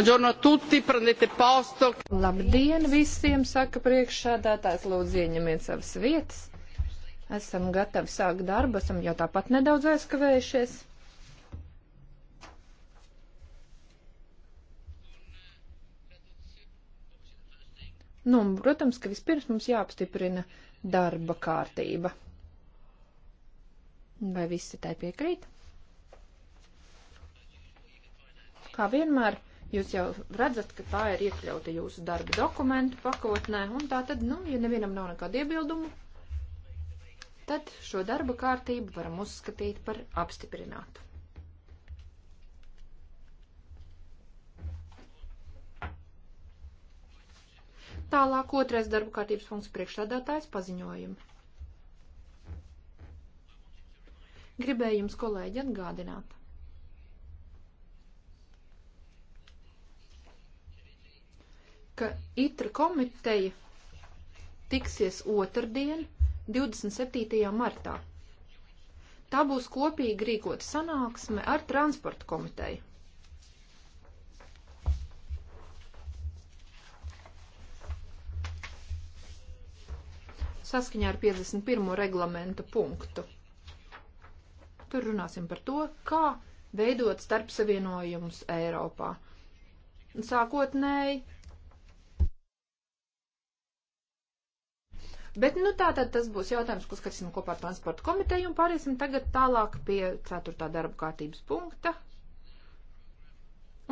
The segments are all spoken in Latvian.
Buongiorno a tutti, prendete posto. Labdien visiem, saka priekšsādātājs, lūdzu ieņemiet savas vietas. Esam gatavi sākt darbu, esam jau tāpat nedaudz aizkavējušies. Nu, un, protams, ka vispirms mums jāapstiprina darba kārtība. Vai visi tai piekrīt? Kā vienmēr, Jūs jau redzat, ka tā ir iekļauta jūsu darba dokumentu pakotnē, un tā tad, nu, ja nevienam nav nekāda iebildumu, tad šo darba kārtību varam uzskatīt par apstiprinātu. Tālāk otrais darba kārtības punkts priekšsādātājs paziņojumi. Gribēju jums, kolēģi, atgādināt, ka ITRA komiteja tiksies otrdien, 27. martā. Tā būs kopīgi rīkot sanāksme ar transporta komiteju. Saskaņā ar 51. reglamenta punktu. Tur runāsim par to, kā veidot starpsavienojumus Eiropā. Sākotnēji Bet, nu, tātad tas būs jautājums, ko skatīsim kopā ar transporta komiteju un pāriesim tagad tālāk pie ceturtā darba kārtības punkta.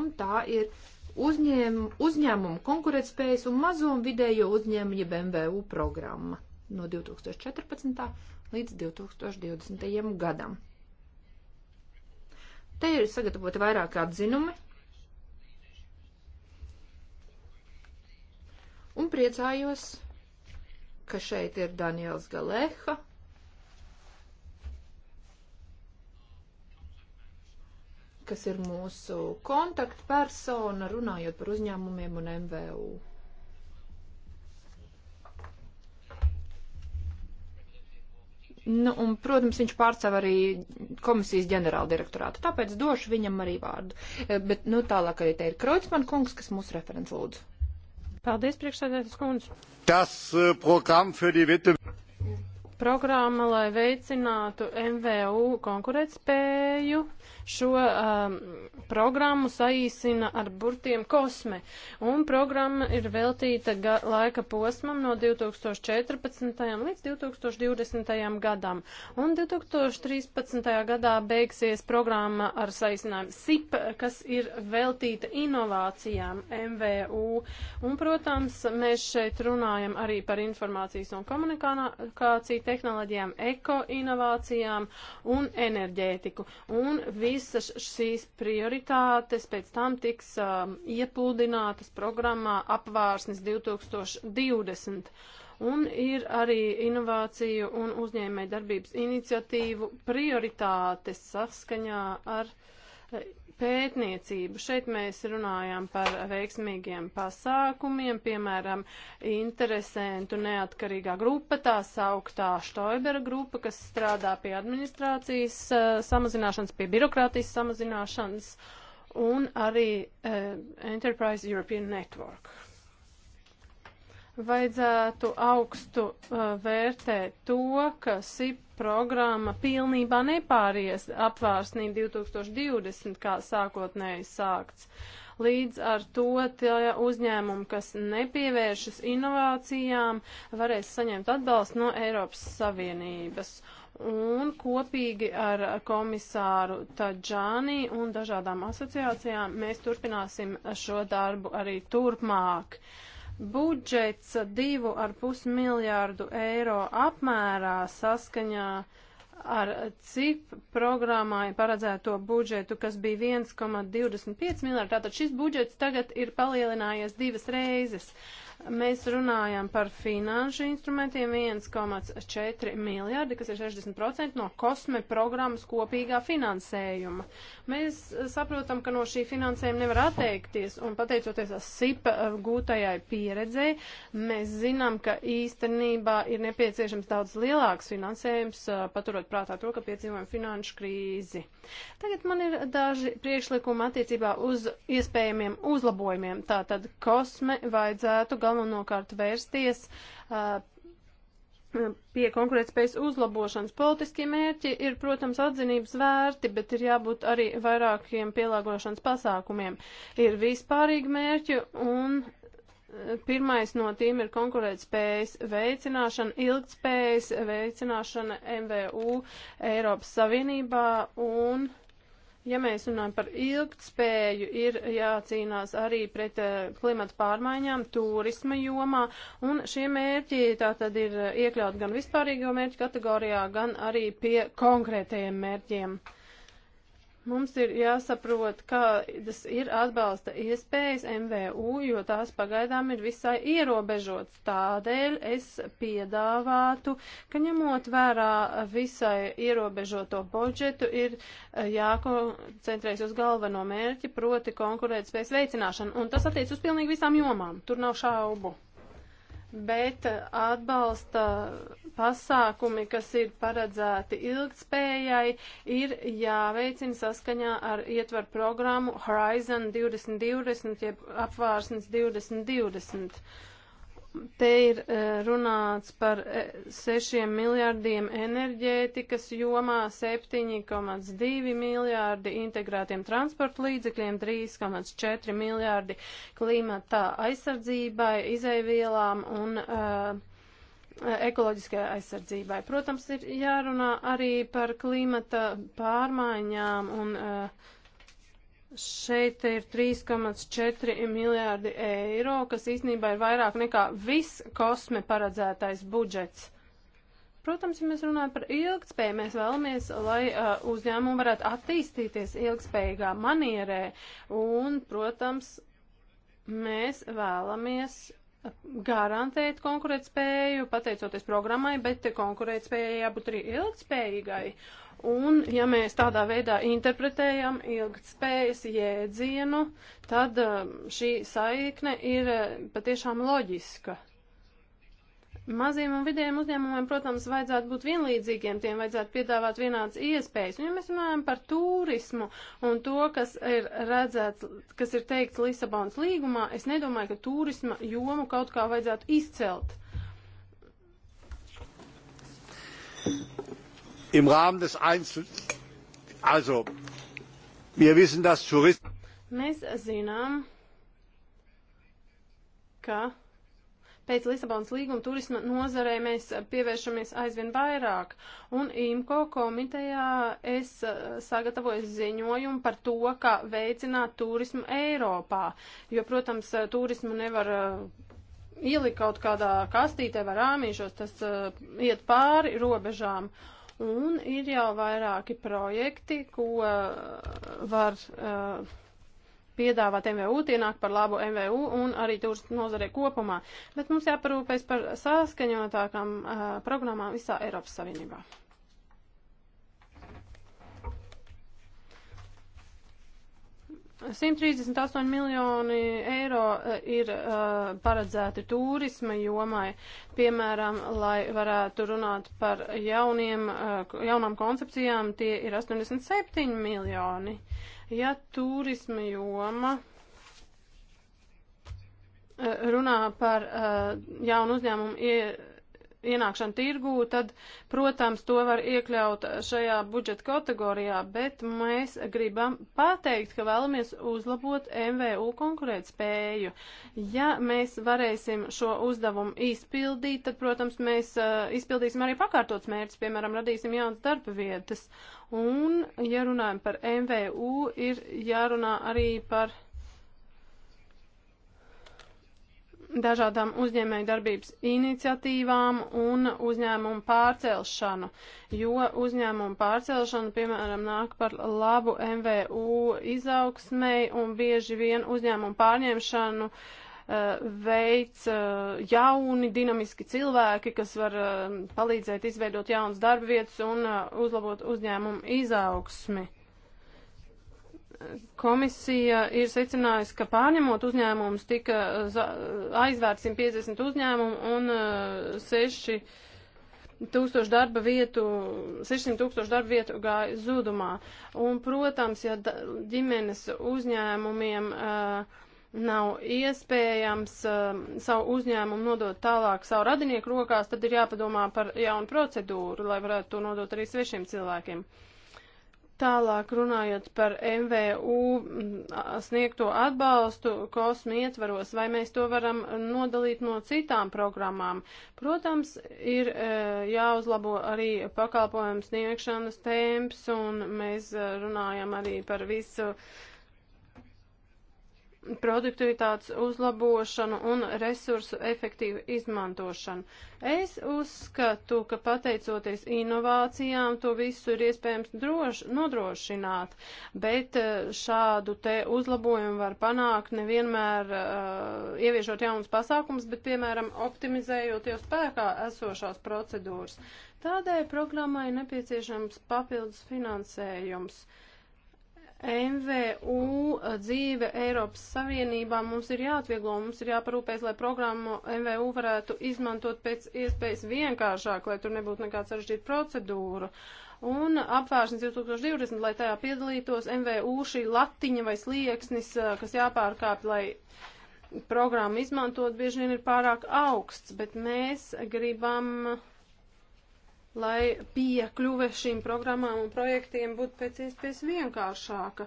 Un tā ir uzņēm, uzņēmumu konkurētspējas un mazo un vidējo uzņēmumu jeb MVU programma no 2014. līdz 2020. gadam. Te ir sagatavoti vairāk atzinumi. Un priecājos, ka šeit ir Daniels Galeha. kas ir mūsu kontaktpersona, runājot par uzņēmumiem un MVU. Nu, un, protams, viņš pārstāv arī komisijas ģenerāla direktorātu, tāpēc došu viņam arī vārdu. E, bet, nu, tālāk arī te ir Kreutzmann kungs, kas mūsu referents lūdzu. Paldies, priekšsēdētas kundze. Tas uh, programma für die Witte. Programma, lai veicinātu MVU konkurētspēju Šo um, programmu saīsina ar burtiem kosme, un programma ir veltīta ga, laika posmam no 2014. līdz 2020. gadam, un 2013. gadā beigsies programma ar saīsinājumu SIP, kas ir veltīta inovācijām MVU, un, protams, mēs šeit runājam arī par informācijas un komunikāciju tehnoloģijām, ekoinovācijām un enerģētiku. Un vis visas šīs prioritātes pēc tam tiks um, iepludinātas programmā apvārsnes 2020. Un ir arī inovāciju un uzņēmējdarbības iniciatīvu prioritātes saskaņā ar pētniecību. Šeit mēs runājam par veiksmīgiem pasākumiem, piemēram, interesentu neatkarīgā grupa, tā sauktā Štoibera grupa, kas strādā pie administrācijas uh, samazināšanas, pie birokrātijas samazināšanas un arī uh, Enterprise European Network vajadzētu augstu uh, vērtēt to, ka SIP programma pilnībā nepāries apvārsnī 2020, kā sākotnēji sākts. Līdz ar to uzņēmumi, kas nepievēršas inovācijām, varēs saņemt atbalstu no Eiropas Savienības. Un kopīgi ar komisāru Tadžāni un dažādām asociācijām mēs turpināsim šo darbu arī turpmāk. Uh, Budžets 2,5 miljārdu eiro apmērā saskaņā ar CIP programmai paredzēto budžetu, kas bija 1,25 miljārdi. Tātad šis budžets tagad ir palielinājies divas reizes. Uh, Mēs runājam par finanšu instrumentiem 1,4 miljardi, kas ir 60% no kosme programmas kopīgā finansējuma. Mēs eh, saprotam, ka no šī finansējuma nevar atteikties, un pateicoties SIP eh, gūtajai pieredzei, mēs zinām, ka īstenībā ir nepieciešams daudz lielāks finansējums, eh, paturot prātā to, ka piedzīvojam finanšu krīzi. Tagad man ir daži priekšlikumi attiecībā uz iespējamiem uzlabojumiem. Tātad kosme vajadzētu galvenokārt vērsties. Uh, Pie konkurētspējas uzlabošanas politiskie mērķi ir, protams, atzinības vērti, bet ir jābūt arī vairākiem pielāgošanas pasākumiem. Ir vispārīgi mērķi un Pirmais no tiem ir konkurētspējas veicināšana, ilgtspējas veicināšana MVU Eiropas Savienībā un ja mēs runājam par ilgtspēju, ir jācīnās arī pret eh, klimata pārmaiņām turisma jomā, un šie mērķi tātad ir iekļaut gan vispārīgo mērķu kategorijā, gan arī pie konkrētajiem mērķiem. Mums ir jāsaprot, kādas ir atbalsta iespējas MVU, jo tās pagaidām ir visai ierobežotas. Tādēļ es piedāvātu, ka ņemot vērā visai ierobežoto budžetu, ir eh, jākoncentrējas uz galveno mērķi, proti konkurētspējas veicināšanu. Un tas attiec uz pilnīgi visām jomām. Tur nav šaubu bet uh, atbalsta pasākumi, kas ir paredzēti ilgtspējai, ir jāveicina saskaņā ar ietver programmu Horizon 2020, jeb apvārsnes 2020. Te ir eh, runāts par 6 eh, miljārdiem enerģētikas jomā, 7,2 miljārdi integrētiem transporta līdzekļiem, 3,4 miljārdi klimata aizsardzībai, izēvielām un uh, eh, ekoloģiskajai aizsardzībai. Protams, ir jārunā arī par klimata pārmaiņām un uh, Šeit ir 3,4 miljārdi eiro, kas īstenībā ir vairāk nekā viss kosme paredzētais budžets. Protams, ja mēs runājam par ilgspēju, mēs vēlamies, lai uh, uzņēmumi varētu attīstīties ilgspējīgā manierē. Un, protams, mēs vēlamies garantēt konkurētspēju, pateicoties programmai, bet konkurētspējai jābūt arī ilgspējīgai. Uh, Un, ja mēs tādā veidā interpretējam ilgtspējas jēdzienu, tad uh, šī saikne ir uh, patiešām loģiska. Maziem un vidējiem uzņēmumiem, protams, vajadzētu būt vienlīdzīgiem, tiem vajadzētu piedāvāt vienādas iespējas. Un, ja mēs runājam par turismu un to, kas ir redzēts, kas ir teikts Lisabonas līgumā, es nedomāju, ka turisma jomu kaut kā vajadzētu izcelt im Rahmen des Einzel... Also, wir wissen, dass Touristen... Mēs zinām, ka pēc Lisabonas līguma turisma nozarē mēs pievēršamies aizvien vairāk. Un IMCO komitejā es eh, sagatavoju ziņojumu par to, kā veicināt turismu Eiropā. Jo, protams, turismu nevar eh, ielikt kaut kādā kastītē vai rāmīšos, tas eh, iet pāri robežām. Uh, un ir jau vairāki projekti, ko eh, var eh, piedāvāt MVU, tie nāk par labu MVU un arī turismu nozarē kopumā. Bet mums jāparūpēs par saskaņotākām uh, programmām visā Eiropas Savienībā. 138 miljoni eiro eh, ir uh, paredzēti turisma jomai, piemēram, lai varētu runāt par jauniem, uh, jaunām koncepcijām, tie ir 87 miljoni. Ja turisma joma runā par uh, jaunu uzņēmumu ienākšanu tirgū, tad, protams, to var iekļaut šajā budžeta kategorijā, bet mēs gribam pateikt, ka vēlamies uzlabot MVU konkurētspēju. Ja mēs varēsim šo uzdevumu izpildīt, tad, protams, mēs uh, izpildīsim arī pakārtots mērķis, piemēram, radīsim jaunas darba vietas. Un, ja runājam par MVU, ir jārunā arī par dažādām uzņēmēju darbības iniciatīvām un uzņēmumu pārcelšanu, jo uzņēmumu pārcelšana, piemēram, nāk par labu MVU izaugsmei un bieži vien uzņēmumu pārņemšanu uh, eh, veids uh, eh, jauni, dinamiski cilvēki, kas var uh, palīdzēt izveidot jaunas darba vietas un uzlabot uzņēmumu izaugsmi komisija ir secinājusi, ka pārņemot uzņēmumus tika eh, aizvērts 150 uzņēmumu un 6 eh, tūkstoši darba vietu, 600 tūkstoši darba vietu gāja zudumā. Un, protams, ja da, ģimenes uzņēmumiem uh, nav iespējams uh, savu uzņēmumu nodot tālāk savu radinieku rokās, tad ir jāpadomā par jaunu procedūru, lai varētu to nodot arī svešiem cilvēkiem. Uh, Tālāk runājot par MVU mm, sniegto atbalstu kosmi ietvaros, vai mēs to varam nodalīt no citām programmām? Protams, ir e, jāuzlabo arī pakalpojumu sniegšanas temps, un mēs e, runājam arī par visu uh, produktivitātes uzlabošanu un resursu efektīvu izmantošanu. Es uzskatu, ka pateicoties inovācijām, to visu ir iespējams droš, nodrošināt, bet eh, šādu te uzlabojumu var panākt nevienmēr uh, ieviešot jaunus pasākumus, bet, piemēram, optimizējot jau spēkā esošās procedūras. Tādēļ programmai nepieciešams papildus finansējums. Uh, MVU eh, dzīve Eiropas Savienībā mums ir jāatvieglo, mums ir jāparūpēs, lai programmu MVU varētu izmantot pēc iespējas vienkāršāk, lai tur nebūtu nekāds sarežģīta procedūra. Un apvēršanas 2020, lai tajā piedalītos MVU šī latiņa vai slieksnis, eh, kas jāpārkāp, lai programmu izmantot, bieži vien ir pārāk augsts, bet mēs gribam. Uh, lai piekļuve šīm programmām un projektiem būtu pēc iespējas vienkāršāka.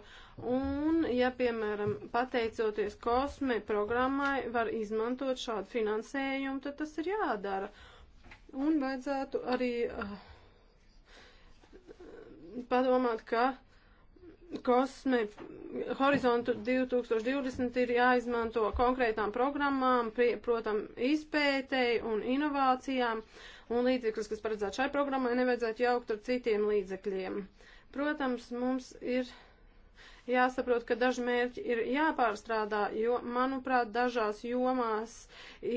Un, ja, piemēram, pateicoties kosme programmai, var izmantot šādu finansējumu, tad tas ir jādara. Un vajadzētu arī uh, padomāt, ka kosme horizontu 2020 ir jāizmanto konkrētām programmām, prie, protam, izpētēji un inovācijām. Uh, un līdzekļus, kas paredzētu šai programmai, nevajadzētu jaukt ar citiem līdzekļiem. Protams, mums ir jāsaprot, ka daži mērķi ir jāpārstrādā, jo, manuprāt, dažās jomās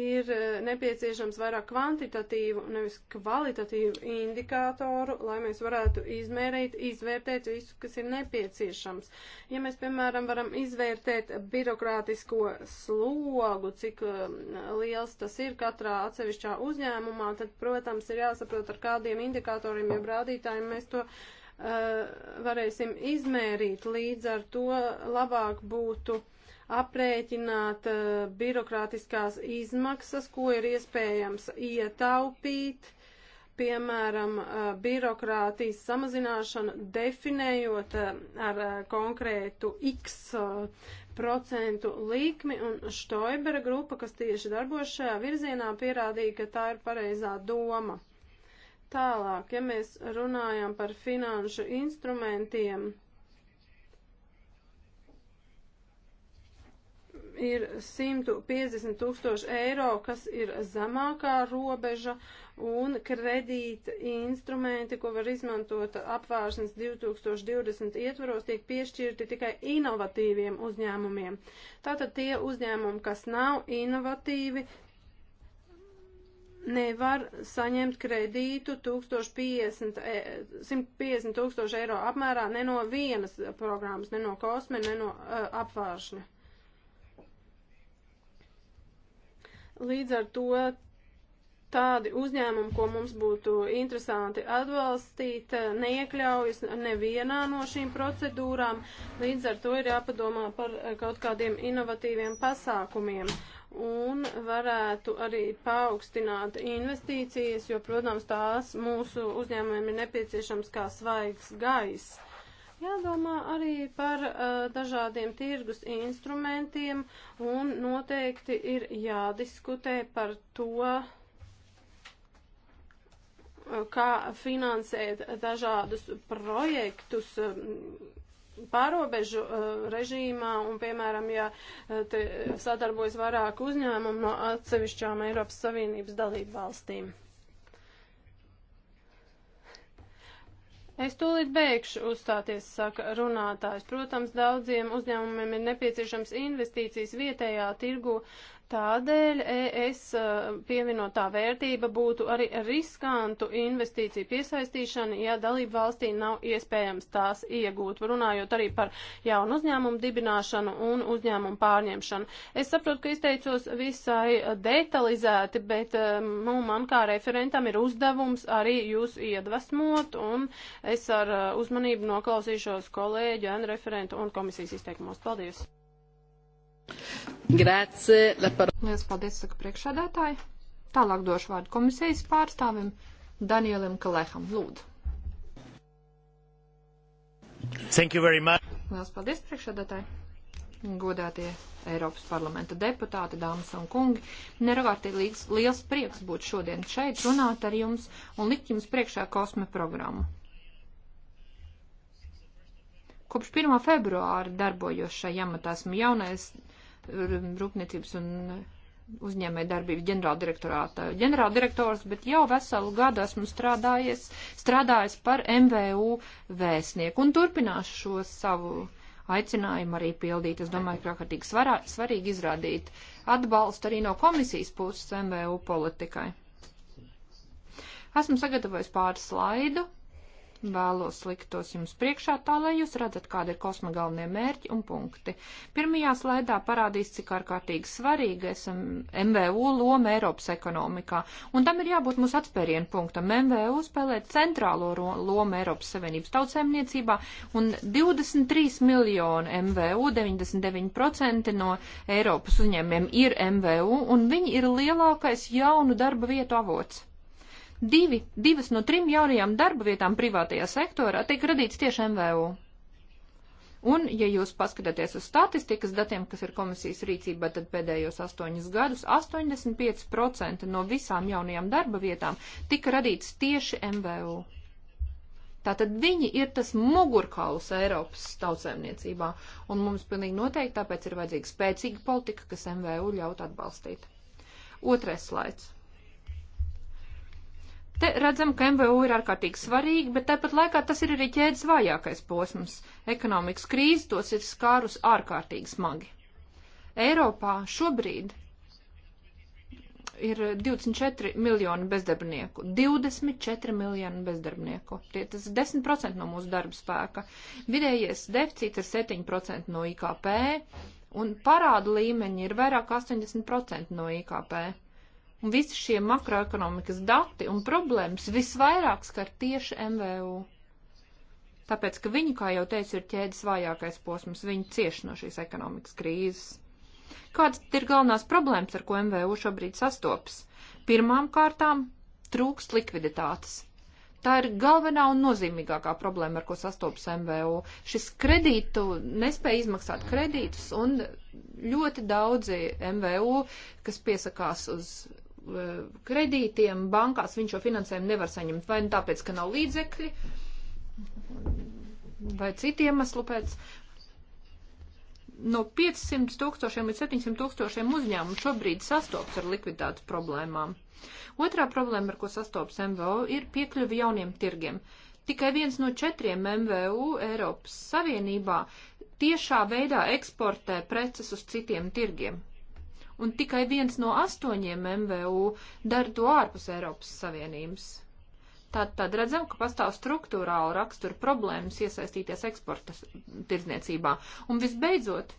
ir e, nepieciešams vairāk kvantitatīvu, nevis kvalitatīvu indikātoru, lai mēs varētu izmērīt, izvērtēt visu, kas ir nepieciešams. Ja mēs, piemēram, varam izvērtēt birokrātisko slogu, cik e, liels tas ir katrā atsevišķā uzņēmumā, tad, protams, ir jāsaprot, ar kādiem indikātoriem, jeb rādītājiem mēs to Eh, varēsim izmērīt. Līdz ar to labāk būtu aprēķināt eh, birokrātiskās izmaksas, ko ir iespējams ietaupīt piemēram, eh, birokrātijas samazināšana, definējot ar konkrētu X procentu likmi, un Štoibera grupa, kas tieši darbojas šajā virzienā, pierādīja, ka tā ir pareizā doma. Tālāk, ja mēs runājam par finanšu instrumentiem, ir 150 tūkstoši eiro, kas ir zemākā robeža, un kredīta instrumenti, ko var izmantot apvāršanas 2020 ietvaros, tiek piešķirti tikai inovatīviem uzņēmumiem. Tātad tie uzņēmumi, kas nav inovatīvi, nevar saņemt kredītu 1050, 150 e, tūkstoši eiro apmērā ne no vienas programmas, ne no kosme, ne no uh, apvāršņa. Līdz ar to tādi uzņēmumi, ko mums būtu interesanti atbalstīt, e, neiekļaujas nevienā no šīm procedūrām. Līdz ar to ir jāpadomā par kaut kādiem inovatīviem pasākumiem. Uh, un varētu arī paaugstināt investīcijas, jo, protams, tās mūsu uzņēmumiem ir nepieciešams kā svaigs gaiss. Jādomā arī par uh, dažādiem tirgus instrumentiem un noteikti ir jādiskutē par to, uh, kā finansēt dažādus projektus. Uh, pārobežu uh, režīmā un, piemēram, ja uh, te sadarbojas vairāk uzņēmumu no atsevišķām Eiropas Savienības dalību valstīm. Es tūlīt beigšu uzstāties, saka runātājs. Protams, daudziem uzņēmumiem ir nepieciešams investīcijas vietējā tirgu, uh, Tādēļ es eh, pievienotā vērtība būtu arī riskantu investīciju piesaistīšana, ja dalību valstī nav iespējams tās iegūt, runājot arī par jaunu uzņēmumu dibināšanu un uzņēmumu pārņemšanu. Es saprotu, ka izteicos visai detalizēti, bet eh, nu, man kā referentam ir uzdevums arī jūs iedvesmot, un es ar eh, uzmanību noklausīšos kolēģu, referentu un komisijas izteikumos. Paldies! Grāce. Par... Lielas paldies, saka priekšsēdētāji. Tālāk došu vārdu komisijas pārstāvim Danielam Kaleham. Lūdzu. Thank you very much. Lielas paldies, priekšsēdētāji. Godātie Eiropas parlamenta deputāti, dāmas un kungi, neragārtīgi liels prieks būt šodien šeit, runāt ar jums un likt jums priekšā kosme programmu. Kopš 1. februāra darbojos šajā amatā esmu jaunais rūpniecības un uzņēmē darbības ģenerāldirektorāta ģenerāldirektors, bet jau veselu gadu esmu strādājies, strādājis par MVU vēstnieku un turpināšu šo savu aicinājumu arī pildīt. Es domāju, ka ārkārtīgi svarīgi izrādīt atbalstu arī no komisijas puses MVU politikai. Esmu sagatavojis pāris slaidu, vēlos likt tos jums priekšā, tā lai jūs redzat, kāda ir kosma galvenie mērķi un punkti. Pirmajā slaidā parādīs, cik ārkārtīgi svarīga esam MVU loma Eiropas ekonomikā, un tam ir jābūt mūsu atspērienu punktam. MVU spēlē centrālo lomu Eiropas Savienības tautsēmniecībā, un 23 miljonu MVU, 99% no Eiropas uzņēmiem ir MVU, un viņi ir lielākais jaunu darba vietu avots. Divi, divas no trim jaunajām darba vietām privātajā sektorā tiek radīts tieši MVU. Un, ja jūs paskatāties uz statistikas datiem, kas ir komisijas rīcībā, tad pēdējos astoņus gadus 85% no visām jaunajām darba vietām tika radīts tieši MVU. Tātad viņi ir tas mugurkauls Eiropas tautsēmniecībā, un mums pilnīgi noteikti tāpēc ir vajadzīga spēcīga politika, kas MVU ļaut atbalstīt. Otrais slaids. Te redzam, ka MVU ir ārkārtīgi svarīgi, bet tāpat laikā tas ir arī ķēdes vājākais posms. Ekonomikas krīze tos ir skārus ārkārtīgi smagi. Eiropā šobrīd ir 24 miljoni bezdarbnieku. 24 miljoni bezdarbnieku. Tie tas ir 10% no mūsu darba spēka. Vidējais deficīts ir 7% no IKP, un parādu līmeņi ir vairāk 80% no IKP. Un visi šie makroekonomikas dati un problēmas visvairāk skar tieši MVU. Tāpēc, ka viņi, kā jau teicu, ir ķēdes vājākais posms, viņi cieši no šīs ekonomikas krīzes. Kādas ir galvenās problēmas, ar ko MVU šobrīd sastopas? Pirmām kārtām trūkst likviditātes. Tā ir galvenā un nozīmīgākā problēma, ar ko sastopas MVU. Šis kredītu nespēja izmaksāt kredītus un ļoti daudzi MVU, kas piesakās uz kredītiem bankās viņš šo finansējumu nevar saņemt. Vai nu tāpēc, ka nav līdzekļi, vai citiem iemeslu pēc. No 500 tūkstošiem līdz 700 tūkstošiem uzņēmumu šobrīd sastopas ar likviditātes problēmām. Otrā problēma, ar ko sastopas MVO, ir piekļuvi jauniem tirgiem. Tikai viens no četriem MVU Eiropas Savienībā tiešā veidā eksportē preces uz citiem tirgiem un tikai viens no astoņiem MVU dara to ārpus Eiropas Savienības. Tad, tad redzam, ka pastāv struktūrāla rakstura problēmas iesaistīties eksporta tirdzniecībā. Un visbeidzot,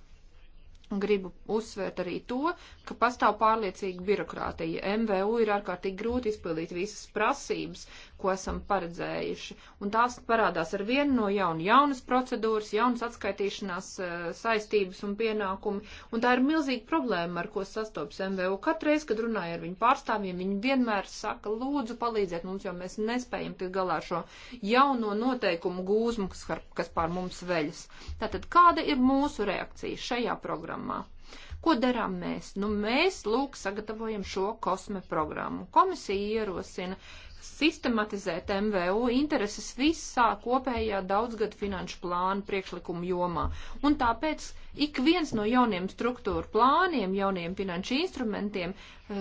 Gribu uzsvērt arī to, ka pastāv pārliecīga birokrātija. MVU ir ārkārtīgi grūti izpildīt visas prasības, ko esam paredzējuši, un tās parādās ar vienu no jaunu, jaunas procedūras, jaunas atskaitīšanās eh, saistības un pienākumi, un tā ir milzīga problēma, ar ko sastopas MVU. Katreiz, kad runāju ar viņu pārstāvjiem, viņi vienmēr saka, lūdzu palīdziet mums, jo mēs nespējam tikt galā ar šo jauno noteikumu gūzmu, kas, kas pār mums veļas. Tātad, kāda ir mūsu reakcija šajā programmā? programmā. Ko darām mēs? Nu, mēs, lūk, sagatavojam šo kosme programmu. Komisija ierosina sistematizēt MVU intereses visā kopējā daudzgadu finanšu plānu priekšlikumu jomā. Un tāpēc ik viens no jauniem struktūru plāniem, jauniem finanšu instrumentiem eh,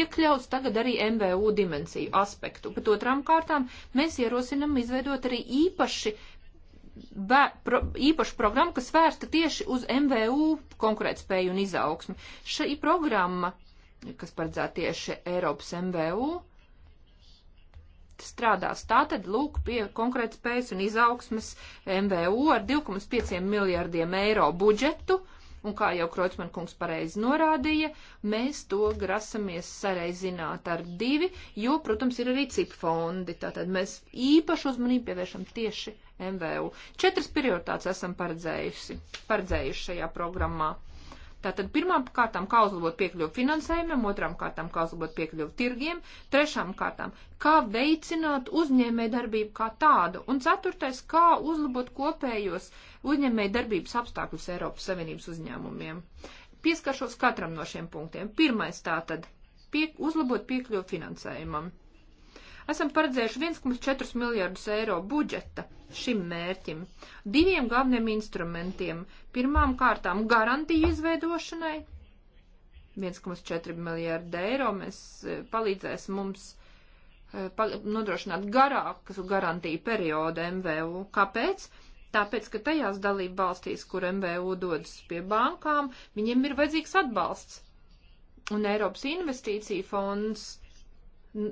iekļauts tagad arī MVU dimensiju aspektu. Bet otram kārtām mēs ierosinam izveidot arī īpaši vē, pro, īpašu programmu, kas vērsta tieši uz MVU konkurētspēju un izaugsmi. Šī programma, kas paredzēta tieši Eiropas MVU, strādās tātad lūk pie konkurētspējas un izaugsmes MVU ar 2,5 miljārdiem eiro budžetu un kā jau Kreutzmann kungs pareizi norādīja, mēs to grasamies sareizināt ar divi, jo, protams, ir arī cip fondi, tātad mēs īpašu uzmanību pievēršam tieši MVU. Četras prioritātes esam paredzējuši šajā programmā. Tātad pirmām kārtām, kā uzlabot piekļuvu finansējumam, otrām kārtām, kā uzlabot piekļuvu tirgiem, trešām kārtām, kā veicināt uzņēmē darbību kā tādu, un ceturtais, kā uzlabot kopējos uzņēmē darbības apstākļus Eiropas Savienības uzņēmumiem. Pieskaršos katram no šiem punktiem. Pirmais tātad, pie, uzlabot piekļuvu finansējumam esam paredzējuši 1,4 miljardus eiro budžeta šim mērķim, diviem galveniem instrumentiem. Pirmām kārtām garantiju izveidošanai, 1,4 miljārdi eiro mēs e, palīdzēs mums e, nodrošināt garākas garantiju periodu MVU. Kāpēc? Tāpēc, ka tajās dalība valstīs, kur MVU dodas pie bankām, viņiem ir vajadzīgs atbalsts. Un Eiropas investīcija fonds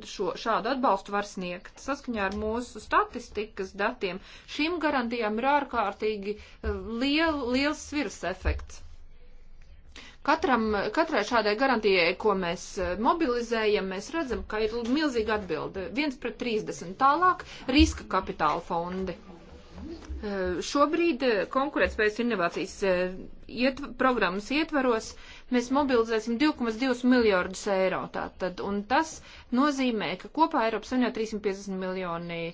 šo, šādu atbalstu var sniegt. Saskaņā ar mūsu statistikas datiem šīm garantijām ir ārkārtīgi eh, liel, liels svirs efekts. Katram, katrai šādai garantijai, ko mēs eh, mobilizējam, mēs redzam, ka ir milzīga atbilde. 1 pret 30 tālāk riska kapitāla fondi. Eh, šobrīd konkurētspējas inovācijas iet, programmas ietvaros mēs mobilizēsim 2,2 miljārdus eiro. Tātad, un tas nozīmē, ka kopā Eiropas Savienībā 350 miljoni eh,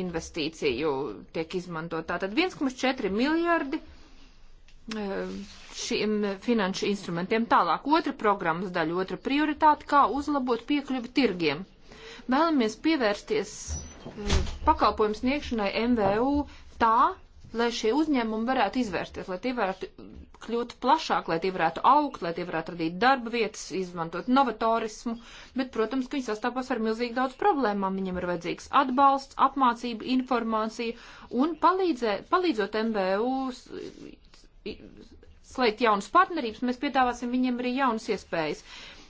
investīciju tiek izmantot. Tātad 1,4 miljārdi eh, šiem finanšu instrumentiem. Tālāk, otra programmas daļa, otra prioritāte, kā uzlabot piekļuvi tirgiem. Vēlamies pievērsties eh, pakalpojumu sniegšanai MVU tā, lai šie uzņēmumi varētu izvērsties, lai tie varētu kļūt plašāk, lai tie varētu augt, lai tie varētu radīt darba vietas, izmantot novatorismu, bet, protams, ka viņi sastāpas ar milzīgi daudz problēmām. Viņiem ir vajadzīgs atbalsts, apmācība, informācija un palīdzē, palīdzot MBU slēgt jaunas partnerības, mēs piedāvāsim viņiem arī jaunas iespējas.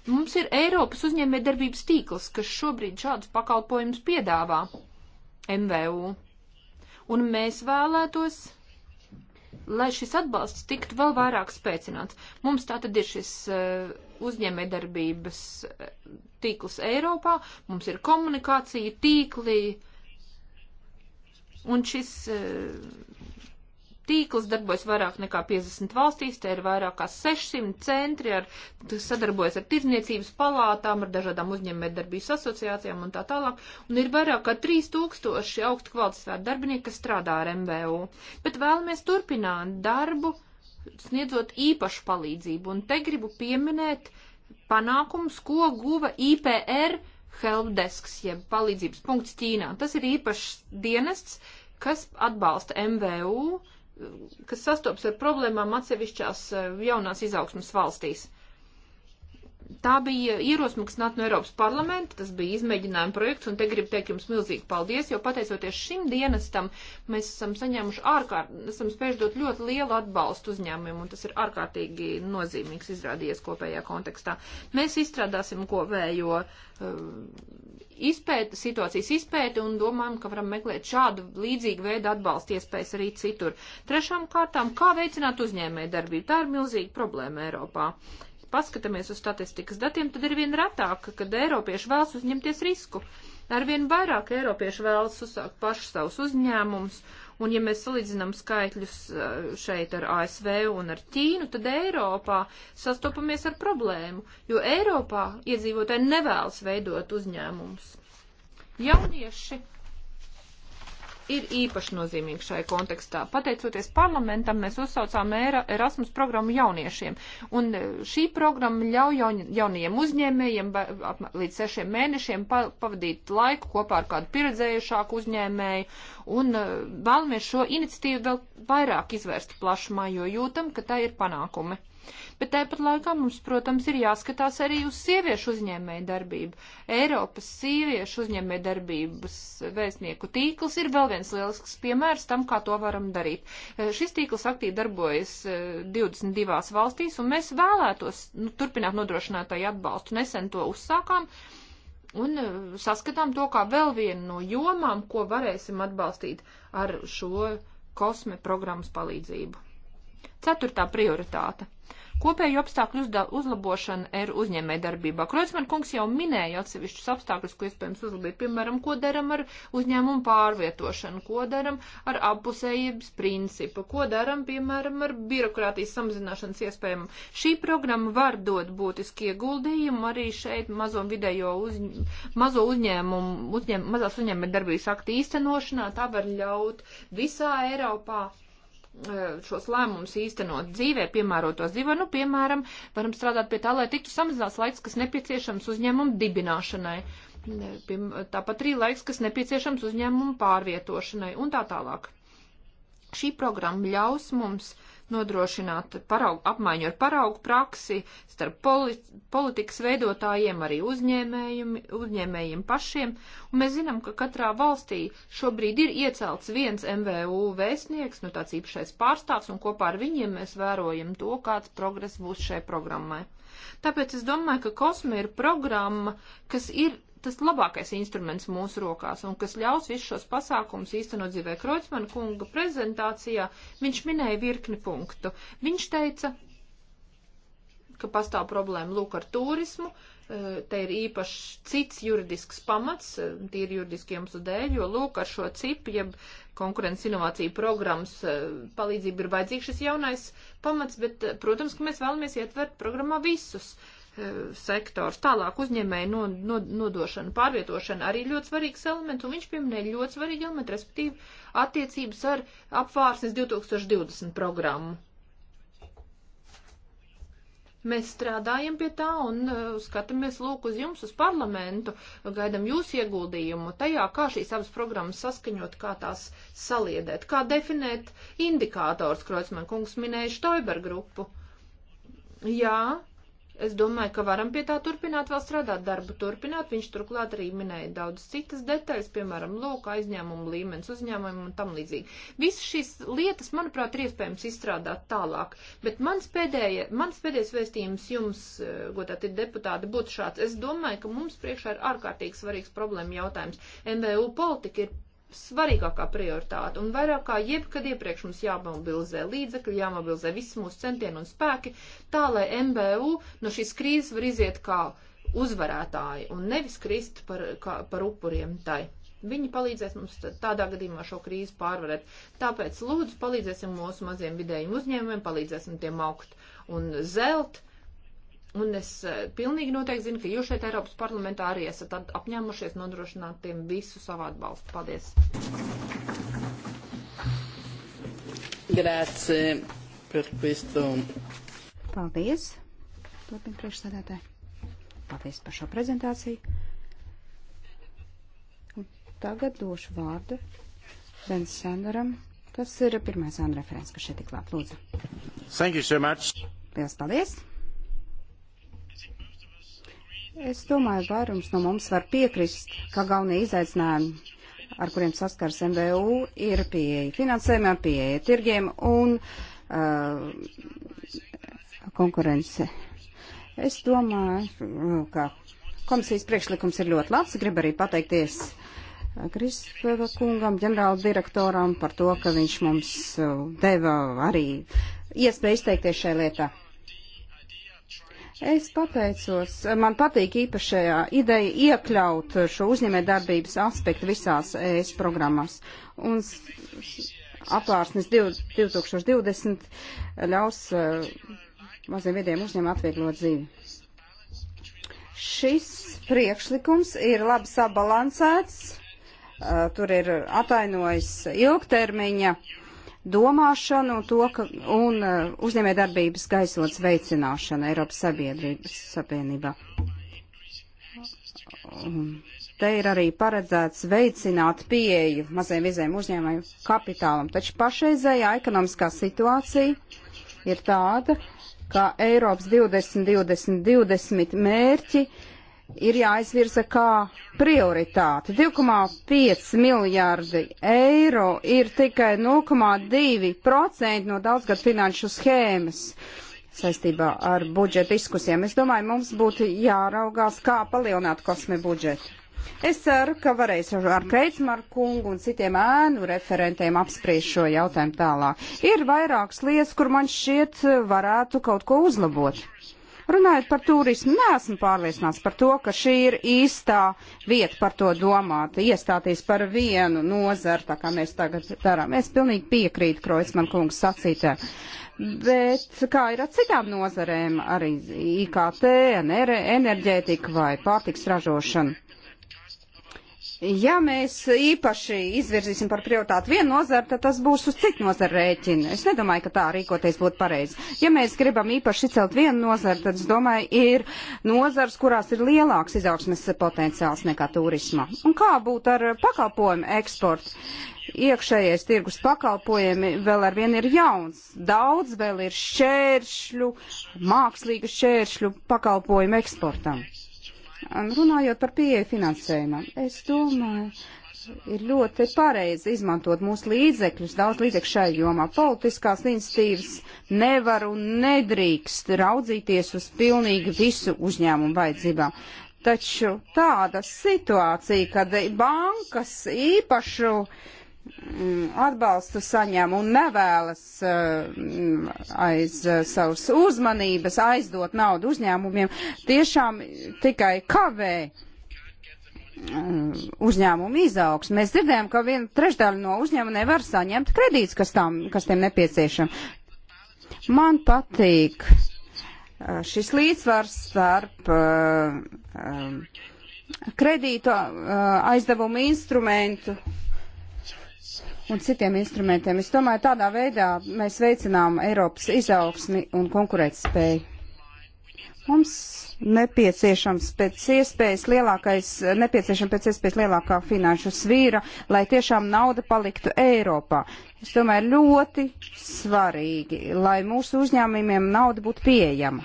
Mums ir Eiropas uzņēmējdarbības tīkls, kas šobrīd šādus pakalpojumus piedāvā MVU. Un mēs vēlētos, lai šis atbalsts tiktu vēl vairāk spēcināts. Mums tā tad ir šis uh, uzņēmējdarbības eh, tīkls Eiropā, mums ir komunikācija, tīkli, un šis uh, tīkls darbojas vairāk nekā 50 valstīs, te ir vairāk kā 600 centri, ar, sadarbojas ar tirzniecības palātām, ar dažādām uzņēmējdarbības asociācijām un tā tālāk, un ir vairāk kā 3000 augstu kvalificētu darbinieku, kas strādā ar MVU. Bet vēlamies turpināt darbu, sniedzot īpašu palīdzību, un te gribu pieminēt panākums, ko guva IPR helpdesks, jeb palīdzības punkts Ķīnā. Tas ir īpašs dienests, kas atbalsta MVU kas sastopas ar problēmām atsevišķās eh, jaunās izaugsmas valstīs tā bija ierosme, kas nāk no Eiropas parlamenta, tas bija izmēģinājuma projekts, un te gribu teikt jums milzīgi paldies, jo pateicoties šim dienestam, mēs esam saņēmuši ārkārt, esam spējuši dot ļoti lielu atbalstu uzņēmumiem, un tas ir ārkārtīgi nozīmīgs izrādījies kopējā kontekstā. Mēs izstrādāsim kopējo eh, izpēti, situācijas izpēti un domājam, ka varam meklēt šādu līdzīgu veidu atbalstu iespējas arī citur. Trešām kārtām, kā veicināt uzņēmē darbību? Tā ir milzīga problēma Eiropā paskatāmies uz statistikas datiem, tad ir vien ratāk, kad Eiropieši vēlas uzņemties risku. Arvien vairāk Eiropieši vēlas uzsākt pašu savus uzņēmumus, un ja mēs salīdzinām skaitļus eh, šeit ar ASV un ar Ķīnu, tad Eiropā sastopamies ar problēmu, jo Eiropā iedzīvotāji nevēlas veidot uzņēmumus. Jaunieši ir īpaši nozīmīga šai kontekstā. Pateicoties parlamentam, mēs uzsaucām Erasmus programmu jauniešiem, un e, šī programma ļauj jaunajiem uzņēmējiem līdz sešiem mēnešiem pavadīt laiku kopā ar kādu pieredzējušāku uzņēmēju, un e, vēlamies šo iniciatīvu vēl vairāk izvērst plašumā, jo jūtam, ka tā ir panākumi bet tāpat laikā mums, protams, ir jāskatās arī uz sieviešu uzņēmēju darbību. Eiropas sieviešu uzņēmēju darbības vēstnieku tīkls ir vēl viens lielisks piemērs tam, kā to varam darīt. Eh, šis tīkls aktīvi darbojas 22 eh, valstīs, un mēs vēlētos nu, turpināt nodrošinātāju atbalstu. Nesen to uzsākām. Un eh, saskatām to kā vēl vienu no jomām, ko varēsim atbalstīt ar šo kosme programmas palīdzību. Ceturtā prioritāte Kopēju apstākļu uzlabošana ir uzņēmē darbībā. Kreutzmann kungs jau minēja atsevišķus apstākļus, ko iespējams uzlabīt. Piemēram, ko daram ar uzņēmumu pārvietošanu, ko daram ar apusējības principu, ko daram, piemēram, ar birokrātijas samazināšanas iespējām. Šī programma var dot būtiski ieguldījumu arī šeit mazo vidējo uz, mazo uzņēmumu, uzņēm, mazās uzņēmē darbības aktu īstenošanā. Tā var ļaut visā Eiropā E, šos lēmumus īstenot dzīvē, piemērotos dzīvē, nu, piemēram, varam strādāt pie tā, lai tiktu samazināts laiks, kas nepieciešams uzņēmumu dibināšanai, tāpat arī laiks, kas nepieciešams uzņēmumu pārvietošanai un tā tālāk. Šī programma ļaus mums uh, nodrošināt paraugu, apmaiņu ar paraugu praksi starp poli, politikas veidotājiem, arī uzņēmējiem pašiem. Un mēs zinām, ka katrā valstī šobrīd ir iecelts viens MVU vēstnieks, nu tāds īpašais pārstāvs, un kopā ar viņiem mēs vērojam to, kāds progress būs šai programmai. Tāpēc es domāju, ka kosme ir programma, kas ir tas labākais instruments mūsu rokās un kas ļaus visus šos pasākumus īstenot dzīvē. Kreutzmana kunga prezentācijā viņš minēja virkni punktu. Viņš teica, ka pastāv problēma lūk ar turismu, e, te ir īpašs cits juridisks pamats, e, tīri juridiskiem iemeslu dēļ, jo lūk ar šo cipu, jeb konkurences inovāciju programmas e, palīdzību ir vajadzīgs šis jaunais pamats, bet, protams, ka mēs vēlamies ietvert programmā visus. Uh, sektors. Tālāk uzņēmēja no, no, nodošana, pārvietošana arī ļoti svarīgs elements, un viņš pieminēja ļoti svarīgu elementu, respektīvi attiecības ar apvārsnes 2020 programmu. Mēs strādājam pie tā un uh, skatāmies lūk uz jums, uz parlamentu, gaidam jūs ieguldījumu tajā, kā šīs abas programmas saskaņot, kā tās saliedēt, kā definēt indikātors, Kreutzmann kungs minēja Štoiber grupu. Jā, Es domāju, ka varam pie tā turpināt vēl strādāt, darbu turpināt. Viņš turklāt arī minēja daudz citas detaļas, piemēram, lūk, aizņēmumu līmenis uzņēmumu un tam līdzīgi. Visas šīs lietas, manuprāt, ir iespējams izstrādāt tālāk. Bet mans, pēdēja, mans pēdējais vēstījums jums, eh, godāti deputāti, būtu šāds. Es domāju, ka mums priekšā ir ārkārtīgi svarīgs problēma jautājums. MVU politika ir svarīgākā prioritāte un vairāk kā jebkad iepriekš mums jāmobilizē līdzekļi, jāmobilizē visi mūsu centieni un spēki, tā lai MBU no šīs krīzes var iziet kā uzvarētāji un nevis krist par, kā, par upuriem tai. Viņi palīdzēs mums tādā gadījumā šo krīzi pārvarēt. Tāpēc lūdzu palīdzēsim mūsu maziem vidējiem uzņēmumiem, palīdzēsim tiem augt un zelt. Uh, Un es eh, pilnīgi noteikti zinu, ka jūs šeit Eiropas parlamentā arī esat apņēmušies nodrošināt tiem visu savu atbalstu. Paldies! Grāci par questo. Paldies, turpin priekšsēdētāji. Paldies par šo prezentāciju. Un tagad došu vārdu Bens Sandaram, kas ir pirmais Andra referents, kas šeit tik klāt. Lūdzu. Thank you so much. Lielas paldies. paldies. Es domāju, vairums no mums var piekrist, ka galvenie izaicinājumi, ar kuriem saskars MVU, ir pieeja finansējumā, pieeja tirgiem un uh, konkurence. Es domāju, uh, ka komisijas priekšlikums ir ļoti labs. Gribu arī pateikties uh, Kristēva kungam, ģenerāla direktoram, par to, ka viņš mums uh, deva arī iespēju izteikties šai lietai. Es pateicos, man patīk īpašajā ideja iekļaut šo uzņēmē darbības aspektu visās ES programmās. Un apvārsnes 2020 ļaus eh, maziem vidiem uzņēmē atvieglot dzīvi. Šis priekšlikums ir labi sabalansēts, eh, tur ir atainojis ilgtermiņa uh, domāšanu to, ka, un uh, uzņēmē darbības gaisots veicināšana Eiropas sabiedrības savienībā. Te ir arī paredzēts veicināt pieeju maziem vizēm uzņēmēju kapitālam, taču pašreizējā ekonomiskā situācija ir tāda, ka Eiropas 2020-2020 mērķi ir jāizvirza kā prioritāte. 2,5 miljārdi eiro ir tikai 0,2% no daudzgad finanšu schēmas saistībā ar budžeta diskusijām. Es domāju, mums būtu jāraugās, kā palielināt kosmi budžetu. Es ceru, ka varēšu ar Kreitsmaru kungu un citiem ēnu referentiem apspriest šo jautājumu tālāk. Ir vairākas lietas, kur man šķiet varētu kaut ko uzlabot Runājot par turismu, neesmu pārliecināts par to, ka šī ir īstā vieta par to domāt, iestāties par vienu nozaru, tā kā mēs tagad darām. Es pilnīgi piekrītu Kroisman kungs sacītē. Bet kā ir ar citām nozarēm, arī IKT, enerģētika vai pārtiks ražošana? Ja mēs īpaši izvirzīsim par prioritāti vienu nozaru, tad tas būs uz citu nozaru rēķina. Es nedomāju, ka tā rīkoties būtu pareizi. Ja mēs gribam īpaši izcelt vienu nozaru, tad es domāju, ir nozars, kurās ir lielāks izaugsmes potenciāls nekā turisma. Un kā būtu ar pakalpojumu eksportu? iekšējais tirgus pakalpojumi vēl ar vienu ir jauns. Daudz vēl ir šķēršļu, mākslīgu šķēršļu pakalpojumu eksportam. Runājot par pieeju finansējumam, es domāju, ir ļoti pareizi izmantot mūsu līdzekļus, daudz līdzekļu šai jomā. Politiskās institīvas nevar un nedrīkst raudzīties uz pilnīgi visu uzņēmumu vajadzībām. Taču tāda situācija, kad bankas īpašu uh, Mm, atbalstu saņem un nevēlas eh, aiz eh, savas uzmanības aizdot naudu uzņēmumiem, tiešām tikai kavē eh, uzņēmumu izaugs. Mēs dzirdējām, ka viena trešdaļa no uzņēmuma nevar saņemt kredīts, kas, tām, kas tiem nepieciešama. Man patīk šis līdzsvars starp kredītu aizdevumu instrumentu un citiem instrumentiem. Es domāju, tādā veidā mēs veicinām Eiropas izaugsmi un konkurētspēju. Mums nepieciešams pēc iespējas lielākais, nepieciešams pēc iespējas lielākā finanšu svīra, lai tiešām nauda paliktu Eiropā. Es domāju, ļoti svarīgi, lai mūsu uzņēmumiem nauda būtu pieejama.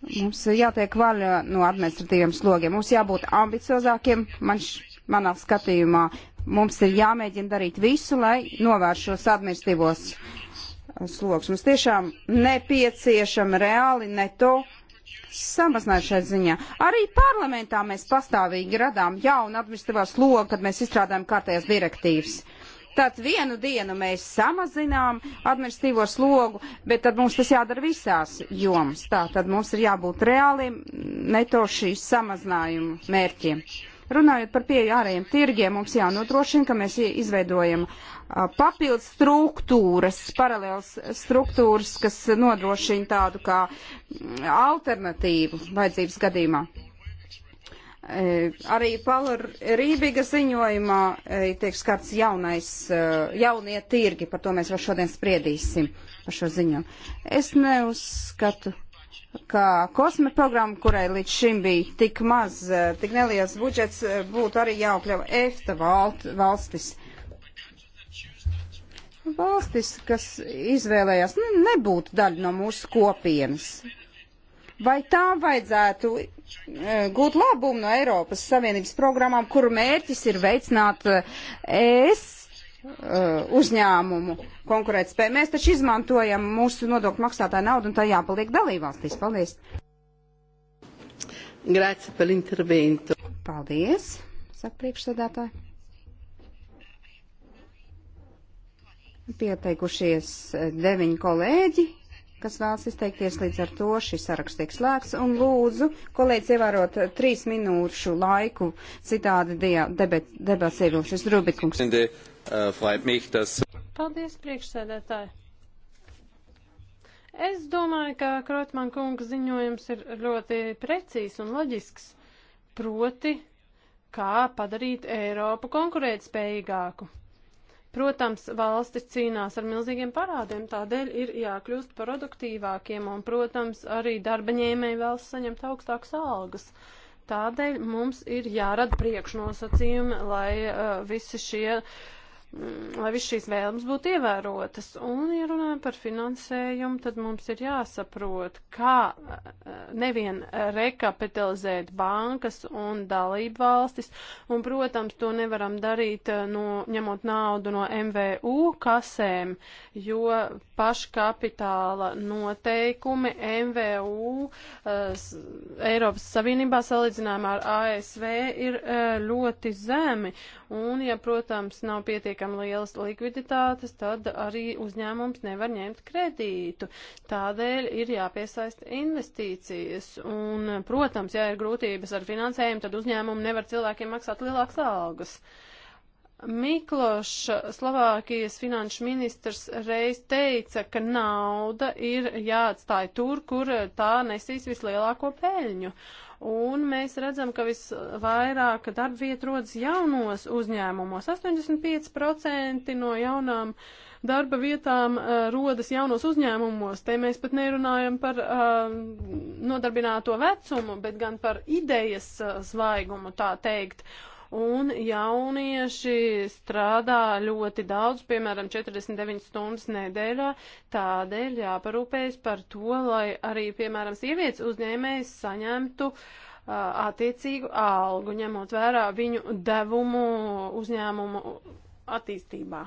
Mums jātiek vaļā no administratīviem slogiem. Mums jābūt ambiciozākiem. Man š, manā skatījumā Mums ir jāmēģina darīt visu, lai novērš šos administratīvos sloks. Mums tiešām nepieciešama reāli neto samazināt šai ziņā. Arī parlamentā mēs pastāvīgi radām jaunu administratīvā slogu, kad mēs izstrādājam kārtējās direktīvas. Tad vienu dienu mēs samazinām administratīvo slogu, bet tad mums tas jādara visās jomas. Tā tad mums ir jābūt reāliem neto šīs samazinājuma mērķiem. Runājot par pieeju ārējiem tirgiem, mums jānodrošina, ka mēs izveidojam papildus struktūras, paralēls struktūras, kas nodrošina tādu kā mm, alternatīvu vajadzības gadījumā. Arī Paula Rībiga ziņojumā tiek skats jaunais, jaunie tirgi, par to mēs vēl šodien spriedīsim, par šo ziņu. Es neuzskatu, ka kosme programma, kurai līdz šim bija tik maz, eh, tik neliels budžets, eh, būtu arī jāukļauj EFTA valstis. Valstis, kas izvēlējās nu, nebūt daļa no mūsu kopienas. Vai tā vajadzētu eh, gūt labumu no Eiropas Savienības programmām, kuru mērķis ir veicināt ES Uh, uzņēmumu konkurētspēju. Mēs taču izmantojam mūsu nodokļu maksātāju naudu un tā jāpaliek dalībvalstīs. Paldies! Grāci par interventu. Paldies, saka priekšsēdētāji. Pieteikušies eh, deviņi kolēģi, kas vēlas izteikties līdz ar to šis saraksts tiek slēgts un lūdzu kolēģis ievērot trīs minūšu laiku citādi debats ir šis Rubikungs. Äh, freut mich, dass. Paldies, priekšsēdētāji. Es domāju, ka Krotman kunga ziņojums ir ļoti precīzs un loģisks, proti, kā padarīt Eiropu konkurētspējīgāku. Protams, valstis cīnās ar milzīgiem parādiem, tādēļ ir jākļūst produktīvākiem, un, protams, arī darbaņēmēji vēl saņemt augstākas algas. Tādēļ mums ir jārada priekšnosacījumi, lai uh, visi šie uh, Mm, lai viss šīs vēlmes būtu ievērotas. Un, ja runājam par finansējumu, tad mums ir jāsaprot, kā eh, nevien rekapitalizēt bankas un dalību valstis, un, protams, to nevaram darīt eh, no, ņemot naudu no MVU kasēm, jo paškapitāla noteikumi MVU eh, Eiropas Savienībā salīdzinājumā ar ASV ir ļoti zemi, un, ja, protams, nav pietiekami pietiekami lielas likviditātes, tad arī uzņēmums nevar ņemt kredītu. Tādēļ ir jāpiesaista investīcijas. Un, protams, ja ir grūtības ar finansējumu, tad uzņēmumu nevar cilvēkiem maksāt lielākas algas. Miklošs, Slovākijas finanšu ministrs, reiz teica, ka nauda ir jāatstāja tur, kur tā nesīs vislielāko peļņu un mēs redzam, ka visvairāk darba vietu rodas jaunos uzņēmumos. 85% no jaunām darba vietām uh, rodas jaunos uzņēmumos. Te mēs pat nerunājam par uh, nodarbināto vecumu, bet gan par idejas uh, svaigumu, tā teikt un jaunieši strādā ļoti daudz, piemēram, 49 stundas nedēļā, tādēļ jāparūpējas par to, lai arī, piemēram, sievietes uzņēmējs saņemtu uh, attiecīgu algu, ņemot vērā viņu devumu uzņēmumu attīstībā.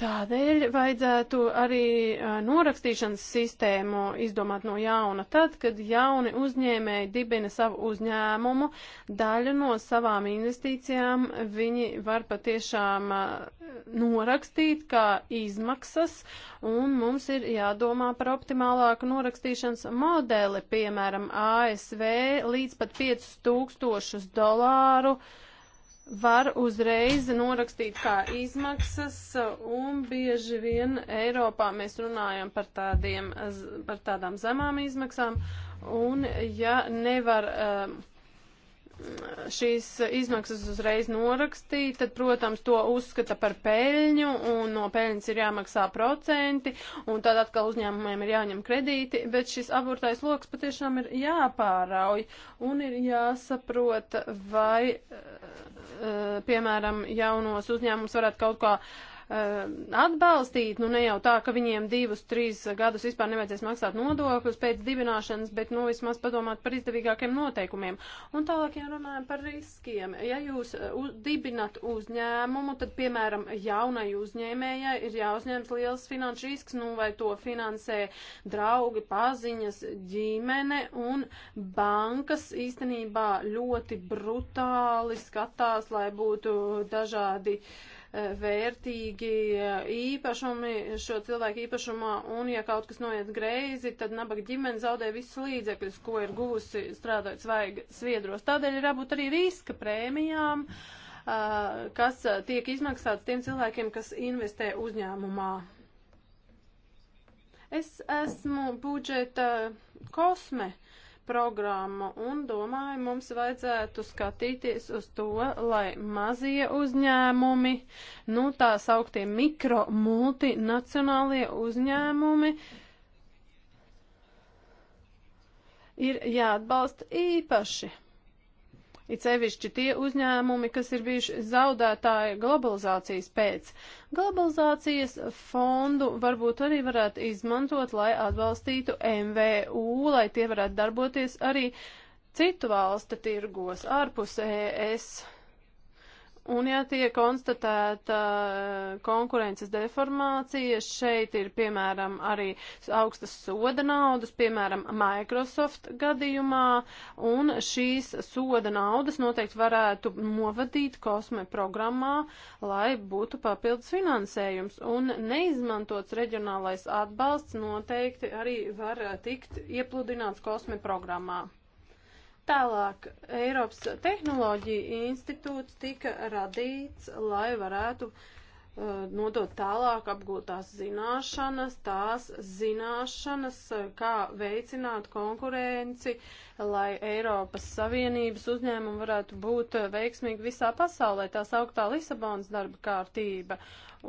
Tādēļ vajadzētu arī norakstīšanas sistēmu izdomāt no jauna. Tad, kad jauni uzņēmēji dibina savu uzņēmumu, daļu no savām investīcijām viņi var patiešām norakstīt kā izmaksas, un mums ir jādomā par optimālāku norakstīšanas modeli, piemēram, ASV līdz pat 5000 dolāru. Uh, var uzreiz norakstīt kā izmaksas, un bieži vien Eiropā mēs runājam par, tādiem, par tādām zemām izmaksām, un ja nevar um, šīs izmaksas uzreiz norakstīt, tad, protams, to uzskata par peļņu, un no peļņas ir jāmaksā procenti, un tad atkal uzņēmumiem ir jāņem kredīti, bet šis aburtais loks patiešām ir jāpārauj, un ir jāsaprot, vai Eh, piemēram, jaunos uzņēmumus varētu kaut kā Eh, atbalstīt, nu ne jau tā, ka viņiem divus, trīs gadus vispār nevajadzēs maksāt nodokļus pēc dibināšanas, bet nu vismaz padomāt par izdevīgākiem noteikumiem. Un tālāk, ja runājam par riskiem, ja jūs eh, uz, dibinat uzņēmumu, tad, piemēram, jaunai uzņēmējai ir jāuzņems liels finanšu risks, nu vai to finansē draugi, paziņas, ģimene un bankas īstenībā ļoti brutāli skatās, lai būtu dažādi uh, vērtīgi eh, īpašumi šo cilvēku īpašumā, un ja kaut kas noiet greizi, tad nabaga ģimene zaudē visus līdzekļus, ko ir guvusi strādājot svaiga sviedros. Tādēļ ir jābūt arī riska prēmijām, eh, kas eh, tiek izmaksāts tiem cilvēkiem, kas investē uzņēmumā. Es esmu budžeta kosme. Uh, programmu un domāju, mums vajadzētu skatīties uz to, lai mazie uzņēmumi, nu tā sauktie mikro multinacionālie uzņēmumi, ir jāatbalsta īpaši. It sevišķi tie uzņēmumi, kas ir bijuši zaudētāji globalizācijas pēc. Globalizācijas fondu varbūt arī varētu izmantot, lai atbalstītu MVU, lai tie varētu darboties arī citu valstu tirgos ārpus ES. Un ja tiek konstatēta eh, konkurences deformācija, šeit ir piemēram arī augstas soda naudas, piemēram Microsoft gadījumā, un šīs soda naudas noteikti varētu novadīt kosme programmā, lai būtu papildus finansējums. Un neizmantots reģionālais atbalsts noteikti arī var tikt iepludināts kosme programmā. Tālāk Eiropas tehnoloģija institūts tika radīts, lai varētu uh, Uh, nodot tālāk apgūtās zināšanas, tās zināšanas, uh, kā veicināt konkurenci, lai Eiropas Savienības uzņēmumi varētu būt uh, veiksmīgi visā pasaulē, tās augtā Lisabonas darba kārtība.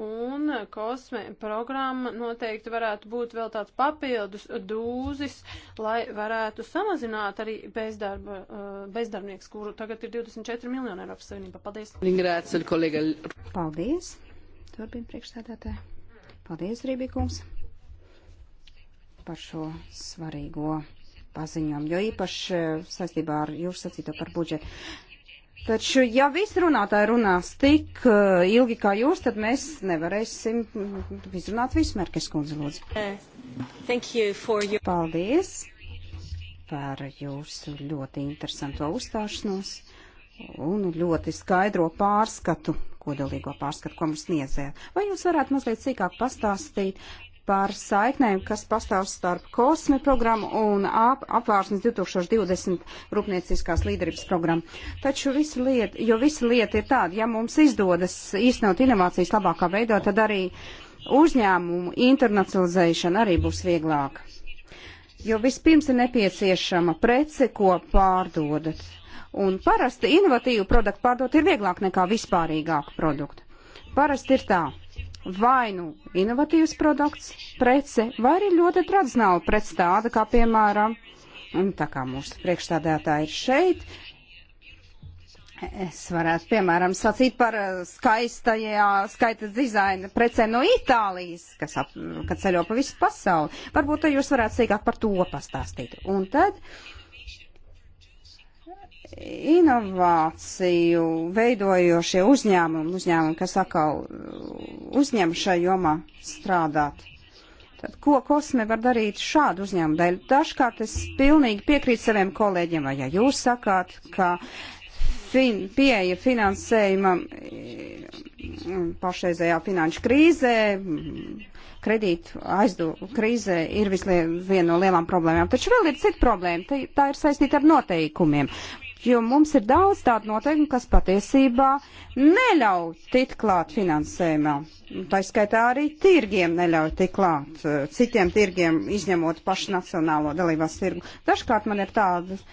Un kosme programma noteikti varētu būt vēl tāds papildus dūzis, lai varētu samazināt arī bezdarba, bezdarbnieks, kuru tagad ir 24 miljoni Eiropas Savienībā. Paldies! Paldies! Turpin priekšstādātāji. Paldies, Rībīkungs, par šo svarīgo paziņojumu, jo īpaši saistībā ar jūsu sacīto par budžetu. Taču, ja visi runātāji runās tik uh, ilgi kā jūs, tad mēs nevarēsim izrunāt visu Merkes kundzi, lūdzu. Uh, you Paldies par jūsu ļoti interesanto uzstāšanos un ļoti skaidro pārskatu kodolīgo pārskatu, ko mums sniedzēja. Vai jūs varētu mazliet sīkāk pastāstīt par saiknēm, kas pastāv starp kosmi programmu un ap, apvārsnes 2020 rūpnieciskās līderības programmu. Taču visa lieta, jo visa lieta ir tāda, ja mums izdodas īstenot inovācijas labākā veidā, tad arī uzņēmumu internacionalizēšana arī būs vieglāka. Jo vispirms ir nepieciešama prece, ko pārdodat. Un parasti inovatīvu produktu pārdot ir vieglāk nekā vispārīgāku produktu. Parasti ir tā, vai nu inovatīvs produkts, prece, vai arī ļoti tradicionāla prece tāda, kā piemēram, un tā kā mūsu priekšstādētāji ir šeit, Es varētu, piemēram, sacīt par eh, skaistajā, skaita dizaina precē no Itālijas, kas, ap, kad ceļo pa visu pasauli. Varbūt jūs varētu sīkāk par to pastāstīt. Un tad inovāciju veidojošie uzņēmumi, uzņēmumi, kas atkal uh, uzņem šajā jomā strādāt. Tad, ko kosme var darīt šādu uzņēmumu dēļ? Dažkārt es pilnīgi piekrītu saviem kolēģiem, vai ja jūs sakāt, ka fin, pieeja finansējumam mm, pašreizējā finanšu krīzē, mm, kredītu aizdu krīzē ir visliel viena no lielām problēmām. Taču vēl ir cita problēma, tā, tā ir saistīta ar noteikumiem jo mums ir daudz tādu noteikumu, kas patiesībā neļauj tikt klāt finansējumā. Tā skaitā arī tirgiem neļauj tikt klāt, citiem tirgiem izņemot pašu nacionālo dalībās tirgu. Dažkārt man ir tādas.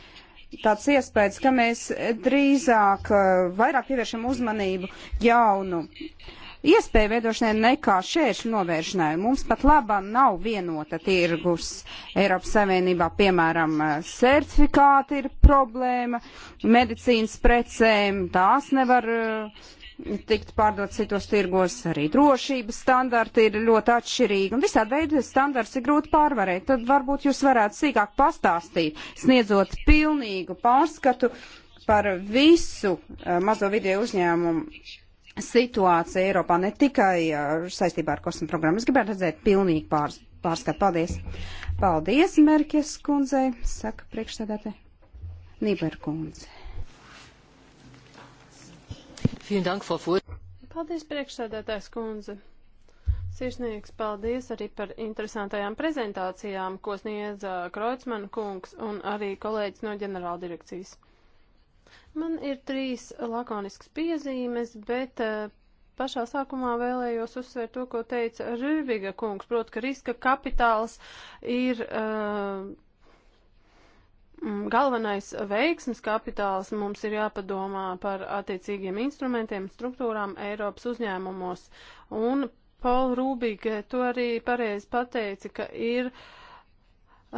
Tāds iespējas, ka mēs drīzāk vairāk pievēršam uzmanību jaunu uh, iespēju veidošanai nekā šēršļu novēršanai. Mums pat labā nav vienota tirgus. Eiropas Savienībā, piemēram, certifikāti ir problēma, medicīnas precēm tās nevar eh, tikt pārdot citos tirgos, arī drošības standarti ir ļoti atšķirīgi, un visādi veidi standarts ir grūti pārvarēt. Tad varbūt jūs varētu sīkāk pastāstīt, sniedzot pilnīgu pārskatu par visu eh, mazo video uzņēmumu situācija Eiropā ne tikai uh, saistībā ar kosmosa programmu. Es gribētu redzēt pilnīgi pārs, pārskatu. Paldies! Paldies, Merkies kundzei, saka priekšsēdētē Nīber kundze. Paldies, priekšsēdētājs kundze. Sirsnieks, paldies arī par interesantajām prezentācijām, ko sniedza uh, Kreutzmann kungs un arī kolēģis no ģenerāldirekcijas. Man ir trīs lakoniskas piezīmes, bet eh, pašā sākumā vēlējos uzsvērt to, ko teica Rīviga kungs, proti, ka riska kapitāls ir uh, galvenais veiksmes kapitāls. Mums ir jāpadomā par attiecīgiem instrumentiem, struktūrām Eiropas uzņēmumos. Un Paul Rūbīga to arī pareizi pateica, ka ir uh,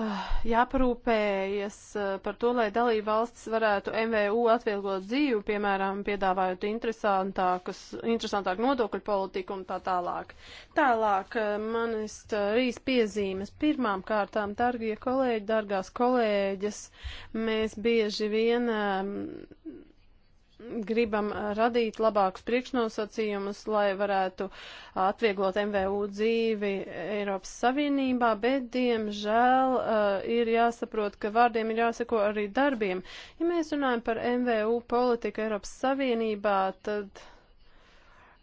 Ah, jāparūpējas eh, par to, lai dalība valsts varētu MVU atvieglot dzīvi, piemēram, piedāvājot interesantākus, interesantāku nodokļu politiku un tā tālāk. Tālāk eh, manis trīs piezīmes. Pirmām kārtām, dargie kolēģi, dargās kolēģis, mēs bieži vien eh, gribam radīt labākus priekšnosacījumus, lai varētu atvieglot MVU dzīvi Eiropas Savienībā, bet, diemžēl, eh, ir jāsaprot, ka vārdiem ir jāsako arī darbiem. Ja mēs runājam par MVU politiku Eiropas Savienībā, tad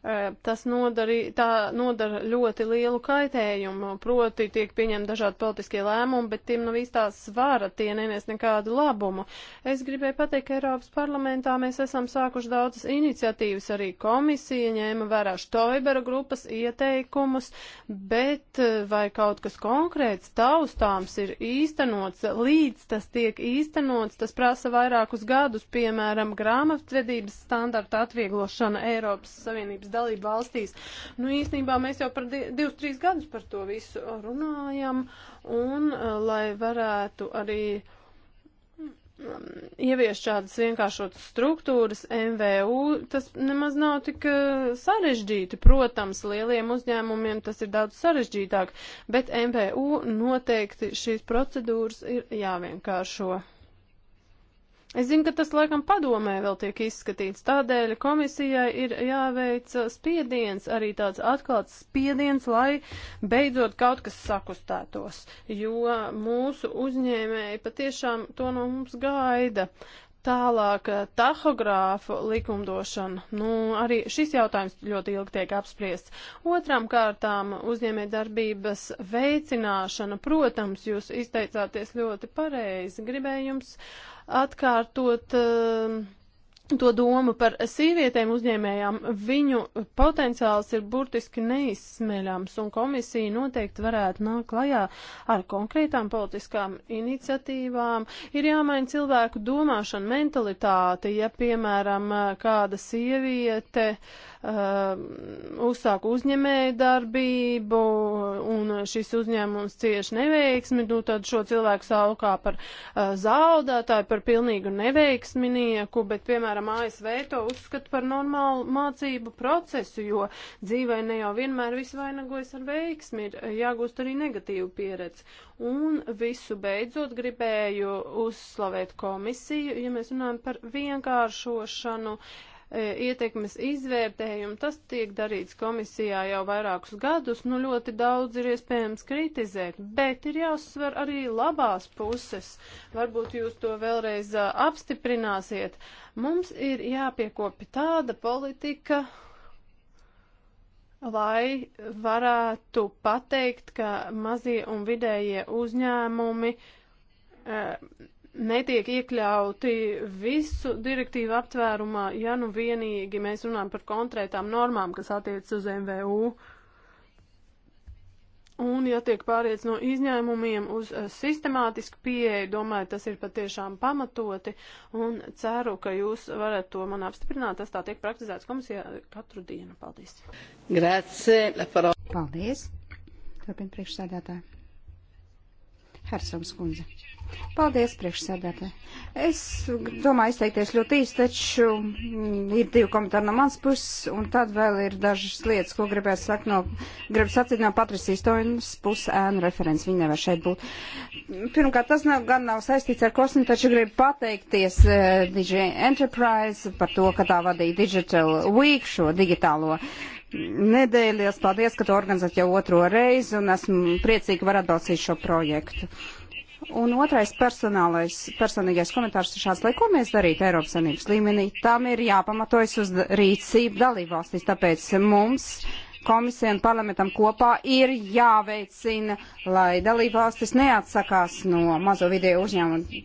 Eh, tas nodarī, tā nodara ļoti lielu kaitējumu, proti tiek pieņemti dažādi politiskie lēmumi, bet tiem nav īstā svara, tie nenies nekādu labumu. Es gribēju pateikt, ka Eiropas parlamentā mēs esam sākuši daudzas iniciatīvas, arī komisija ņēma vērā Štoibera grupas ieteikumus, bet eh, vai kaut kas konkrēts taustāms ir īstenots, līdz tas tiek īstenots, tas prasa vairākus gadus, piemēram, grāmatvedības standarta atvieglošana Eiropas Savienības Savienības dalību valstīs. Nu, īstenībā mēs jau par 2-3 gadus par to visu runājam, un eh, lai varētu arī mm, ieviest šādas vienkāršotas struktūras MVU, tas nemaz nav tik eh, sarežģīti. Protams, lieliem uzņēmumiem tas ir daudz sarežģītāk, bet MVU noteikti šīs procedūras ir jāvienkāršo. Es zinu, ka tas laikam padomē vēl tiek izskatīts. Tādēļ komisijai ir jāveic spiediens, arī tāds atklāts spiediens, lai beidzot kaut kas sakustētos, jo mūsu uzņēmēji patiešām to no mums gaida. Tālāk eh, tahogrāfu likumdošana. Nu, arī šis jautājums ļoti ilgi tiek apspriests. Otram kārtām uzņēmē darbības veicināšana. Protams, jūs izteicāties ļoti pareizi. Gribēju jums atkārtot. Uh, to domu par sīvietēm uzņēmējām, viņu potenciāls ir burtiski neizsmeļams, un komisija noteikti varētu nākt klajā ar konkrētām politiskām iniciatīvām. Ir jāmaina cilvēku domāšana, mentalitāte, ja, piemēram, kāda sieviete uh, Um, uzsāk uzņēmēju darbību un šis uzņēmums cieši neveiksmi, nu tad šo cilvēku saukā par uh, zaudētāju, par pilnīgu neveiksminieku, bet, piemēram, ASV to uzskata par normālu mācību procesu, jo dzīvē ne jau vienmēr viss vainagojas ar veiksmi, ir jāgūst arī negatīvu pieredzi. Un visu beidzot gribēju uzslavēt komisiju, ja mēs runājam par vienkāršošanu. Uh, E, ietekmes izvērtējumu. Tas tiek darīts komisijā jau vairākus gadus, nu ļoti daudz ir iespējams kritizēt, bet ir jāuzsver arī labās puses. Varbūt jūs to vēlreiz e, apstiprināsiet. Mums ir jāpiekopi tāda politika, lai varētu pateikt, ka mazie un vidējie uzņēmumi e, netiek iekļauti visu direktīvu aptvērumā, ja nu vienīgi mēs runājam par konkrētām normām, kas attiecas uz MVU. Un, ja tiek pāriets no izņēmumiem uz eh, sistemātisku pieeju, domāju, tas ir patiešām pamatoti un ceru, ka jūs varat to man apstiprināt. Tas tā tiek praktizēts komisijā katru dienu. Paldies. Grācie. Paldies. Turpin priekšsēdētāji. Hersovs kundze. Paldies, priekšsēdētāji. Es domāju izteikties ļoti īsti, taču mm, ir divi komentāri no mans puses, un tad vēl ir dažas lietas, ko gribētu sakt no, gribu sacīt no Patrisijas Toinas puses ēnu referents. Viņa nevar šeit būt. Pirmkārt, tas nav, gan nav saistīts ar kosmu, taču gribu pateikties uh, eh, DJ Enterprise par to, ka tā vadīja Digital Week šo digitālo. Uh, nedēļas. Paldies, ka to organizat jau otro reizi, un esmu priecīgi, ka var atbalstīt šo projektu. Un otrais personīgais komentārs ir šāds, lai ko mēs darītu Eiropas Sanības līmenī, tam ir jāpamatojas uz rīcību dalībvalstīs, tāpēc mums komisija un parlamentam kopā ir jāveicina, lai dalībvalstis neatsakās no mazo video uzņēmumu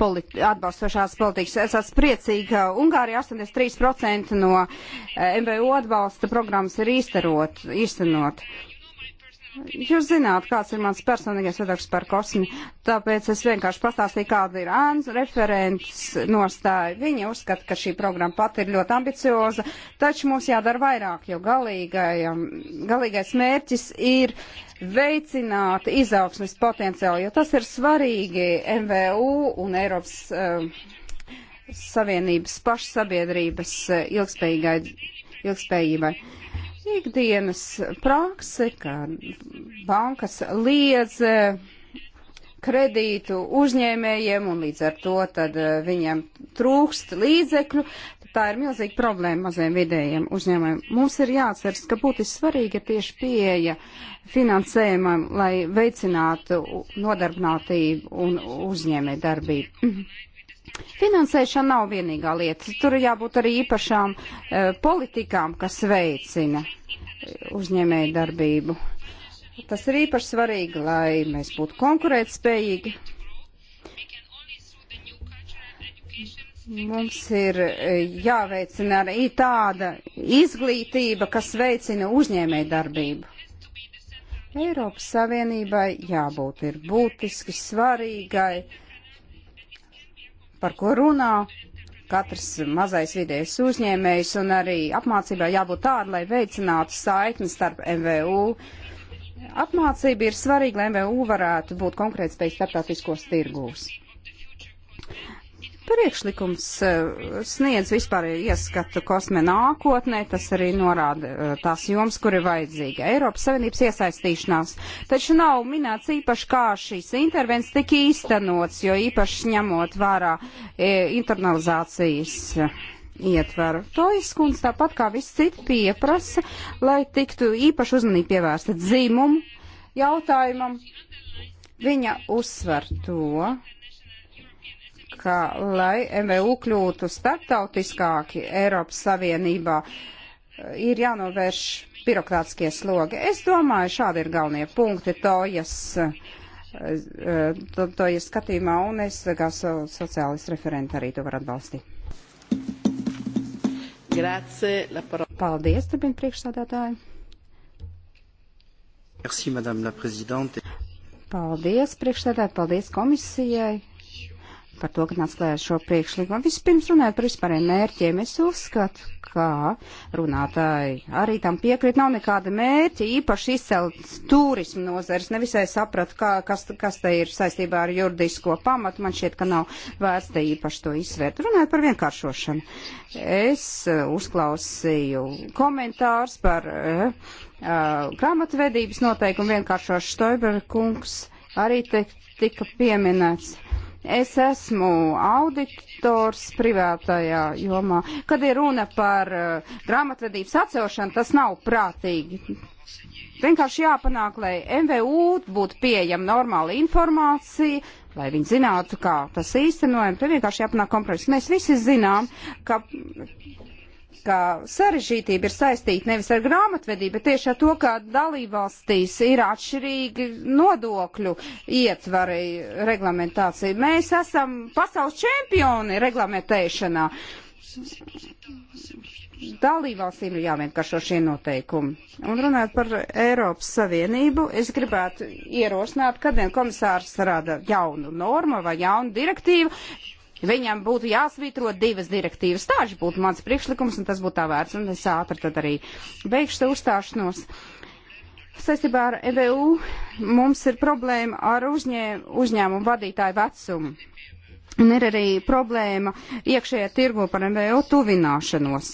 politi atbalstošās politikas. Es esmu priecīga, ka Ungārija 83% no eh, MVO atbalsta programmas ir īstenot. Jūs zināt, kāds ir mans personīgais viedoklis par kosmi, tāpēc es vienkārši pastāstīju, kāda ir ēns referents nostāja. Viņa uzskata, ka šī programma pat ir ļoti ambicioza, taču mums jādara vairāk, jo um, galīgais mērķis ir veicināt izaugsmes potenciālu, jo tas ir svarīgi MVU un Eiropas uh, Savienības pašsabiedrības uh, ilgspējībai ikdienas prakse, ka bankas liedz eh, kredītu uzņēmējiem un līdz ar to tad eh, viņiem trūkst līdzekļu. Tā ir milzīga problēma maziem vidējiem uzņēmējiem. Mums ir jāatceras, ka būtiski svarīga ir tieši pieeja finansējumam, lai veicinātu nodarbinātību un uzņēmē darbību. Finansēšana nav vienīgā lieta. Tur jābūt arī īpašām uh, politikām, kas veicina eh, uzņēmēju darbību. Tas ir īpaši svarīgi, lai mēs būtu konkurētspējīgi. Mums ir eh, jāveicina arī tāda izglītība, kas veicina uzņēmēju darbību. Eiropas Savienībai jābūt ir būtiski svarīgai par ko runā katrs mazais vidējs uzņēmējs un arī apmācībā jābūt tāda, lai veicinātu saikni starp MVU. Apmācība ir svarīga, lai MVU varētu būt konkrētspējas starptautiskos tirgūs. Priekšlikums eh, sniedz vispār ieskatu kosmē nākotnē, tas arī norāda eh, tās joms, kur ir vajadzīga Eiropas Savienības iesaistīšanās. Taču nav minēts īpaši, kā šīs intervences tika īstenots, jo īpaši ņemot vērā eh, internalizācijas ietveru. To izskundz tāpat kā viss citi pieprasa, lai tiktu īpaši uzmanību pievērsta dzimumu jautājumam. Viņa uzsver to, ka, lai MVU kļūtu starptautiskāki Eiropas Savienībā, ir jānovērš birokrātiskie slogi. Es domāju, šādi ir galvenie punkti tojas, to, eh, tojas skatījumā, un es kā so, sociālistu referentu arī to varu atbalstīt. Grazie, Paldies, turpina priekšsādātāji. Merci, Madame la Présidente. Paldies priekšstādātāji, paldies komisijai par to, ka nāc klējā ar šo priekšlikumu. Vispirms runājot par vispārējiem mērķiem, es uzskatu, ka runātāji arī tam piekrīt, nav nekāda mērķa, īpaši izcelt turismu nozares. Nevisai sapratu, kā, kas, kas te ir saistībā ar juridisko pamatu, man šķiet, ka nav vērts te īpaši to izsvērt. Runājot par vienkāršošanu, es eh, uzklausīju komentārs par uh, uh, grāmatvedības noteikumu vienkāršošu Stoiber kungs. Arī te tika pieminēts. Uh, Es esmu auditors privātajā jomā. Kad ir runa par uh, grāmatvedības atcelšanu, tas nav prātīgi. Vienkārši jāpanāk, lai MVU būtu pieejama normāla informācija, lai viņi zinātu, kā tas īstenojam. Tad vienkārši jāpanāk kompromiss. Mēs visi zinām, ka ka sarežģītība ir saistīta nevis ar grāmatvedību, bet tieši ar to, ka dalībvalstīs ir atšķirīgi nodokļu ietvari reglamentācija. Mēs esam pasaules čempioni reglamentēšanā. Dalībvalstīm ir jāvienkāršo šie noteikumi. Un runājot par Eiropas Savienību, es gribētu ierosināt, kad vien komisārs rada jaunu normu vai jaunu direktīvu, viņam būtu jāsvītro divas direktīvas. Tāds būtu mans priekšlikums, un tas būtu tā vērts, un es ātri tad arī beigšu te uzstāšanos. Saistībā ar EBU mums ir problēma ar uzņē, uzņēmumu vadītāju vecumu. Un ir arī problēma iekšējā tirgu par MVO e tuvināšanos.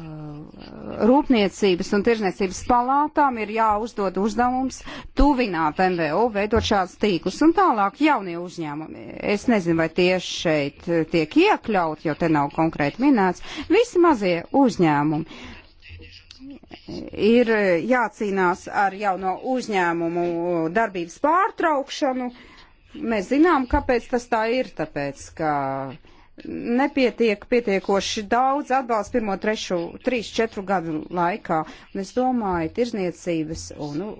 Uh, rūpniecības un tirzniecības palātām ir jāuzdod uzdevums tuvināt MVO, veidot šādus tīklus un tālāk jaunie uzņēmumi. Es nezinu, vai tieši šeit tiek iekļaut, jo te nav konkrēti minēts, visi mazie uzņēmumi ir jācīnās ar jauno uzņēmumu darbības pārtraukšanu. Mēs zinām, kāpēc tas tā ir, tāpēc, ka uh, nepietiek pietiekoši daudz atbalsta pirmo, trešu, trīs, četru gadu laikā. Un es domāju, tirzniecības un nu,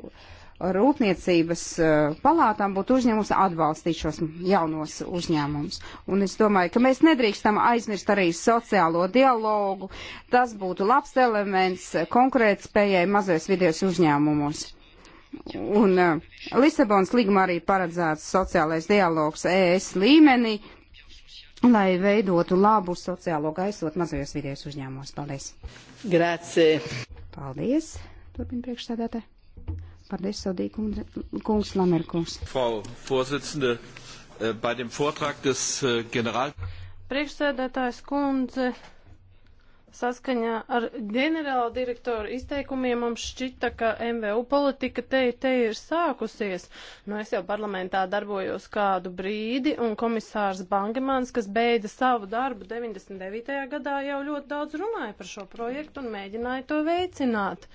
rūpniecības eh, palātām būtu uzņēmums atbalstīt šos jaunos uzņēmumus. Un es domāju, ka mēs nedrīkstam aizmirst arī sociālo dialogu. Tas būtu labs elements konkurētspējai mazais vidies uzņēmumos. Un uh, Lisabonas līgumā arī paredzēts sociālais dialogs ES līmenī, uh, lai veidotu labu sociālo gaisot mazajos vidējos uzņēmumos. Paldies! Grācie! Paldies! Turpin priekšstādātē. Paldies, Sodī kundze, kungs Lamerkungs. Frau Vorsitzende, äh, bei dem Vortrag des äh, General... Priekšsēdētājs kundze, Saskaņā ar ģenerāla direktora izteikumiem mums šķita, ka MVU politika te, te ir sākusies. Nu, es jau parlamentā darbojos kādu brīdi, un komisārs Bangemans, kas beida savu darbu 99. gadā, jau ļoti daudz runāja par šo projektu un mēģināja to veicināt.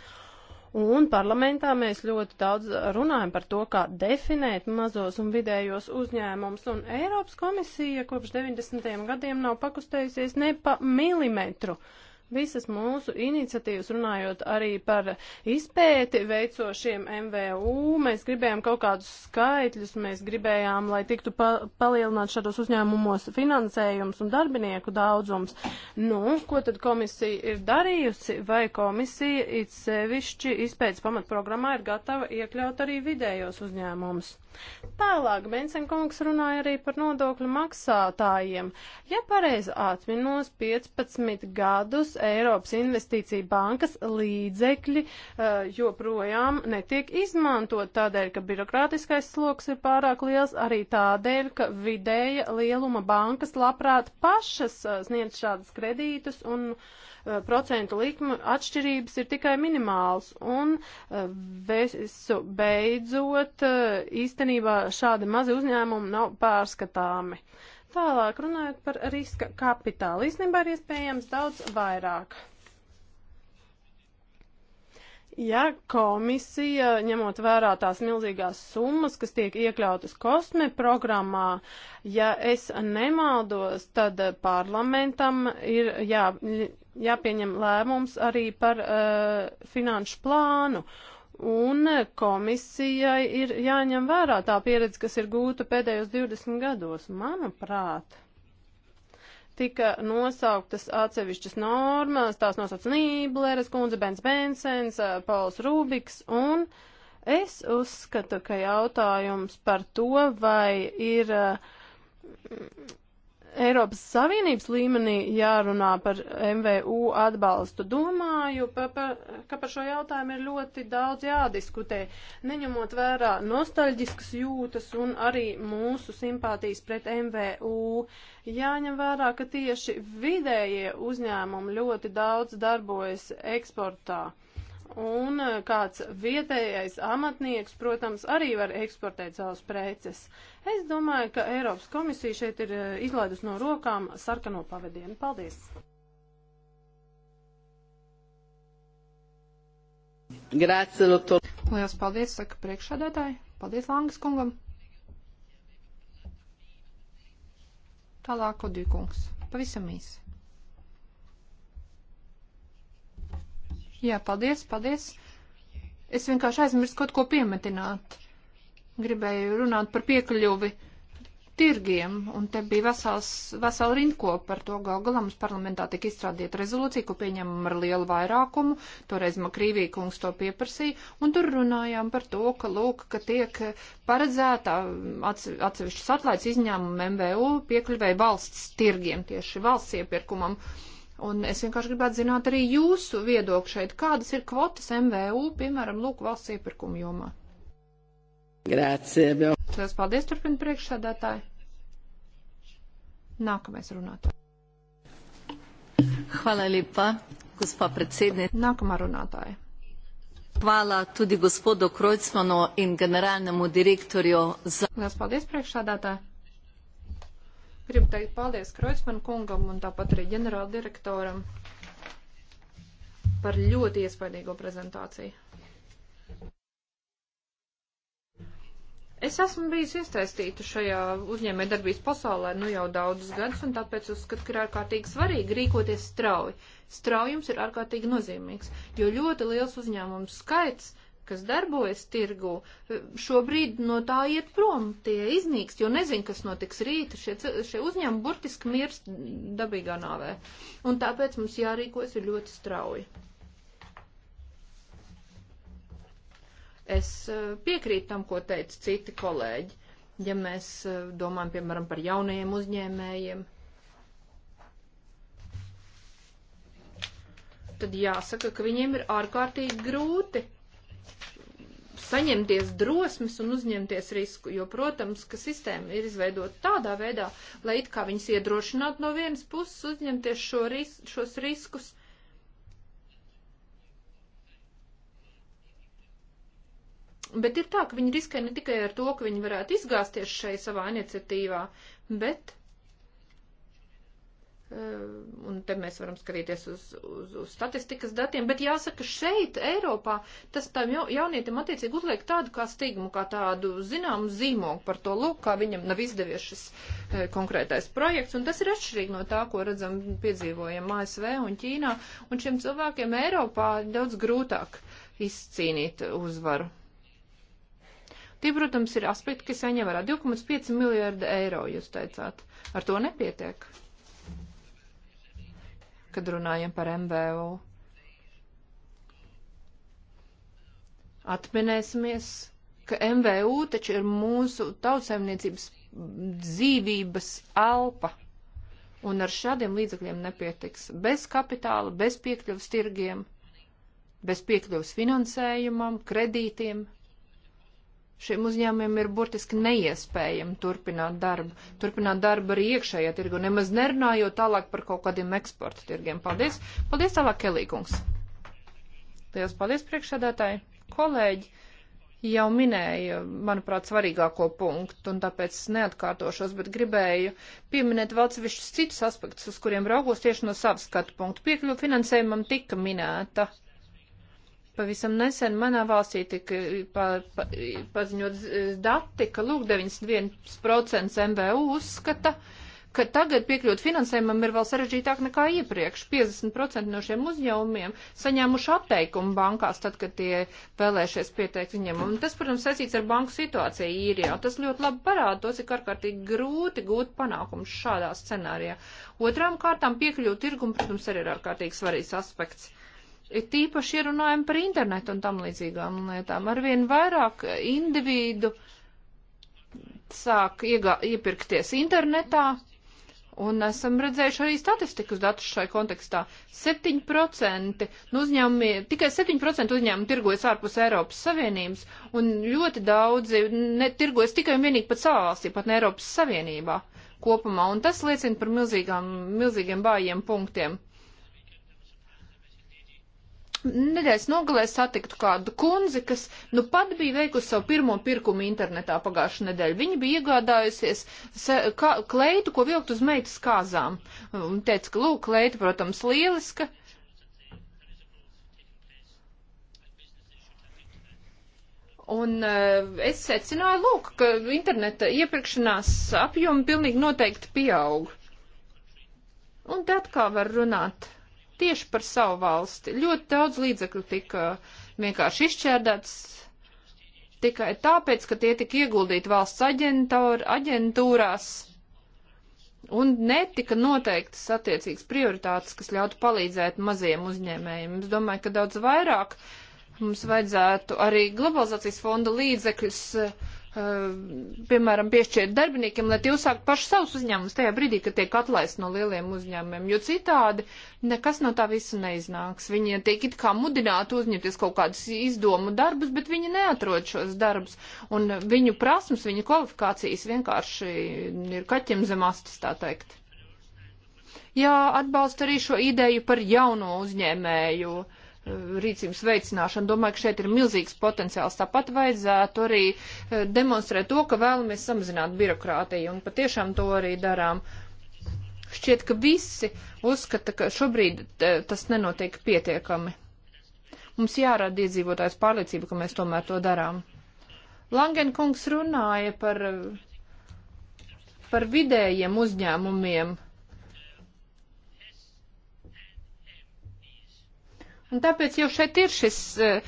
Un parlamentā mēs ļoti daudz runājam par to, kā definēt mazos un vidējos uzņēmumus, un Eiropas komisija kopš 90. gadiem nav pakustējusies ne pa milimetru. Uh, visas mūsu iniciatīvas, runājot arī par izpēti veicošiem MVU. Mēs gribējām kaut kādus skaitļus, mēs gribējām, lai tiktu pa palielināt šādos uzņēmumos finansējums un darbinieku daudzums. Nu, ko tad komisija ir darījusi? Vai komisija it sevišķi izpētes pamatprogrammā ir gatava iekļaut arī vidējos uzņēmumus? Tālāk Bensenkungs runāja arī par nodokļu maksātājiem. Ja pareizi atminos, 15 gadus Eiropas investīcija bankas līdzekļi eh, joprojām netiek izmantot tādēļ, ka birokrātiskais sloks ir pārāk liels, arī tādēļ, ka vidēja lieluma bankas labprāt pašas eh, sniedz šādas kredītus un uh, Eh, procentu likmu atšķirības ir tikai minimāls. Un eh, visu beidzot, eh, īstenībā šādi mazi uzņēmumi nav pārskatāmi. Tālāk runājot par riska kapitālu, īstenībā ir iespējams daudz vairāk. Ja komisija, ņemot vērā tās milzīgās summas, kas tiek iekļautas kosme programmā, ja es nemaldos, tad parlamentam ir jā, jāpieņem lēmums arī par uh, finanšu plānu. Un komisijai ir jāņem vērā tā pieredze, kas ir gūta pēdējos 20 gados. Manuprāt, tika nosauktas atsevišķas normas, tās nosauc Nībleres, kundze Bens Bensens, uh, Pauls Rūbiks un es uzskatu, ka jautājums par to, vai ir. Uh, Eiropas Savienības līmenī jārunā par MVU atbalstu. Domāju, pa, pa, ka par šo jautājumu ir ļoti daudz jādiskutē, neņemot vērā nostalģiskas jūtas un arī mūsu simpātijas pret MVU. Jāņem vērā, ka tieši vidējie uzņēmumi ļoti daudz darbojas eksportā un eh, kāds vietējais amatnieks, protams, arī var eksportēt savus preces. Es domāju, ka Eiropas komisija šeit ir eh, izlaidus no rokām sarkano pavadienu. Paldies! Grāci, Lutu. Lielas paldies, saka priekšsādētāji. Paldies Langas kungam. Tālāk, Odīkungs. Pavisam īsi. Jā, paldies, paldies. Es vienkārši aizmirsu kaut ko piemetināt. Gribēju runāt par piekļuvi tirgiem, un te bija vesels, vesela rindko par to gal galā. Mums parlamentā tika izstrādīta rezolūcija, ko pieņemam ar lielu vairākumu. Toreiz Makrīvī kungs to pieprasīja, un tur runājām par to, ka, lūk, ka tiek paredzēta atsevišķas atlaides izņēmuma MVU piekļuvēja valsts tirgiem, tieši valsts iepirkumam. Uh, Un es vienkārši gribētu zināt arī jūsu viedokli šeit, kādas ir kvotas MVU, piemēram, lūk, valsts iepirkuma jomā. Grācie, Bel. Lielas paldies, turpina priekšsēdētāji. Nākamais runātājs. Hvala lepa, gospa predsednica. Nākamā runātāja. Hvala tudi gospodu Krojcmanu in generalnemu direktorju za. Lielas paldies, priekšsēdētāji. Gribu teikt paldies Kreutzmann kungam un tāpat arī ģenerāldirektoram par ļoti iespaidīgo prezentāciju. Es esmu bijis iesaistīta šajā uzņēmējdarbības pasaulē nu jau daudzus gadus, un tāpēc uzskatu, ka ir ārkārtīgi svarīgi rīkoties strauji. Straujums ir ārkārtīgi nozīmīgs, jo ļoti liels uzņēmums skaits kas darbojas tirgu, šobrīd no tā iet prom, tie iznīkst, jo nezin, kas notiks rīt, šie, šie uzņēmumi burtiski mirst dabīgā nāvē. Un tāpēc mums jārīkojas ir ļoti strauji. Es eh, piekrītu tam, ko teica citi kolēģi. Ja mēs eh, domājam, piemēram, par jaunajiem uzņēmējiem, tad jāsaka, ka viņiem ir ārkārtīgi grūti saņemties drosmes un uzņemties risku, jo, protams, ka sistēma ir izveidota tādā veidā, lai it kā viņas iedrošinātu no vienas puses uzņemties šo ris šos riskus. Bet ir tā, ka viņi riskē ne tikai ar to, ka viņi varētu izgāzties šai savā iniciatīvā, bet uh, te mēs varam skatīties uz, uz, uz statistikas datiem, bet jāsaka, šeit, Eiropā, tas tam ja, jaunietim attiecīgi uzliek tādu kā stigmu, kā tādu zināmu zīmogu par to, lūk, kā viņam nav izdevies šis e, konkrētais projekts, un tas ir atšķirīgi no tā, ko redzam, piedzīvojam ASV un Ķīnā, un šiem cilvēkiem Eiropā daudz grūtāk izcīnīt uzvaru. Tie, protams, ir aspekti, kas jāņem vērā. 2,5 miljārda eiro, jūs teicāt. Ar to nepietiek kad runājam par MVU. Atminēsimies, ka MVU taču ir mūsu tautsēmniecības dzīvības elpa, un ar šādiem līdzekļiem nepietiks. Bez kapitāla, bez piekļuvas tirgiem, bez piekļuvas finansējumam, kredītiem – Šiem uzņēmumiem ir burtiski neiespējami turpināt darbu, turpināt darbu arī iekšējā tirgu, nemaz nerunājot tālāk par kaut kādiem eksporta tirgiem. Paldies! Paldies tālāk, Kelīkungs! Lielas paldies, priekšsēdētāji! Kolēģi jau minēja, manuprāt, svarīgāko punktu, un tāpēc neatkārtošos, bet gribēju pieminēt vēl sevišķus citus aspektus, uz kuriem raugos tieši no savas skatu punktu. Piekļuva finansējumam tika minēta Pavisam nesen manā valstī tika eh, pa, pa, paziņot eh, dati, ka lūk 91% MVU uzskata, ka tagad piekļūt finansējumam ir vēl sarežģītāk nekā iepriekš. 50% no šiem uzņēmumiem saņēmuši atteikumu bankās, tad, kad tie vēlēšies pieteikt viņiem. Un tas, protams, saistīts ar banku situāciju īrijā. Tas ļoti labi parāda to, cik ārkārtīgi grūti gūt panākumus šādā scenārijā. Otrām kārtām piekļūt tirgumu, protams, arī ir ārkārtīgi svarīgs aspekts Ir tīpaši ierunājam par internetu un tam līdzīgām lietām. Arvien vairāk individu sāk iegā, iepirkties internetā, Un esam redzējuši arī statistikas datus šai kontekstā. 7% nu uzņēmumi, tikai 7% uzņēmumi tirgojas ārpus Eiropas Savienības, un ļoti daudzi ne, tirgojas tikai un vienīgi pat savā valstī, pat ne Eiropas Savienībā kopumā. Un tas liecina par milzīgām, milzīgiem bājiem punktiem nedēļas nogalē satiktu kādu kundzi, kas nu pat bija veikusi savu pirmo pirkumu internetā pagājušajā nedēļā. Viņa bija iegādājusies se, kā, kleitu, ko vilkt uz meitas kāzām. Un teica, ka lūk, kleita, protams, lieliska. Un uh, es secināju, lūk, ka interneta iepirkšanās apjomi pilnīgi noteikti pieaug. Un tad kā var runāt tieši par savu valsti. Ļoti daudz līdzekļu tika vienkārši izšķērdēts tikai tāpēc, ka tie tika ieguldīti valsts aģentūr, aģentūrās un netika noteiktas attiecīgas prioritātes, kas ļautu palīdzēt maziem uzņēmējiem. Es domāju, ka daudz vairāk mums vajadzētu arī globalizācijas fonda līdzekļus Uh, piemēram, piešķirt darbiniekiem, lai tie uzsāktu pašu savus uzņēmumus tajā brīdī, kad tiek atlaist no lieliem uzņēmumiem, jo citādi nekas no tā visa neiznāks. Viņi tiek it kā mudināti uzņemties kaut kādus izdomu darbus, bet viņi neatrod šos darbus, un viņu prasmes, viņu kvalifikācijas vienkārši ir kaķiem zem astes, tā teikt. Jā, atbalsta arī šo ideju par jauno uzņēmēju. Uh, rīcības veicināšanu. Domāju, ka šeit ir milzīgs potenciāls. Tāpat vajadzētu arī eh, demonstrēt to, ka vēlamies samazināt birokrātiju, un patiešām to arī darām. Šķiet, ka visi uzskata, ka šobrīd eh, tas nenotiek pietiekami. Mums jārada iedzīvotājs pārliecība, ka mēs tomēr to darām. Langenkungs runāja par, eh, par vidējiem uzņēmumiem Un tāpēc jau šeit ir šis, eh,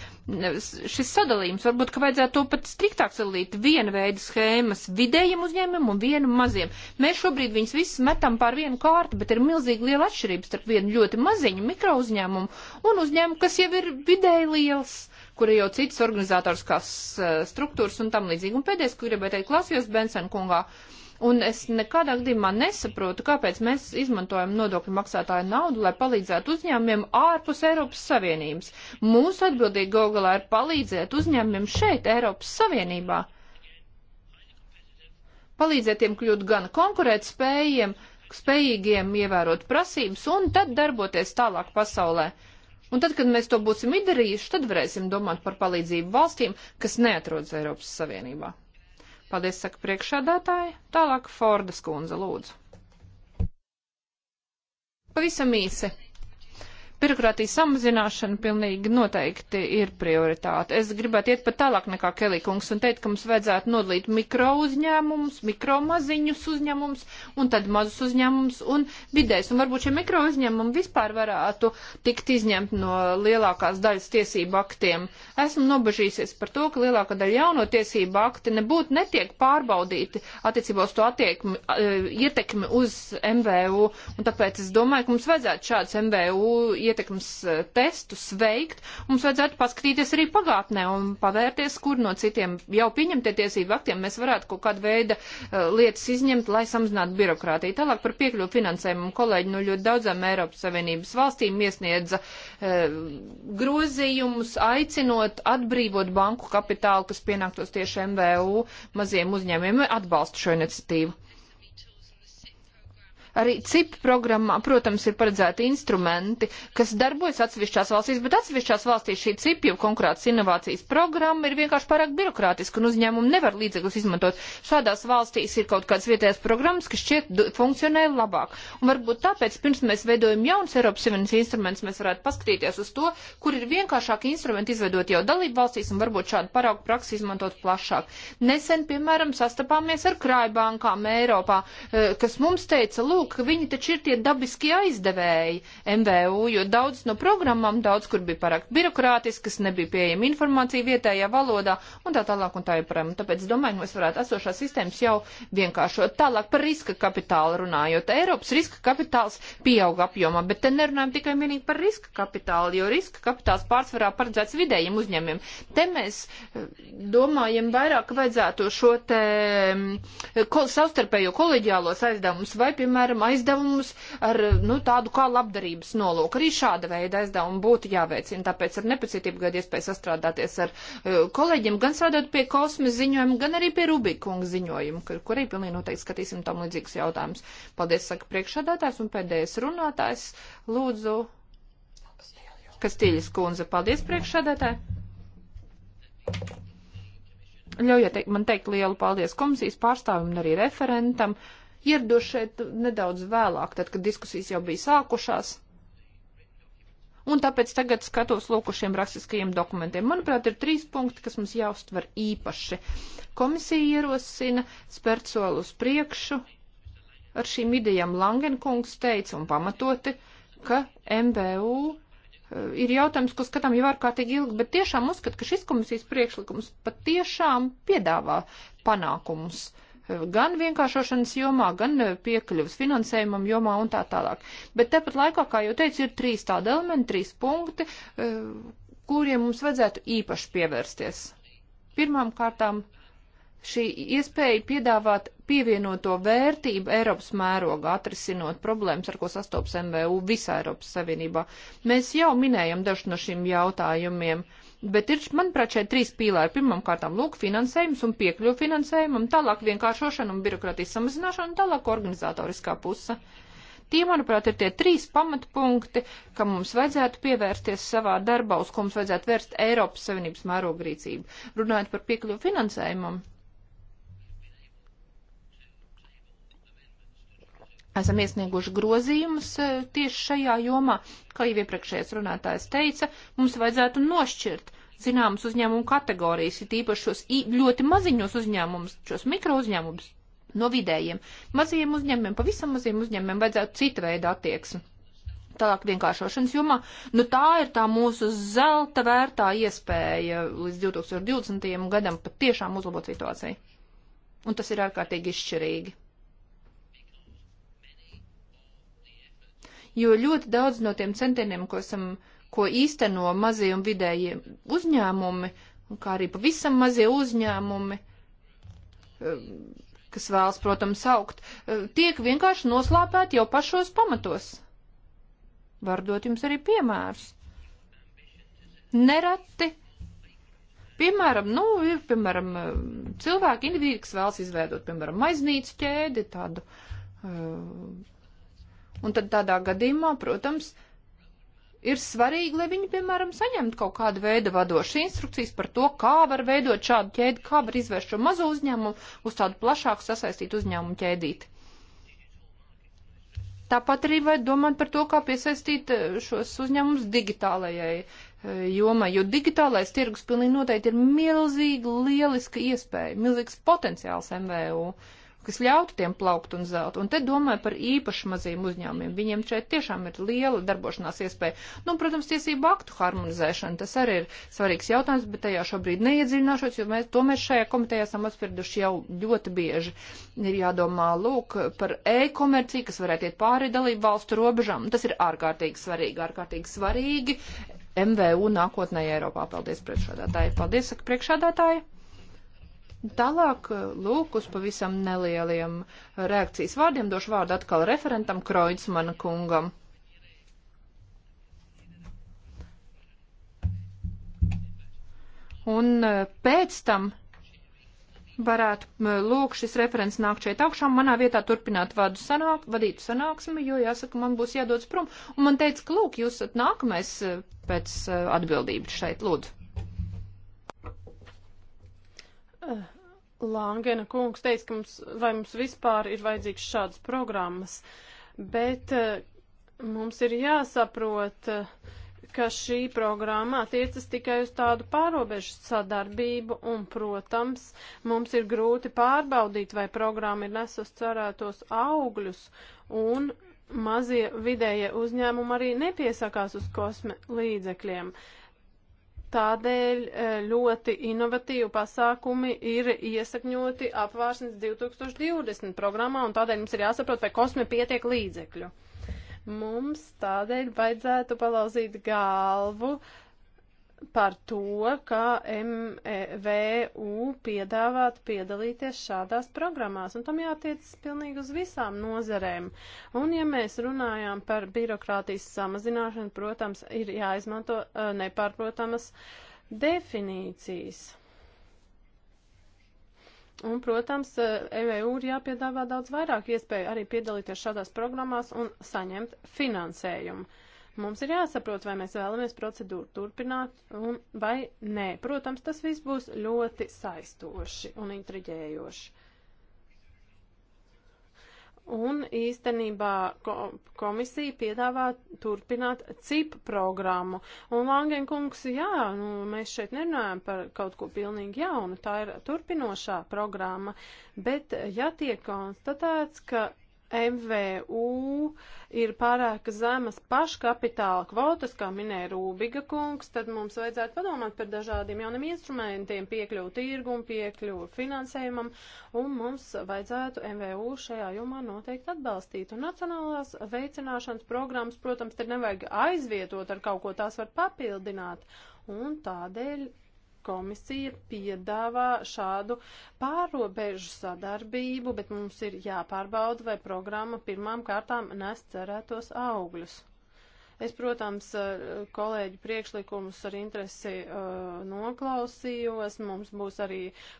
šis sadalījums. Varbūt, ka vajadzētu to pat striktāk sadalīt. Viena veida schēmas vidējiem uzņēmumiem un vienu maziem. Mēs šobrīd viņus visus metam pār vienu kārtu, bet ir milzīgi liela atšķirība starp vienu ļoti maziņu mikro uzņēmumu un uzņēmumu, kas jau ir vidēji liels kur ir jau citas organizatoriskās eh, struktūras un tam līdzīgi. Un pēdējais, ko gribēju teikt, klausījos Bensena kungā. Uh, Un es nekādā gadījumā nesaprotu, kāpēc mēs izmantojam nodokļu maksātāju naudu, lai palīdzētu uzņēmumiem ārpus Eiropas Savienības. Mūsu atbildība Google ir palīdzēt uzņēmumiem šeit, Eiropas Savienībā. Palīdzēt tiem kļūt gan konkurētspējiem, spējīgiem ievērot prasības un tad darboties tālāk pasaulē. Un tad, kad mēs to būsim izdarījuši, tad varēsim domāt par palīdzību valstīm, kas neatrodas Eiropas Savienībā. Paldies, saka priekšādātāji. Tālāk Fordas kundze lūdzu. Pavisam īsi. Birokrātijas samazināšana pilnīgi noteikti ir prioritāte. Es gribētu iet pat tālāk nekā Kelikungs un teikt, ka mums vajadzētu nodalīt mikro uzņēmumus, mikro maziņus uzņēmumus un tad mazus uzņēmumus un vidēs. Un varbūt šie mikro uzņēmumi vispār varētu tikt izņemti no lielākās daļas tiesību aktiem. Esmu nobežīsies par to, ka lielākā daļa jauno tiesību akti nebūtu netiek pārbaudīti attiecībā uz to attiekmi, eh, ietekmi uz MVU. Un tāpēc es domāju, ka mums vajadzētu šāds MVU ietekmes e, testus veikt, mums vajadzētu paskatīties arī pagātnē un pavērties, kur no citiem jau pieņemtie tiesību aktiem mēs varētu kaut kādu veidu e, lietas izņemt, lai samazinātu birokrātiju. Tālāk par piekļuvu finansējumu kolēģi no ļoti daudzām Eiropas Savienības valstīm iesniedza eh, grozījumus, aicinot atbrīvot banku kapitālu, kas pienāktos tieši MVU maziem uzņēmiem. Atbalstu šo iniciatīvu. Arī CIP programmā, protams, ir paredzēti instrumenti, kas darbojas atsevišķās valstīs, bet atsevišķās valstīs šī CIP jau konkurētas inovācijas programma ir vienkārši pārāk birokrātiska un uzņēmumi nevar līdzekļus izmantot. Šādās valstīs ir kaut kāds vietējais programmas, kas šķiet funkcionē labāk. Un varbūt tāpēc, pirms mēs veidojam jauns Eiropas Savienības instruments, mēs varētu paskatīties uz to, kur ir vienkāršāk instrumenti izveidot jau dalību valstīs un varbūt šādu paraugu praksi izmantot plašāk. Nesen, piemēram, sastapāmies ar krājbankām Eiropā, eh, kas mums teica, lūk, lūk, viņi taču ir tie dabiskie aizdevēji MVU, jo daudz no programmām, daudz kur bija parakt birokrātiskas, nebija pieejama informācija vietējā valodā un tā tālāk un tā joprojām. Tāpēc domāju, ka mēs varētu esošās sistēmas jau vienkāršot. Tālāk par riska kapitālu runājot. Eiropas riska kapitāls pieauga apjomā, bet te nerunājam tikai vienīgi par riska kapitālu, jo riska kapitāls pārsvarā paredzēts vidējiem uzņēmumiem. Te mēs eh, domājam vairāk vajadzētu šo te mm, ko, savstarpējo koleģiālos aizdevumus vai, piemēram, piemēram, aizdevumus ar nu, tādu kā labdarības nolūku. Arī šāda veida aizdevumi būtu jāveicina, tāpēc ar nepacietību gaidu iespēju sastrādāties ar eh, kolēģiem, gan strādāt pie kosmas ziņojuma, gan arī pie Rubikunga ziņojuma, kur, kur arī pilnīgi noteikti skatīsim tam līdzīgus jautājumus. Paldies, saka priekšādātājs un pēdējais runātājs. Lūdzu, Kastīļas kundze, paldies priekšādātāji. Ļaujiet man teikt lielu paldies komisijas pārstāvim un arī referentam. Uh, Ierados šeit nedaudz vēlāk, tad, kad diskusijas jau bija sākušās. Un tāpēc tagad skatos lūk uz šiem rakstiskajiem dokumentiem. Manuprāt, ir trīs punkti, kas mums jāuztver īpaši. Komisija ierosina spērt soli uz priekšu. Ar šīm idejām Langenkungs teica un pamatoti, ka MBU e, ir jautājums, ko skatām jau ārkārtīgi ilgi, bet tiešām uzskat, ka šis komisijas priekšlikums patiešām piedāvā panākumus. Uh, gan vienkāršošanas jomā, gan eh, piekļuvas finansējumam jomā un tā tālāk. Bet tepat laikā, kā jau teicu, ir trīs tādi elementi, trīs punkti, eh, kuriem mums vajadzētu īpaši pievērsties. Pirmām kārtām šī iespēja piedāvāt pievienoto vērtību Eiropas mērogā, atrisinot problēmas, ar ko sastopas MVU visā Eiropas Savienībā. Mēs jau minējam dažu no šiem jautājumiem. Uh, Bet ir, manuprāt, šeit trīs pīlāri. Pirmam kārtām lūk finansējums un piekļuvu finansējumam, tālāk vienkāršošana un birokratijas samazināšana, un tālāk organizatoriskā puse. Tie, manuprāt, ir tie trīs pamatpunkti, kam mums vajadzētu pievērsties savā darbā, uz ko mums vajadzētu vērst Eiropas Savienības mērogrīcību. Runājot par piekļuvu finansējumam, Esam iesnieguši grozījumus e, tieši šajā jomā, kā jau iepriekšējais runātājs teica, mums vajadzētu nošķirt zināmas uzņēmumu kategorijas, ir tīpaši šos ļoti maziņos uzņēmumus, šos mikro uzņēmumus no vidējiem. Mazajiem uzņēmumiem, pavisam mazajiem uzņēmumiem vajadzētu cita veida attieksmi. Tālāk vienkāršošanas jomā, nu tā ir tā mūsu zelta vērtā iespēja līdz 2020. gadam patiešām uzlabot situāciju. Un tas ir ārkārtīgi izšķirīgi. jo ļoti daudz no tiem centieniem, ko, esam, ko īsteno mazie un vidējie uzņēmumi, kā arī pavisam mazie uzņēmumi, eh, kas vēlas, protams, augt, eh, tiek vienkārši noslāpēti jau pašos pamatos. Var dot jums arī piemērus. Nereti. Piemēram, nu, ir, piemēram, cilvēki, individuļi, kas vēlas izveidot, piemēram, maiznīcu ķēdi, tādu uh, Un tad tādā gadījumā, protams, ir svarīgi, lai viņi, piemēram, saņemtu kaut kādu veidu vadošu instrukcijas par to, kā var veidot šādu ķēdi, kā var izvērst šo mazo uzņēmumu uz tādu plašāku sasaistītu uzņēmumu ķēdīti. Tāpat arī vajag domāt par to, kā piesaistīt eh, šos uzņēmumus digitālajai eh, jomai, jo digitālais tirgus pilnīgi noteikti ir milzīgi lieliska iespēja, milzīgs potenciāls MVU. Uh, kas ļautu tiem plaukt un zelt. Un te domāju par īpaši maziem uzņēmumiem. Viņiem šeit tiešām ir liela darbošanās iespēja. Nu, protams, tiesību aktu harmonizēšana, tas arī ir svarīgs jautājums, bet tajā šobrīd neiedziļināšos, jo mēs, to mēs šajā komitejā esam atspirduši jau ļoti bieži. Ir jādomā, lūk, par e-komerciju, kas varētu iet pāri dalību valstu robežām. Tas ir ārkārtīgi svarīgi, ārkārtīgi svarīgi. MVU nākotnē Eiropā. Paldies priekšādātāji. Paldies, saka priekšādātāji. Tālāk, eh, lūk, uz pavisam nelieliem reakcijas vārdiem došu vārdu atkal referentam Kreutzmana kungam. Un eh, pēc tam varētu, eh, lūk, šis referents nāk šeit augšā, manā vietā turpināt vadu sanāk, vadīt sanāksmi, jo, jāsaka, man būs jādodas prom. Un man teica, ka, lūk, jūs esat nākamais pēc atbildības šeit, lūdzu. Langena kungs teica, ka mums, vai mums vispār ir vajadzīgs šādas programmas, bet eh, mums ir jāsaprot, eh, ka šī programma attiecas tikai uz tādu pārobežu sadarbību, un, protams, mums ir grūti pārbaudīt, vai programma ir nesus cerētos augļus, un mazie vidējie uzņēmumi arī nepiesakās uz kosme līdzekļiem. Uh, Tādēļ e, ļoti inovatīvi pasākumi ir iesakņoti apvārsnes 2020 programmā, un tādēļ mums ir jāsaprot, vai kosmi pietiek līdzekļu. Mums tādēļ vajadzētu palauzīt galvu, uh, par to, ka MVU e piedāvāt piedalīties šādās programmās, un tam jātiecas pilnīgi uz visām nozerēm. Un, ja mēs runājām par birokrātijas samazināšanu, protams, ir jāizmanto nepārprotamas definīcijas. Un, protams, MVU e ir jāpiedāvā daudz vairāk iespēju arī piedalīties šādās programmās un saņemt finansējumu. Uh, Mums ir jāsaprot, vai mēs vēlamies procedūru turpināt un vai nē. Protams, tas viss būs ļoti saistoši un intriģējoši. Un īstenībā komisija piedāvā turpināt CIP programmu. Un Langenkungs, jā, nu, mēs šeit nerunājam par kaut ko pilnīgi jaunu, tā ir turpinošā programma, bet ja tiek konstatēts, ka MVU ir pārāk zemas paškapitāla kvotas, kā minēja Rūbiga kungs, tad mums vajadzētu padomāt par dažādiem jauniem instrumentiem, piekļuvu tirgumu, piekļuvu finansējumam, un mums vajadzētu MVU šajā jomā noteikti atbalstīt. Un nacionālās veicināšanas programmas, protams, te nevajag aizvietot ar kaut ko, tās var papildināt, un tādēļ komisija piedāvā šādu pārobežu sadarbību, bet mums ir jāpārbauda, vai programma pirmām kārtām nes cerētos augļus. Es, protams, kolēģi priekšlikumus ar interesi uh, noklausījos. Mums būs arī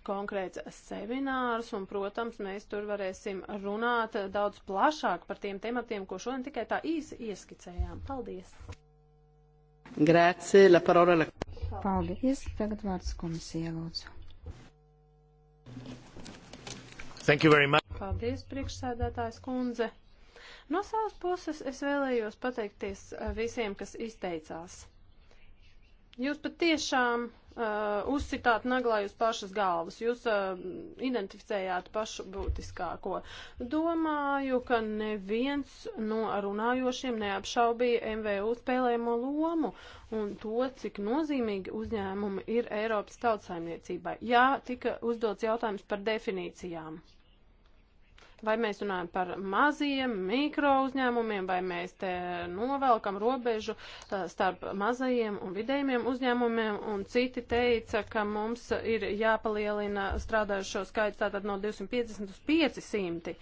konkrēts seminārs, un, protams, mēs tur varēsim runāt daudz plašāk par tiem tematiem, ko šodien tikai tā īsi ieskicējām. Paldies! Grāci, la parola. La... Paldies. Tagad vārds komisija lūdzu. Thank you very much. Paldies, priekšsēdētājs kundze. No savas puses es vēlējos pateikties visiem, kas izteicās. Jūs patiešām uh, uzsitāt naglai uz pašas galvas, jūs uh, identificējāt pašu būtiskāko. Domāju, ka neviens no runājošiem neapšaubīja MVU spēlēmo lomu un to, cik nozīmīgi uzņēmumi ir Eiropas tautsaimniecībai. Jā, tika uzdots jautājums par definīcijām. Vai mēs runājam par maziem mikro uzņēmumiem, vai mēs te novelkam robežu uh, starp mazajiem un vidējiem uzņēmumiem, un citi teica, ka mums ir jāpalielina strādājušo skaits tātad no 250 uz 500.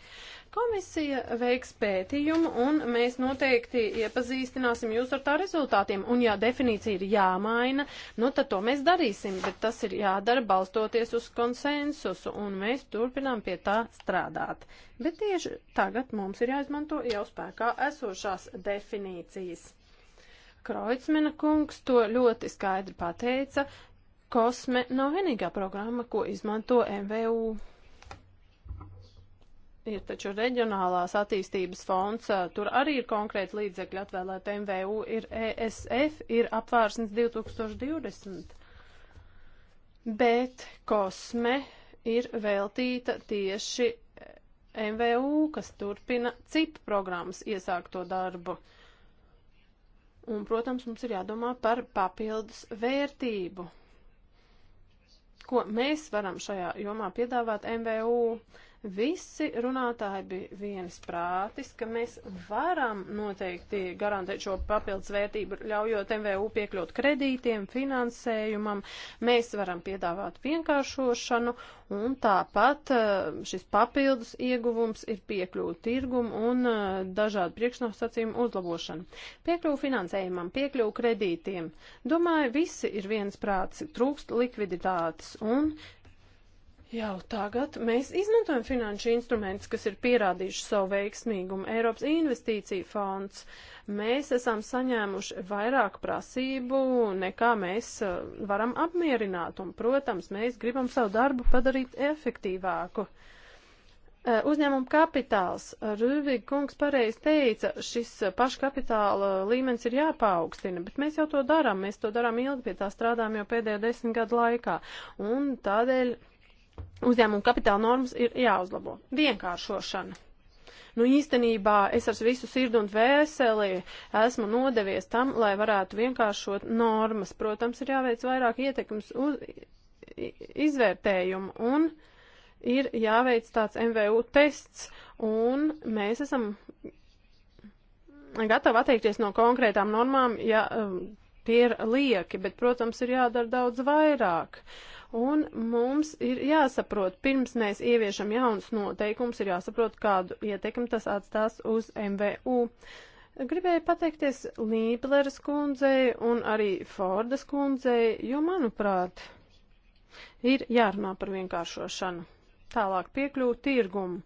Komisija veiks pētījumu un mēs noteikti iepazīstināsim jūs ar tā rezultātiem. Un ja definīcija ir jāmaina, nu tad to mēs darīsim, bet tas ir jādara balstoties uz konsensusu un mēs turpinām pie tā strādāt. Bet tieši tagad mums ir jāizmanto jau spēkā esošās definīcijas. Kreutzmena kungs to ļoti skaidri pateica. Kosme nav vienīgā programma, ko izmanto MVU. Ir taču reģionālās attīstības fonds, tur arī ir konkrēti līdzekļi atvēlēti MVU, ir ESF, ir apvārsnes 2020. Bet kosme ir veltīta tieši MVU, kas turpina citu programmas iesākto darbu. Un, protams, mums ir jādomā par papildus vērtību, ko mēs varam šajā jomā piedāvāt MVU. Visi runātāji bija vienas prātis, ka mēs varam noteikti garantēt šo papildus vērtību, ļaujot MVU piekļūt kredītiem, finansējumam, mēs varam piedāvāt vienkāršošanu un tāpat eh, šis papildus ieguvums ir piekļūt tirgumu un eh, dažādu priekšnosacījumu uzlabošanu. Piekļuvu finansējumam, piekļuvu kredītiem. Domāju, visi ir vienas prātis, trūkst likviditātes un Jau tagad mēs izmantojam finanšu instrumentus, kas ir pierādījuši savu veiksmīgumu. Eiropas investīcija fonds. Mēs esam saņēmuši vairāk prasību, nekā mēs uh, varam apmierināt, un, protams, mēs gribam savu darbu padarīt efektīvāku. Uh, Uzņēmuma kapitāls. Rūvīgi kungs pareizi teica, šis uh, paškapitāla līmenis ir jāpaukstina, bet mēs jau to darām, mēs to darām ilgi pie tā strādājam jau pēdējo desmit gadu laikā. Un tādēļ uzņēmumu kapitāla normas ir jāuzlabo. Vienkāršošana. Nu, īstenībā es ar visu sirdi un vēseli esmu nodevies tam, lai varētu vienkāršot normas. Protams, ir jāveic vairāk ietekmes uz izvērtējumu un ir jāveic tāds MVU tests, un mēs esam gatavi atteikties no konkrētām normām, ja um, tie ir lieki, bet, protams, ir jādara daudz vairāk. Uh, Un mums ir jāsaprot, pirms mēs ieviešam jaunas noteikums, ir jāsaprot, kādu ietekmi tas atstās uz MVU. Gribēju pateikties Lībleres kundzei un arī Fordas kundzei, jo, manuprāt, ir jārunā par vienkāršošanu. Tālāk piekļūt tirgumu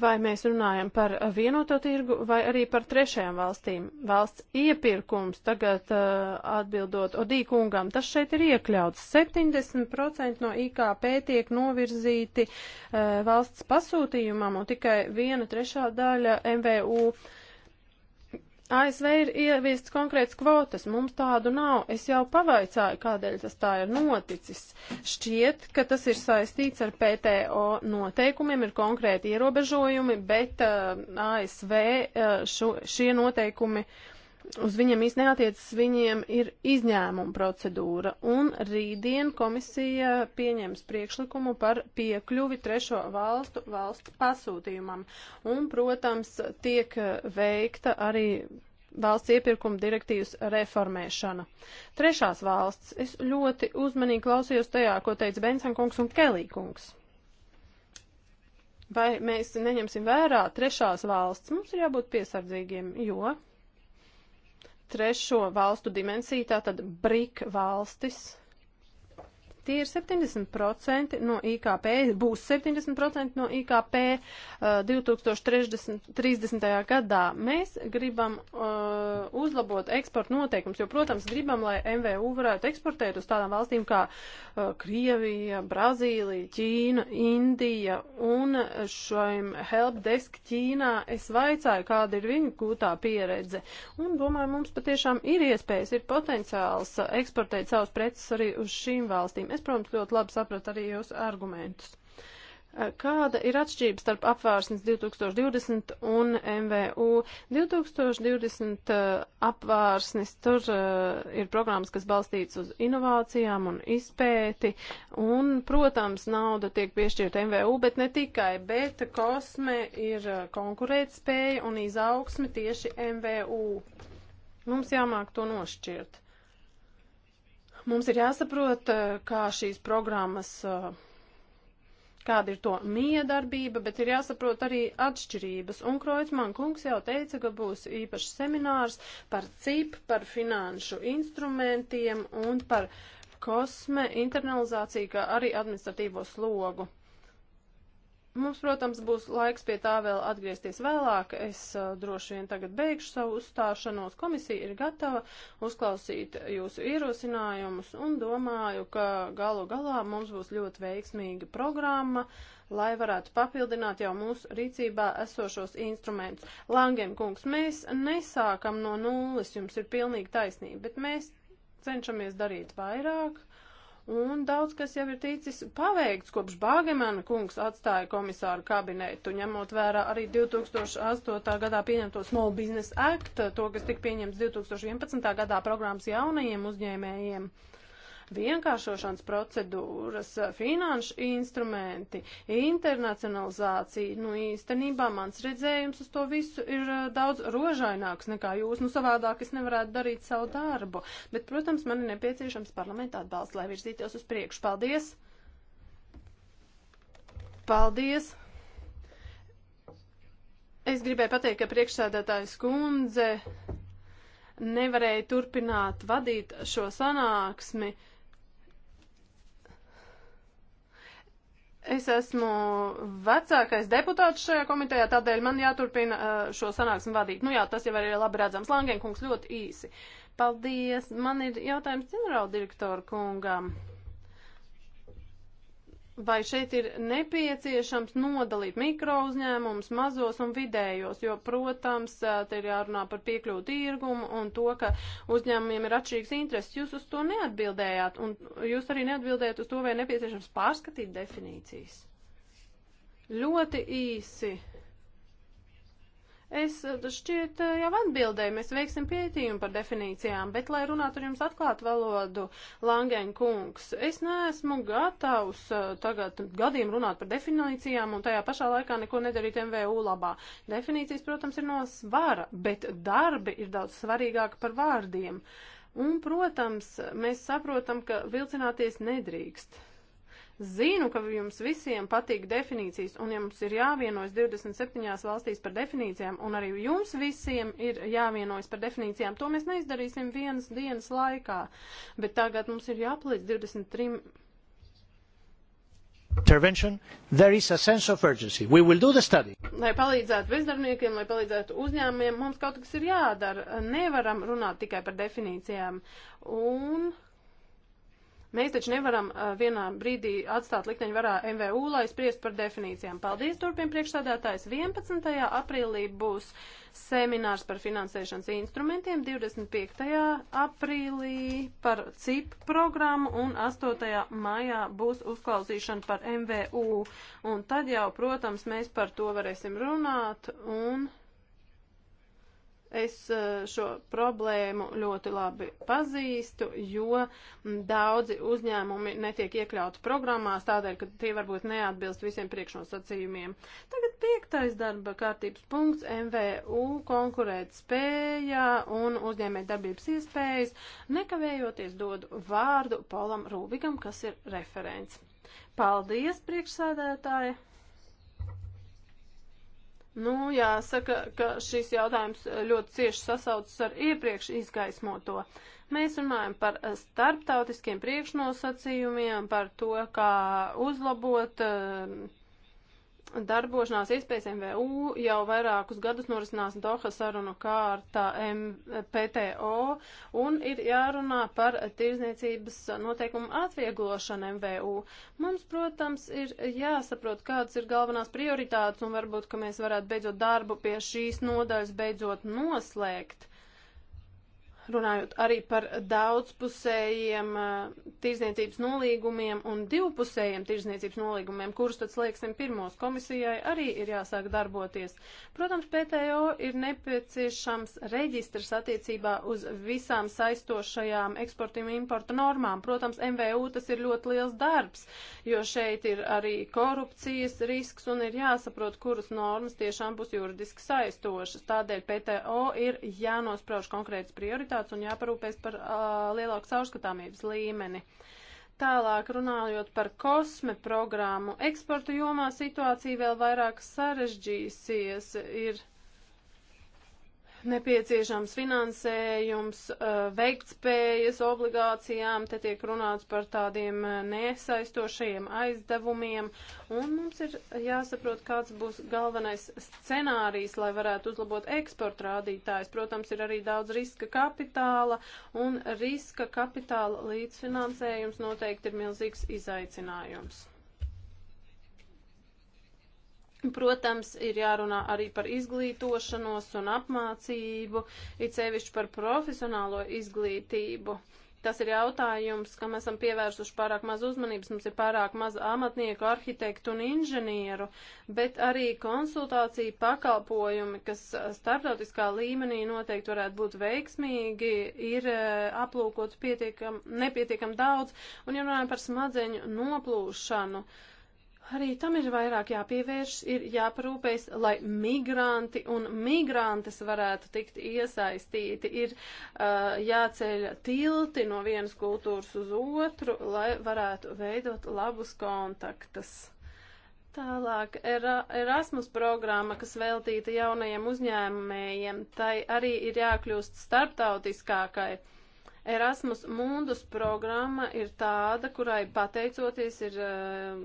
vai mēs runājam par vienoto tirgu vai arī par trešajām valstīm. Valsts iepirkums tagad uh, atbildot Odīkungam, tas šeit ir iekļauts. 70% no IKP tiek novirzīti uh, valsts pasūtījumam un tikai viena trešā daļa MVU. Uh, ASV ir ieviests konkrēts kvotas, mums tādu nav. Es jau pavaicāju, kādēļ tas tā ir noticis. Šķiet, ka tas ir saistīts ar PTO noteikumiem, ir konkrēti ierobežojumi, bet uh, ASV uh, šo, šie noteikumi uh, uz viņiem īsti neatiecas, viņiem ir izņēmuma procedūra, un rītdien komisija pieņems priekšlikumu par piekļuvi trešo valstu valsts pasūtījumam, un, protams, tiek veikta arī valsts iepirkuma direktīvas reformēšana. Trešās valsts, es ļoti uzmanīgi klausījos tajā, ko teica Bensankungs un Kelīkungs. Vai mēs neņemsim vērā trešās valsts? Mums ir jābūt piesardzīgiem, jo trešo valstu dimensiju, tātad BRIK valstis Tie ir 70% no IKP, būs 70% no IKP uh, 2030. gadā. Mēs gribam uh, uzlabot eksporta noteikums, jo, protams, gribam, lai MVU varētu eksportēt uz tādām valstīm kā uh, Krievija, Brazīlija, Ķīna, Indija un šajam helpdesk Ķīnā. Es vaicāju, kāda ir viņu gūtā pieredze. Un domāju, mums patiešām ir iespējas, ir potenciāls uh, eksportēt savus preces arī uz šīm valstīm. Es, protams, ļoti labi sapratu arī jūsu argumentus. Eh, kāda ir atšķirība starp apvārsnes 2020 un MVU? 2020 eh, apvārsnes tur eh, ir programmas, kas balstīts uz inovācijām un izpēti, un, protams, nauda tiek piešķirta MVU, bet ne tikai, bet kosme ir konkurētspēja un izaugsme tieši MVU. Mums jāmāk to nošķirt. Mums ir jāsaprot, eh, kā šīs programmas, eh, kāda ir to miedarbība, bet ir jāsaprot arī atšķirības. Un Kreutzmann kungs jau teica, ka būs īpašs seminārs par CIP, par finanšu instrumentiem un par kosme internalizāciju, kā arī administratīvo slogu. Mums, protams, būs laiks pie tā vēl atgriezties vēlāk. Es uh, droši vien tagad beigšu savu uzstāšanos. Komisija ir gatava uzklausīt jūsu ierosinājumus un domāju, ka galu galā mums būs ļoti veiksmīga programma, lai varētu papildināt jau mūsu rīcībā esošos instrumentus. Langem kungs, mēs nesākam no nulles, jums ir pilnīgi taisnība, bet mēs cenšamies darīt vairāk un daudz kas jau ir ticis paveikts kopš Bāgemana kungs atstāja komisāru kabinetu, ņemot vērā arī 2008. gadā pieņemto Small Business Act, to, kas tika pieņemts 2011. gadā programmas jaunajiem uzņēmējiem. Uh, vienkāršošanas procedūras, finanšu instrumenti, internacionalizācija. Nu, īstenībā mans redzējums uz to visu ir eh, daudz rožaināks nekā jūs. Nu, savādāk es nevarētu darīt savu darbu. Bet, protams, man ir nepieciešams parlamenta atbalsts, lai virzītos uz priekšu. Paldies! Paldies! Es gribēju pateikt, ka priekšsēdētājs kundze nevarēja turpināt vadīt šo sanāksmi. Uh, Es esmu vecākais deputāts šajā komitejā, tādēļ man jāturpina uh, šo sanāksmi vadīt. Nu jā, tas jau arī labi redzams. Langenkungs ļoti īsi. Paldies. Man ir jautājums ģenerāldirektoru kungam. Vai šeit ir nepieciešams nodalīt mikro uzņēmumus, mazos un vidējos, jo, protams, te ir jārunā par piekļuvu tirgumu un to, ka uzņēmumiem ir atšķirīgs intereses. Jūs uz to neatbildējāt, un jūs arī neatbildējāt uz to, vai nepieciešams pārskatīt definīcijas. Ļoti īsi. Es eh, šķiet eh, jau atbildēju, mēs veiksim pētījumu par definīcijām, bet, lai runātu ar jums atklātu valodu, Langēn kungs, es neesmu gatavs eh, tagad gadiem runāt par definīcijām un tajā pašā laikā neko nedarīt MVU labā. Definīcijas, protams, ir no svara, bet darbi ir daudz svarīgāki par vārdiem. Un, protams, mēs saprotam, ka vilcināties nedrīkst. Zinu, ka jums visiem patīk definīcijas, un ja mums ir jāvienojas 27 valstīs par definīcijām, un arī jums visiem ir jāvienojas par definīcijām, to mēs neizdarīsim vienas dienas laikā. Bet tagad mums ir jāpalīdz 23 intervention, there is a sense of urgency. We will do the study. Lai palīdzētu bezdarbniekiem, lai palīdzētu uzņēmumiem, mums kaut kas ir jādara. Nevaram runāt tikai par definīcijām. Un Mēs taču nevaram uh, vienā brīdī atstāt likteņu varā MVU, lai spriest par definīcijām. Paldies, turpin priekšsādātājs. 11. aprīlī būs seminārs par finansēšanas instrumentiem, 25. aprīlī par CIP programmu un 8. maijā būs uzklausīšana par MVU. Un tad jau, protams, mēs par to varēsim runāt un Es eh, šo problēmu ļoti labi pazīstu, jo daudzi uzņēmumi netiek iekļauti programmās tādēļ, ka tie varbūt neatbilst visiem priekšnosacījumiem. Tagad piektais darba kārtības punkts - MVU konkurēt spējā un uzņēmē darbības iespējas. Nekavējoties dodu vārdu Polam Rūbigam, kas ir referents. Paldies, priekšsēdētāji! Nu, jāsaka, ka šis jautājums eh, ļoti cieši sasaucas ar iepriekš izgaismoto. Mēs runājam par eh, starptautiskiem priekšnosacījumiem, par to, kā uzlabot uh, darbošanās iespējas MVU jau vairākus gadus norisinās Doha sarunu kārtā MPTO un ir jārunā par tirzniecības noteikumu atvieglošanu MVU. Mums, protams, ir jāsaprot, kādas ir galvenās prioritātes un varbūt, ka mēs varētu beidzot darbu pie šīs nodaļas beidzot noslēgt runājot arī par daudzpusējiem eh, tirzniecības nolīgumiem un divpusējiem tirzniecības nolīgumiem, kurus tad slēgsim pirmos komisijai, arī ir jāsāk darboties. Protams, PTO ir nepieciešams reģistrs attiecībā uz visām saistošajām eksporta un importa normām. Protams, MVU tas ir ļoti liels darbs, jo šeit ir arī korupcijas risks un ir jāsaprot, kuras normas tiešām būs juridiski saistošas. Tādēļ PTO ir jānosprauž konkrētas prioritātes prioritātes un jāparūpēs par uh, lielāku caurskatāmības līmeni. Tālāk runājot par kosme programmu, eksporta jomā situācija vēl vairāk sarežģīsies. Ir nepieciešams finansējums, eh, veiktspējas obligācijām, te tiek runāts par tādiem eh, nesaistošajiem aizdevumiem, un mums ir jāsaprot, kāds būs galvenais scenārijs, lai varētu uzlabot eksporta rādītājs. Protams, ir arī daudz riska kapitāla, un riska kapitāla līdzfinansējums noteikti ir milzīgs izaicinājums. Protams, ir jārunā arī par izglītošanos un apmācību, it sevišķi par profesionālo izglītību. Tas ir jautājums, kam esam pievērsuši pārāk maz uzmanības. Mums ir pārāk maz amatnieku, arhitektu un inženieru, bet arī konsultāciju pakalpojumi, kas starptautiskā līmenī noteikti varētu būt veiksmīgi, ir e, aplūkots pietiekam, nepietiekam daudz. Un, ja runājam par smadzeņu noplūšanu, uh, arī tam ir vairāk jāpievērš, ir jāparūpēs, lai migranti un migrantes varētu tikt iesaistīti, ir uh, jāceļ tilti no vienas kultūras uz otru, lai varētu veidot labus kontaktus. Tālāk, Erasmus programma, kas veltīta jaunajiem uzņēmējiem, tai arī ir jākļūst starptautiskākai. Uh, Erasmus Mundus programma ir tāda, kurai pateicoties ir eh,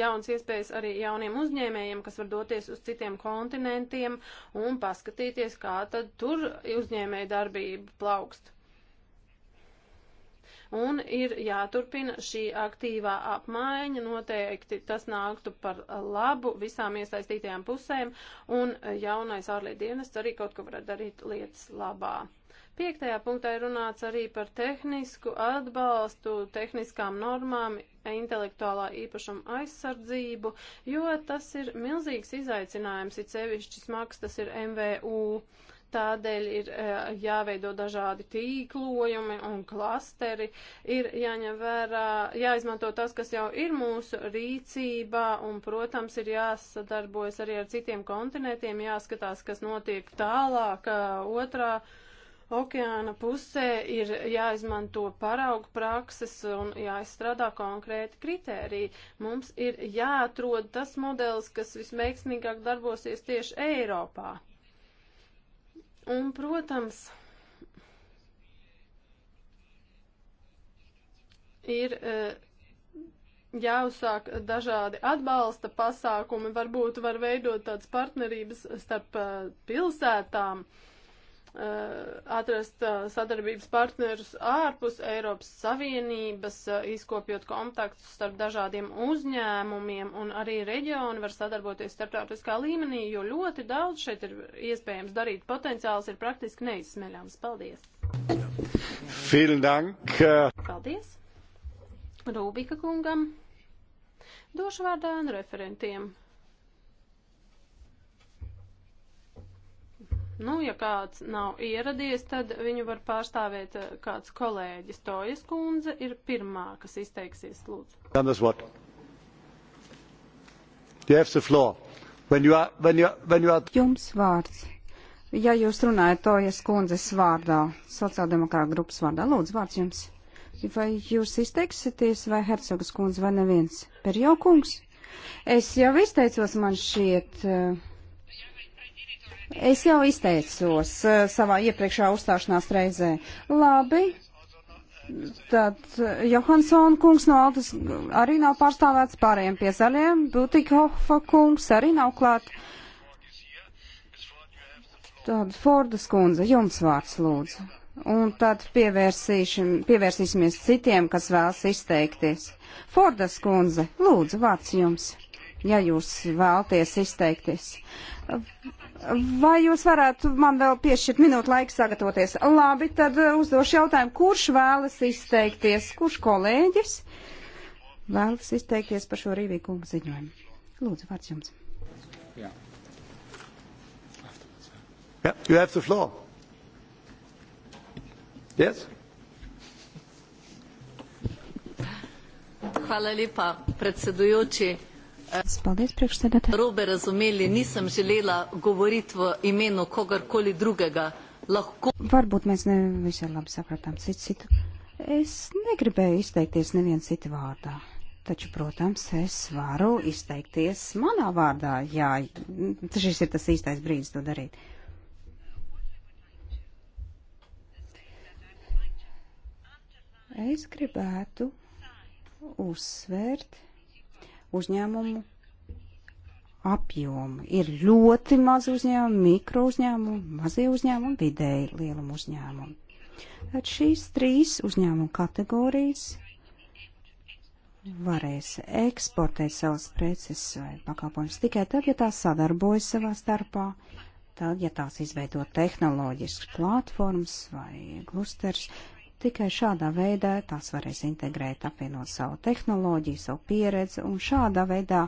jauns iespējas arī jauniem uzņēmējiem, kas var doties uz citiem kontinentiem un paskatīties, kā tad tur uzņēmēja darbība plaukst. Un ir jāturpina šī aktīvā apmaiņa, noteikti tas nāktu par labu visām iesaistītajām pusēm, un jaunais ārlietu dienests arī kaut ko varētu darīt lietas labā. Piektajā punktā ir runāts arī par tehnisku atbalstu, tehniskām normām, intelektuālā īpašuma aizsardzību, jo tas ir milzīgs izaicinājums, it sevišķi smags tas ir MVU. Tādēļ ir e, jāveido dažādi tīklojumi un klasteri, ir jāņem vērā, jāizmanto tas, kas jau ir mūsu rīcībā, un, protams, ir jāsadarbojas arī ar citiem kontinentiem, jāskatās, kas notiek tālāk e, otrā okeāna pusē ir jāizmanto paraugu prakses un jāizstrādā konkrēti kritēriji. Mums ir jāatrod tas modelis, kas visveiksmīgāk darbosies tieši Eiropā. Un, protams, ir e, jāuzsāk dažādi atbalsta pasākumi, varbūt var veidot tādas partnerības starp e, pilsētām. Uh, Uh, atrast uh, sadarbības partnerus ārpus Eiropas Savienības, uh, izkopjot kontaktus starp dažādiem uzņēmumiem un arī reģioni var sadarboties starptautiskā līmenī, jo ļoti daudz šeit ir iespējams darīt. Potenciāls ir praktiski neizsmeļams. Paldies! Dank. Paldies! Rūbika kungam! Došu vārdā referentiem. Nu, ja kāds nav ieradies, tad viņu var pārstāvēt eh, kāds kolēģis. Tojas kundze ir pirmā, kas izteiksies, lūdzu. Anders, what? You have the floor. When you are, when you are, when you are... Jums vārds. Ja jūs runājat Tojas kundzes vārdā, sociāldemokrāta grupas vārdā, lūdzu, vārds jums. Vai jūs izteiksieties, vai Hercogas kundze, vai neviens? Perjo kungs? Es jau izteicos, man šķiet. Uh, Es jau izteicos eh, savā iepriekšā uzstāšanās reizē. Labi, tad eh, Johansson kungs no Altas arī nav pārstāvēts pārējiem pie zaļiem, Butikhofa kungs arī nav klāt. Tad Fordas kundze, jums vārds lūdzu. Un tad pievērsīsimies citiem, kas vēlas izteikties. Fordas kundze, lūdzu, vārds jums, ja jūs vēlties izteikties Vai jūs varētu man vēl piešķirt minūtu laiku sagatavoties? Labi, tad uh, uzdošu jautājumu, kurš vēlas izteikties, kurš kolēģis vēlas izteikties par šo Rīvī kungu ziņojumu? Lūdzu, vārds jums. Jā. Yeah, you have the floor. Yes? Hvala lepa, predsedujoči. Paldies, priekšsēdētāji. Robe razumeli, nisam želela govorit v imenu kogarkoli drugega. Lahko... Varbūt mēs ne visai labi sapratām citu citu. Es negribēju izteikties nevienu citu vārdā. Taču, protams, es varu izteikties manā vārdā, jā, šis ir tas īstais brīdis to darīt. Es gribētu uzsvērt uzņēmumu apjomu. Ir ļoti mazi uzņēmumi, mikro uzņēmumi, mazie uzņēmumi, vidēji lielam uzņēmumi. Tad šīs trīs uzņēmumu kategorijas varēs eksportēt savas preces vai pakalpojumus tikai tad, ja tās sadarbojas savā starpā, tad, ja tās izveido tehnoloģiskas platformas vai klusters, Tikai šādā veidā tās varēs integrēt, apvienot savu tehnoloģiju, savu pieredzi, un šādā veidā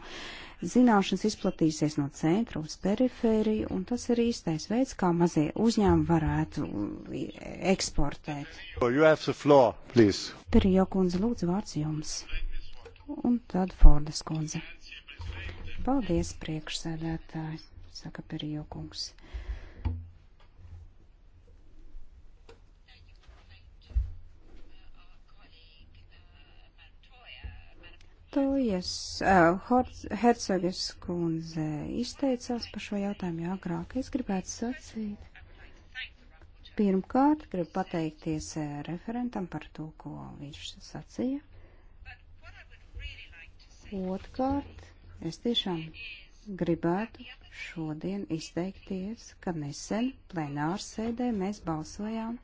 zināšanas izplatīsies no centra uz perifēriju, un tas ir īstais veids, kā mazie uzņēmumi varētu mm, eksportēt. Oh, floor, Perijo kundze, lūdzu vārds jums, un tad Fordas kundze. Paldies, priekšsēdētāji, saka Perijo kungs. Uh, Tojas uh, Hercegas kundze izteicās par šo jautājumu jau agrāk. Es gribētu sacīt. Pirmkārt, gribu pateikties referentam par to, ko viņš sacīja. Otkārt, es tiešām gribētu šodien izteikties, ka nesen plenārsēdē mēs balsojām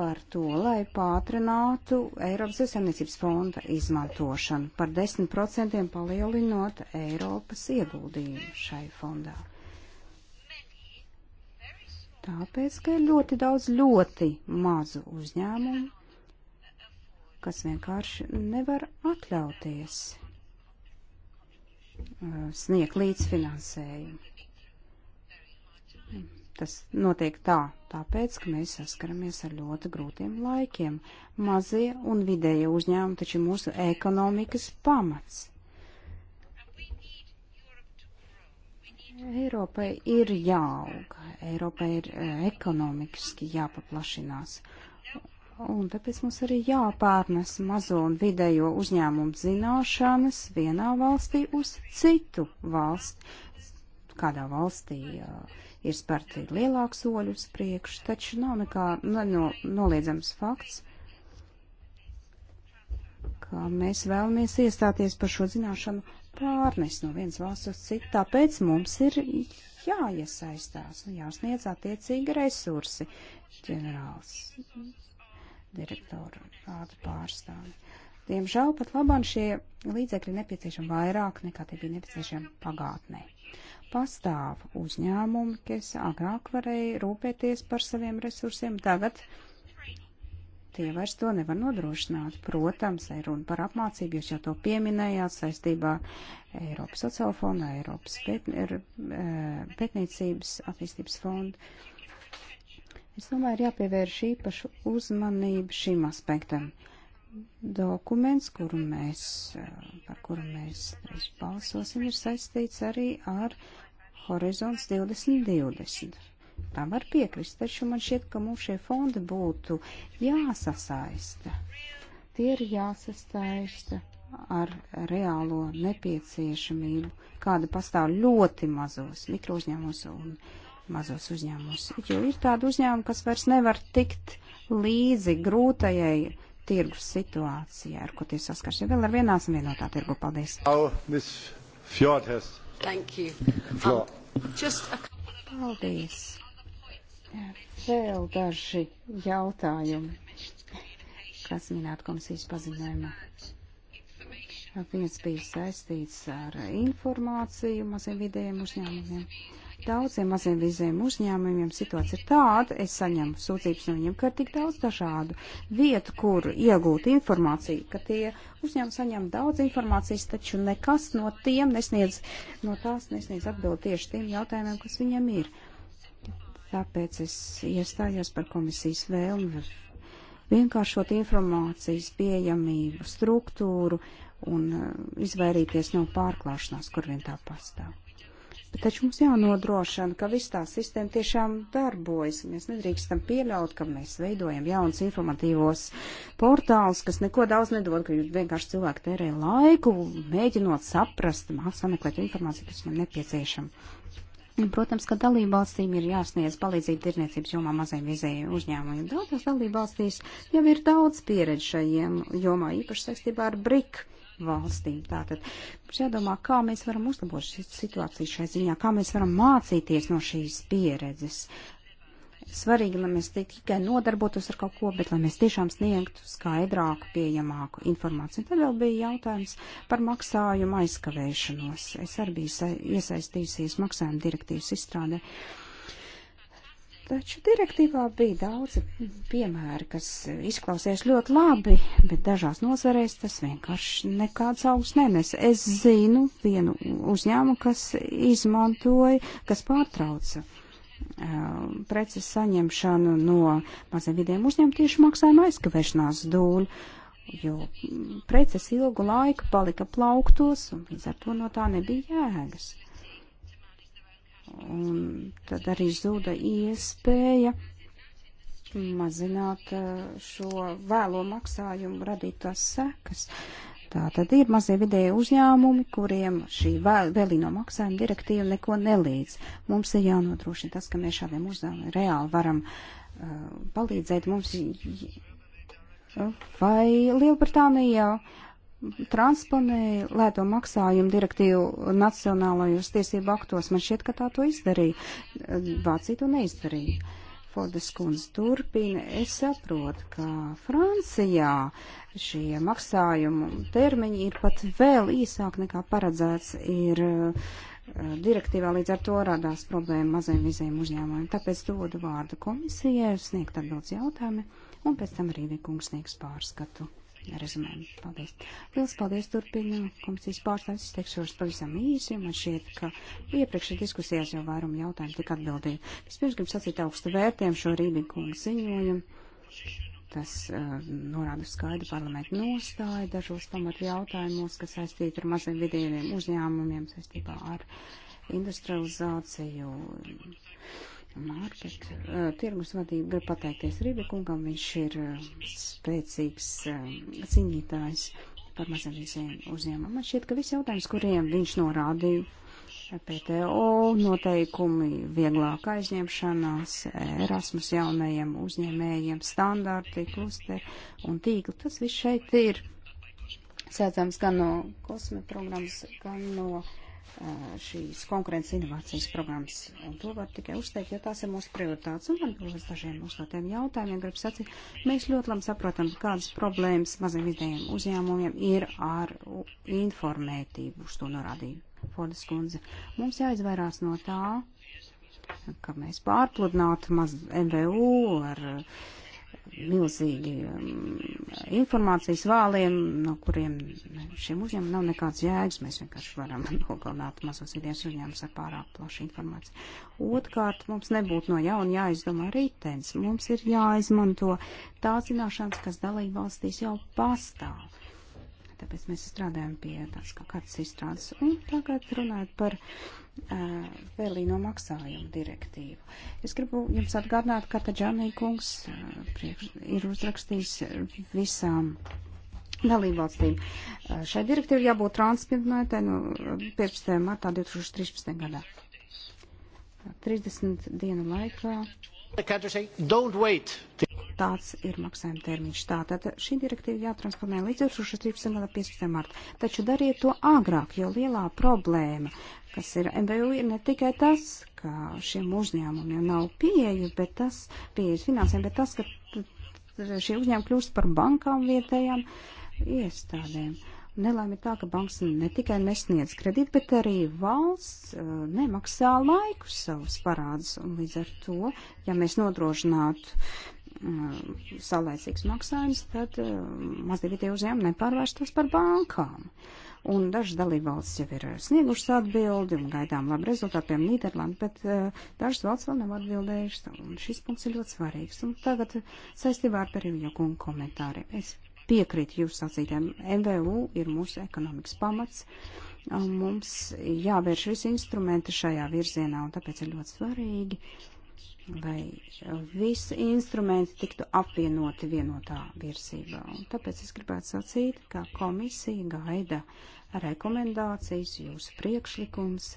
par to, lai pātrinātu Eiropas Savienības fonda izmantošanu par 10% palielinot Eiropas ieguldījumu šai fondā. Tāpēc, ka ir ļoti daudz ļoti mazu uzņēmumu, kas vienkārši nevar atļauties uh, sniegt līdzfinansējumu. Tas notiek tā, tāpēc, ka mēs saskaramies ar ļoti grūtiem laikiem. Mazie un vidēja uzņēmumi taču mūsu ekonomikas pamats. Eiropai ir jāaug, Eiropai ir eh, ekonomiski jāpaplašinās. Un tāpēc mums arī jāpārnes mazo un vidējo uzņēmumu zināšanas vienā valstī uz citu valsti. Kādā valstī uh, ir spērti lielāki soļi uz priekšu, taču nav nekā no, noliedzams fakts, ka mēs vēlamies iestāties par šo zināšanu pārnes no vienas valsts uz citu, tāpēc mums ir jāiesaistās un jāsniedz attiecīgi resursi ģenerāls direktoru kādu pārstāvi. Diemžēl pat labāk šie līdzekļi nepieciešami vairāk nekā tie bija nepieciešami pagātnē. Pastāv uzņēmumi, kas agrāk varēja rūpēties par saviem resursiem, tagad tie vairs to nevar nodrošināt. Protams, ir runa par apmācību, jūs jau to pieminējāt saistībā Eiropas sociāla fonda, Eiropas pēt, er, pētniecības attīstības fonda. Es domāju, ir jāpievērš īpašu uzmanību šim aspektam. Uh, dokuments, kuru mēs, par kuru mēs balsosim, ir saistīts arī ar Horizons 2020. Tam var piekrist, taču man šķiet, ka mums šie fondi būtu jāsasaista. Tie ir jāsasaista ar reālo nepieciešamību, kāda pastāv ļoti mazos mikrouzņēmumos un mazos uzņēmumos. Jo ir tāda uzņēmuma, kas vairs nevar tikt līdzi grūtajai tirgus situācijā, ar ko tie saskars. Ja vēl ar vienā esam vienotā tirgu. Paldies. Um, paldies. Vēl daži jautājumi, kas minēta komisijas paziņojumā. Viens bija saistīts ar informāciju maziem vidējiem uzņēmumiem. Daudziem maziem vizējiem uzņēmumiem situācija ir tāda, es saņemu sūdzības no viņiem, ka ir tik daudz dažādu vietu, kur iegūt informāciju, ka tie uzņēmumi saņem daudz informācijas, taču nekas no tiem nesniedz, no tās nesniedz atbildi tieši tiem jautājumiem, kas viņam ir. Tāpēc es iestājos par komisijas vēlmi vienkāršot informācijas pieejamību, struktūru un uh, izvairīties no pārklāšanās, kur vien tā pastāv. Taču mums jānodrošina, ka viss tā sistēma tiešām darbojas. Mēs nedrīkstam pieļaut, ka mēs veidojam jauns informatīvos portāls, kas neko daudz nedod, ka vienkārši cilvēki tērē laiku, mēģinot saprast, sameklēt informāciju, kas viņam nepieciešama. Protams, ka dalībvalstīm ir jāsniedz palīdzību tirniecības jomā mazajiem vizēju uzņēmumiem. Daudzās dalībvalstīs jau ir daudz pieredze šajiem jomā, īpaši saistībā ar BRIK valstīm. Tātad jādomā, kā mēs varam uzlabot šī situācija šai ziņā, kā mēs varam mācīties no šīs pieredzes. Svarīgi, lai mēs tikai nodarbotos ar kaut ko, bet lai mēs tiešām sniegtu skaidrāku, pieejamāku informāciju. Un tad vēl bija jautājums par maksājumu aizkavēšanos. Es arī biju iesaistījusies maksājuma direktīvas izstrādē. Uh, Taču direktīvā bija daudzi piemēri, kas izklausies ļoti labi, bet dažās nozarēs tas vienkārši nekāds augsts nenes. Es zinu vienu uzņēmumu, kas izmantoja, kas pārtrauca preces saņemšanu no maziem vidiem uzņēmumu tieši maksājuma aizkavēšanās dūļu, jo preces ilgu laiku palika plauktos un līdz ar to no tā nebija jēgas. Un tad arī zuda iespēja mazināt uh, šo vēlo maksājumu radītās sekas. Tā tad ir mazie vidēji uzņēmumi, kuriem šī vēl, vēlīno maksājuma direktīva neko nelīdz. Mums ir jānodrošina tas, ka mēs šādiem uzdevumiem reāli varam uh, palīdzēt. Mums vai Lielbritānija jau transponēja lēto maksājumu direktīvu nacionālajos tiesību aktos. Man šķiet, ka tā to izdarīja. Vācija to neizdarīja. Fordas kundze turpina. Es saprotu, ka Francijā šie maksājumu termiņi ir pat vēl īsāk nekā paredzēts ir uh, direktīvā, līdz ar to radās problēma maziem vizējiem uzņēmumiem. Tāpēc dodu vārdu komisijai, sniegt atbildes jautājumi, un pēc tam Rīvi kungs sniegs pārskatu rezumēm. Paldies. Lielas paldies turpina komisijas pārstāvis. Teikšos pavisam īsi. Man šķiet, ka iepriekšējā diskusijās jau vairumu jautājumu tika atbildīja. Vispirms gribu sacīt augstu vērtējumu šo Rībinkungu ziņojumu. Tas uh, norāda skaidru parlamentu nostāju dažos pamatu jautājumos, kas saistīti ar maziem vidējiem uzņēmumiem saistībā ar industrializāciju Mārket, uh, tirgus vadība grib pateikties Rībekungam, viņš ir uh, spēcīgs uh, cīnītājs par mazavīzēm uzņēmumam. Man šķiet, ka visi jautājums, kuriem viņš norādīja, PTO noteikumi, vieglāka aizņemšanās, Erasmus jaunajiem uzņēmējiem, standarti, klusteri un tīkli. Tas viss šeit ir sēdzams gan no kosme programmas, gan no Eh, šīs konkurences inovācijas programmas. Un to var tikai uzteikt, jo tās ir mūsu prioritātes. Un atbildot dažiem uz tādiem jautājumiem, gribu sacīt, mēs ļoti labi saprotam, kādas problēmas maziem izdējiem uzņēmumiem ir ar informētību, uz to norādīja Fordas kundze. Mums jāizvairās no tā, ka mēs pārpludinātu maz MVU ar uh, milzīgi mm, informācijas vāliem, no kuriem nu, šiem uzņēmumiem nav nekāds jēgas. Mēs vienkārši varam nogalināt mazos idejas uzņēmumus ar pārāk plašu informāciju. Otkārt, mums nebūtu no jauna jāizdomā rītens. Mums ir jāizmanto tās zināšanas, kas dalība valstīs jau pastāv. Tāpēc mēs strādājam pie tās kā kādas izstrādes. Un tagad runājot par uh, vēlīno maksājumu direktīvu. Es gribu jums atgādināt, ka Taģanī kungs uh, priekš, ir uzrakstījis visām dalībvalstīm. Uh, šai direktīvai jābūt transponētai no 15. martā 2013. gadā. 30 dienu laikā. The country saying, don't wait tāds ir maksājuma termiņš. Tātad šī direktīva jātransponē līdz 2017. gada 15. marta. Taču dariet to agrāk, jo lielā problēma, kas ir MBU, ir ne tikai tas, ka šiem uzņēmumiem nav pieeja, bet tas, pieejas finansēm, bet tas, ka šie uzņēmumi kļūst par bankām vietējām iestādēm. Nelēma ir tā, ka banks ne tikai nesniedz kredīt, bet arī valsts uh, nemaksā laiku savus parādus. Un līdz ar to, ja mēs nodrošinātu Mm, saulēcīgs maksājums, tad mm, mazdevītie uzņēmumi nepārvērstos par bankām. Un dažas dalībvalstis jau ir sniegušas atbildi un gaidām labu rezultātu, piemēram, Nīderlanda, bet uh, dažas valsts vēl nav atbildējušas, un šis punkts ir ļoti svarīgs. Un tagad eh, saistībā ar periodu kungu komentāriem. Es piekrītu jūsu sacītēm. MVU ir mūsu ekonomikas pamats. Mums jāvērš visi instrumenti šajā virzienā, un tāpēc ir ļoti svarīgi. Uh, lai eh, visi instrumenti tiktu apvienoti vienotā virsībā. Un tāpēc es gribētu sacīt, ka komisija gaida rekomendācijas, jūsu priekšlikums.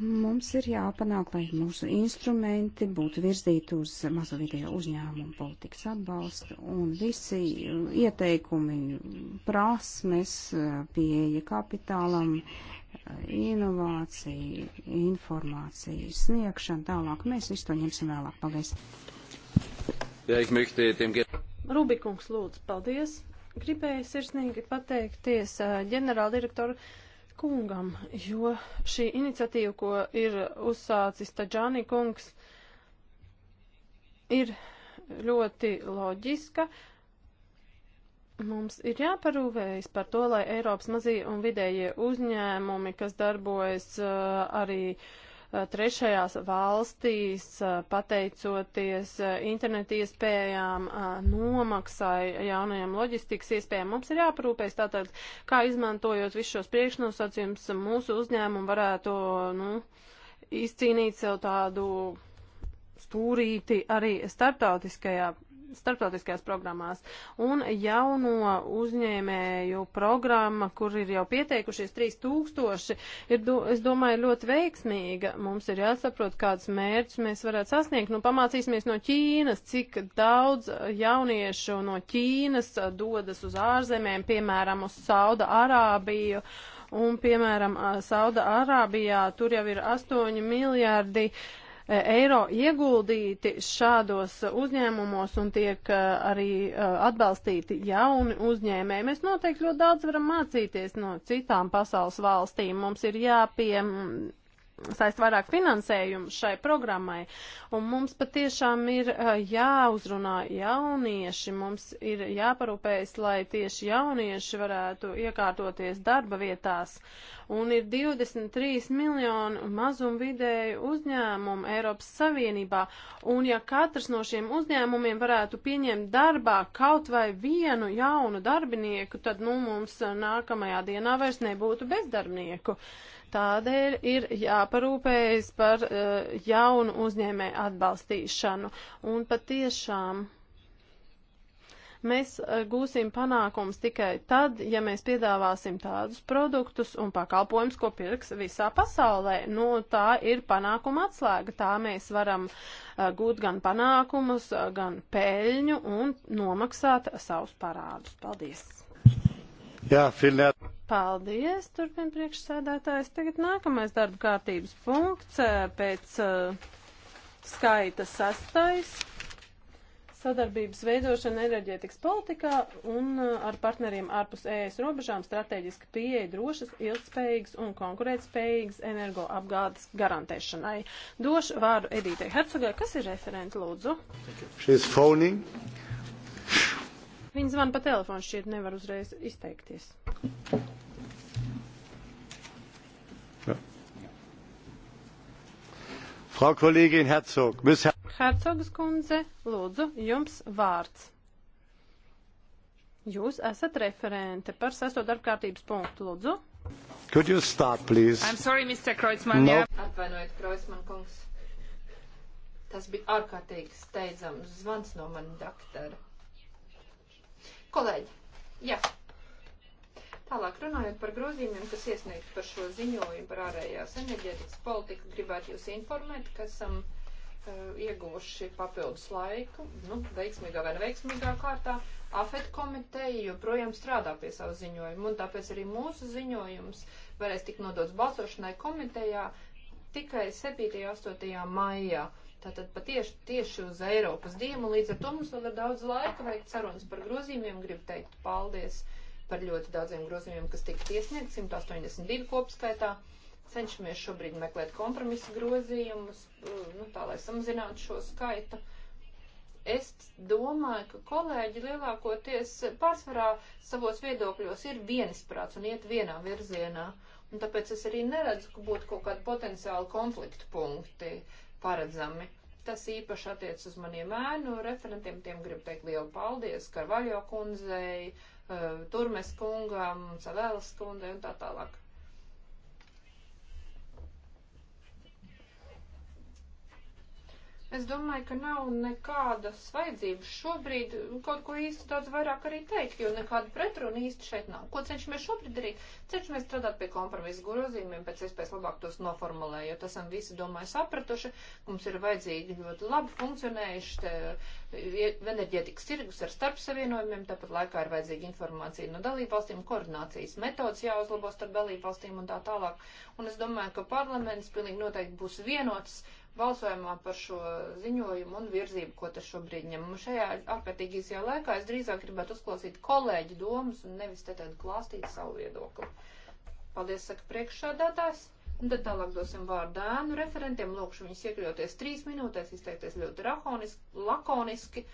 Mums ir jāpanāk, lai mūsu instrumenti būtu virzīti uz mazo video uzņēmumu politikas atbalstu un visi ieteikumi, prasmes, eh, pieeja kapitālam, uh, inovācija, informācija, sniegšana, tālāk. Mēs visu to ņemsim vēlāk. Paldies. Rubikungs, lūdzu, paldies. Gribēju sirsnīgi pateikties ģenerāldirektoru kungam, jo šī iniciatīva, ko ir uzsācis Taģāni kungs, ir ļoti loģiska Mums ir jāparūvējas par to, lai Eiropas mazie un vidējie uzņēmumi, kas darbojas uh, arī uh, trešajās valstīs, uh, pateicoties internetu iespējām, nomaksai, jaunajām loģistikas iespējām. Mums ir jāparūpēs tātad, kā izmantojot visus šos priekšnosacījumus, mūsu uzņēmumu varētu nu, izcīnīt sev tādu stūrīti arī starptautiskajā starptautiskajās programmās. Un jauno uzņēmēju programma, kur ir jau pieteikušies 3000, ir, do, es domāju, ļoti veiksmīga. Mums ir jāsaprot, kāds mērķis mēs varētu sasniegt. Nu, pamācīsimies no Ķīnas, cik daudz jauniešu no Ķīnas dodas uz ārzemēm, piemēram, uz Sauda Arābiju un, piemēram, Sauda Arābijā tur jau ir 8 miljārdi uh, eiro ieguldīti šādos uzņēmumos un tiek eh, arī eh, atbalstīti jauni uzņēmēji. Mēs noteikti ļoti daudz varam mācīties no citām pasaules valstīm. Mums ir jāpiem saist vairāk finansējumu šai programmai. Un mums patiešām ir eh, jāuzrunā jaunieši, mums ir jāparūpējas, lai tieši jaunieši varētu iekārtoties darba vietās. Un ir 23 miljonu mazumvidēju uzņēmumu Eiropas Savienībā, un ja katrs no šiem uzņēmumiem varētu pieņemt darbā kaut vai vienu jaunu darbinieku, tad nu, mums nākamajā dienā vairs nebūtu bezdarbnieku. Uh, Tādēļ ir jāparūpējas par uh, jaunu uzņēmē atbalstīšanu. Un patiešām mēs uh, gūsim panākums tikai tad, ja mēs piedāvāsim tādus produktus un pakalpojumus, ko pirks visā pasaulē. Nu, tā ir panākuma atslēga. Tā mēs varam uh, gūt gan panākumus, gan peļņu un nomaksāt savus parādus. Paldies! Jā, filmēt. Paldies, turpina priekšsēdētājs. Tagad nākamais darba kārtības punkts eh, pēc uh, skaita sastais. Sadarbības veidošana enerģētikas politikā un uh, ar partneriem ārpus ES robežām strateģiski pieeja drošas, ilgspējīgas un konkurētspējīgas energoapgādes garantēšanai. Došu vārdu Edītei Hercogai, kas ir referents, lūdzu. She's phoning. Viņa zvan pa telefonu šķiet, nevar uzreiz izteikties. Ja. Frau Kollegin Herzog, Miss Her Herzogas kundze, lūdzu, jums vārds. Jūs esat referente par sesto darbkārtības punktu, lūdzu. Could you start, please? I'm sorry, Mr. Kreutzmann. No. Jā. Atvainojiet, Kreutzmann kungs. Tas bija ārkārtīgi steidzams zvans no manas doktora. Kolēģi, jā. Tālāk runājot par grozījumiem, kas iesniegts par šo ziņojumu par ārējās enerģētikas politiku, gribētu jūs informēt, ka esam uh, ieguvuši papildus laiku, nu, veiksmīgā vai neveiksmīgā kārtā. AFET komiteja joprojām strādā pie savu ziņojumu, un tāpēc arī mūsu ziņojums varēs tikt nodots balsošanai komitejā tikai 7. un 8. maijā. Uh, Tātad patieši tieši uz Eiropas dienu, līdz ar to mums vēl ir daudz laika veikt sarunas par grozījumiem. Gribu teikt paldies par ļoti daudziem grozījumiem, kas tika tiesniegti, 182 kopskaitā. Cenšamies šobrīd meklēt kompromisu grozījumus, mm, nu, tā lai samazinātu šo skaitu. Es domāju, ka kolēģi lielākoties pārsvarā savos viedokļos ir vienisprāts un iet vienā virzienā. Un tāpēc es arī neredzu, ka būtu kaut kādi potenciāli konfliktu punkti paredzami. Tas īpaši attiec uz maniem ēnu referentiem, tiem gribu teikt lielu paldies Karvaļo kundzei, eh, Turmes kungam, Savēlas kundzei un tā tālāk. Es domāju, ka nav nekādas vajadzības šobrīd kaut ko īsti daudz vairāk arī teikt, jo nekāda pretruna īsti šeit nav. Ko cenšamies šobrīd darīt? Cenšamies strādāt pie kompromisu grozījumiem, pēc iespējas labāk tos noformulējot. Esam visi, domāju, sapratuši, ka mums ir vajadzīgi ļoti labi funkcionējuši e, enerģētikas tirgus ar starpsavienojumiem, tāpat laikā ir vajadzīga informācija no dalībvalstīm, koordinācijas metodas jāuzlabo starp dalībvalstīm un tā tālāk. Un es domāju, ka parlaments pilnīgi noteikti būs vienots balsojumā par šo ziņojumu un virzību, ko tas šobrīd ņem. Un šajā ārkārtīgi īsajā laikā es drīzāk gribētu uzklausīt kolēģi domas un nevis te tad klāstīt savu viedokli. Paldies, saka priekšsādātājs. Un tad tālāk dosim vārdu ēnu referentiem, lūkšu viņus iekļauties trīs minūtēs, izteikties ļoti rakoniski, lakoniski,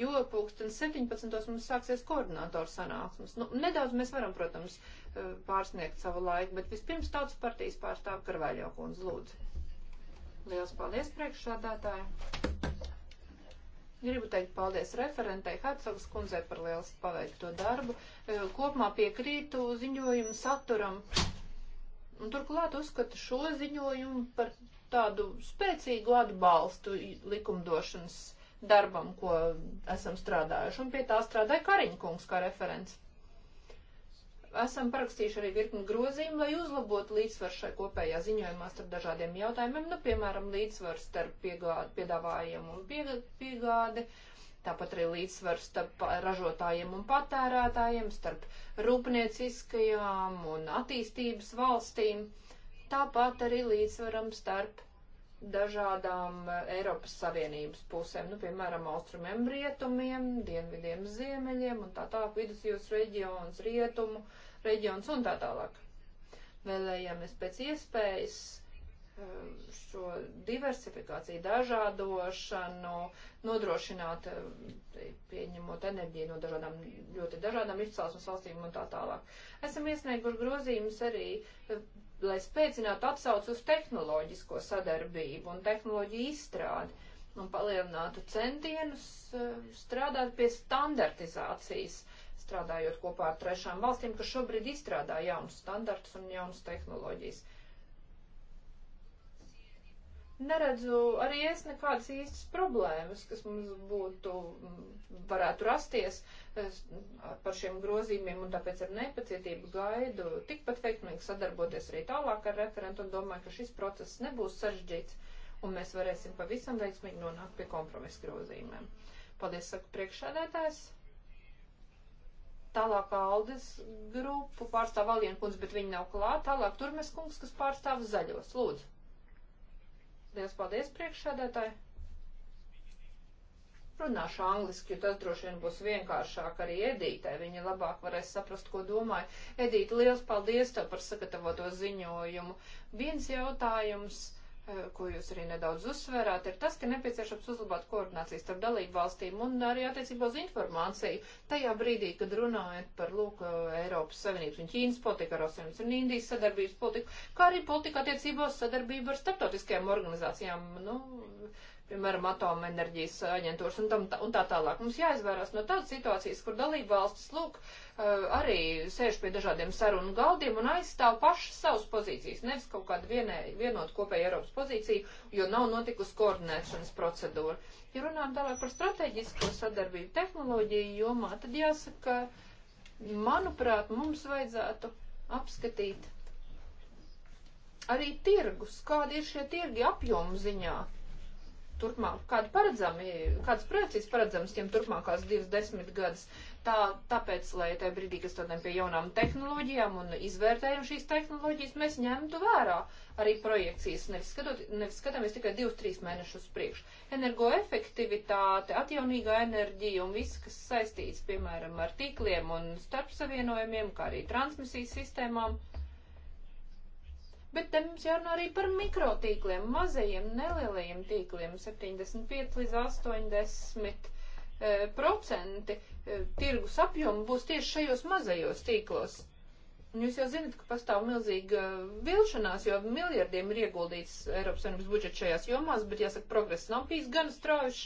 jo pulksten 17. mums sāksies koordinātoru sanāksmes. Nu, nedaudz mēs varam, protams, eh, pārsniegt savu laiku, bet vispirms tautas partijas pārstāv Karvaļo kundze lūdzu. Liels paldies priekšsādātāji! Gribu teikt paldies referentei Hercogas kundzei par liels paveikto darbu. E, kopumā piekrītu ziņojumu saturam. Un turklāt uzskatu šo ziņojumu par tādu spēcīgu atbalstu likumdošanas darbam, ko esam strādājuši. Un pie tā strādāja Kariņkungs kā referents esam parakstījuši arī virkni grozījumu, lai uzlabotu līdzsvaru šai kopējā ziņojumā starp dažādiem jautājumiem, nu, piemēram, līdzsvaru starp piegādi, piedāvājumu un piegādi, tāpat arī līdzsvaru starp ražotājiem un patērētājiem, starp rūpnieciskajām un attīstības valstīm, tāpat arī līdzsvaram starp dažādām eh, Eiropas Savienības pusēm, nu, piemēram, austrumiem, rietumiem, dienvidiem, ziemeļiem un tā tālāk, vidusjūras reģions, rietumu reģions un tā tālāk. Vēlējāmies pēc iespējas ehm, šo diversifikāciju, dažādošanu, nodrošināt, ehm, pieņemot enerģiju no dažādām, ļoti dažādām izcelsmes valstīm un tā tālāk. Esam iesnieguši grozījumus arī eh, lai spēcinātu atsauc uz tehnoloģisko sadarbību un tehnoloģiju izstrādi un palielinātu centienus eh, strādāt pie standartizācijas, strādājot kopā ar trešām valstīm, kas šobrīd izstrādā jaunus standartus un jaunas tehnoloģijas. Uh, neredzu arī es nekādas īstas problēmas, kas mums būtu, mm, varētu rasties par šiem grozījumiem, un tāpēc ar nepacietību gaidu tikpat veiksmīgi sadarboties arī tālāk ar referentu, un domāju, ka šis process nebūs sarežģīts, un mēs varēsim pavisam veiksmīgi nonākt pie kompromisa grozījumiem. Paldies, saka priekšsēdētājs. Tālāk Aldis grupu pārstāv Alienkunds, bet viņi nav klāt. Tālāk Turmes kungs, kas pārstāv zaļos. Lūdzu. Liels paldies, priekšsēdētāji! Runāšu angliski, jo tas droši vien būs vienkāršāk arī Edītai. Viņa labāk varēs saprast, ko domāju. Edīte, liels paldies tev par sagatavoto ziņojumu. Viens jautājums Eh, ko jūs arī nedaudz uzsvērāt, ir tas, ka nepieciešams uzlabot koordināciju starp dalību valstīm un arī attiecībā uz informāciju. Tajā brīdī, kad runājat par lūk, eh, Eiropas Savienības un Ķīnas politiku, ar Austrijas un Indijas sadarbības politiku, kā arī politika attiecībā uz sadarbību ar starptautiskajām organizācijām, nu, piemēram, atomenerģijas aģentūras un, tam, un tā tālāk. Mums jāizvairās no tādas situācijas, kur dalība valstis, lūk, eh, arī sēž pie dažādiem sarunu gaudiem un aizstāv pašas savas pozīcijas, nevis kaut kādu vienē, vienotu kopēju Eiropas pozīciju, jo nav notikusi koordinēšanas procedūra. Ja runājam tālāk par strateģisko sadarbību tehnoloģiju jomā, tad jāsaka, manuprāt, mums vajadzētu apskatīt arī tirgus, kādi ir šie tirgi apjomu ziņā turpmāk, kādu paredzami, kādas projekcijas paredzamas tiem turpmākās divas desmit gadus. Tā, tāpēc, lai tajā brīdī, kad strādājam pie jaunām tehnoloģijām un izvērtējam šīs tehnoloģijas, mēs ņemtu vērā arī projekcijas, nevis, skatot, nevis skatāmies tikai divus, trīs mēnešus priekš. Energoefektivitāte, atjaunīgā enerģija un viss, kas saistīts, piemēram, ar tīkliem un starpsavienojumiem, kā arī transmisijas sistēmām. Bet te mums jārunā arī par mikrotīkliem, mazajiem, nelielajiem tīkliem - 75 līdz 80 e, procenti e, tirgus apjomu būs tieši šajos mazajos tīklos. Un jūs jau zinat, ka pastāv milzīga vilšanās, jo miljardiem ir ieguldīts Eiropas Savienības budžets šajās jomās, bet jāsaka, progress nav bijis gan strauji.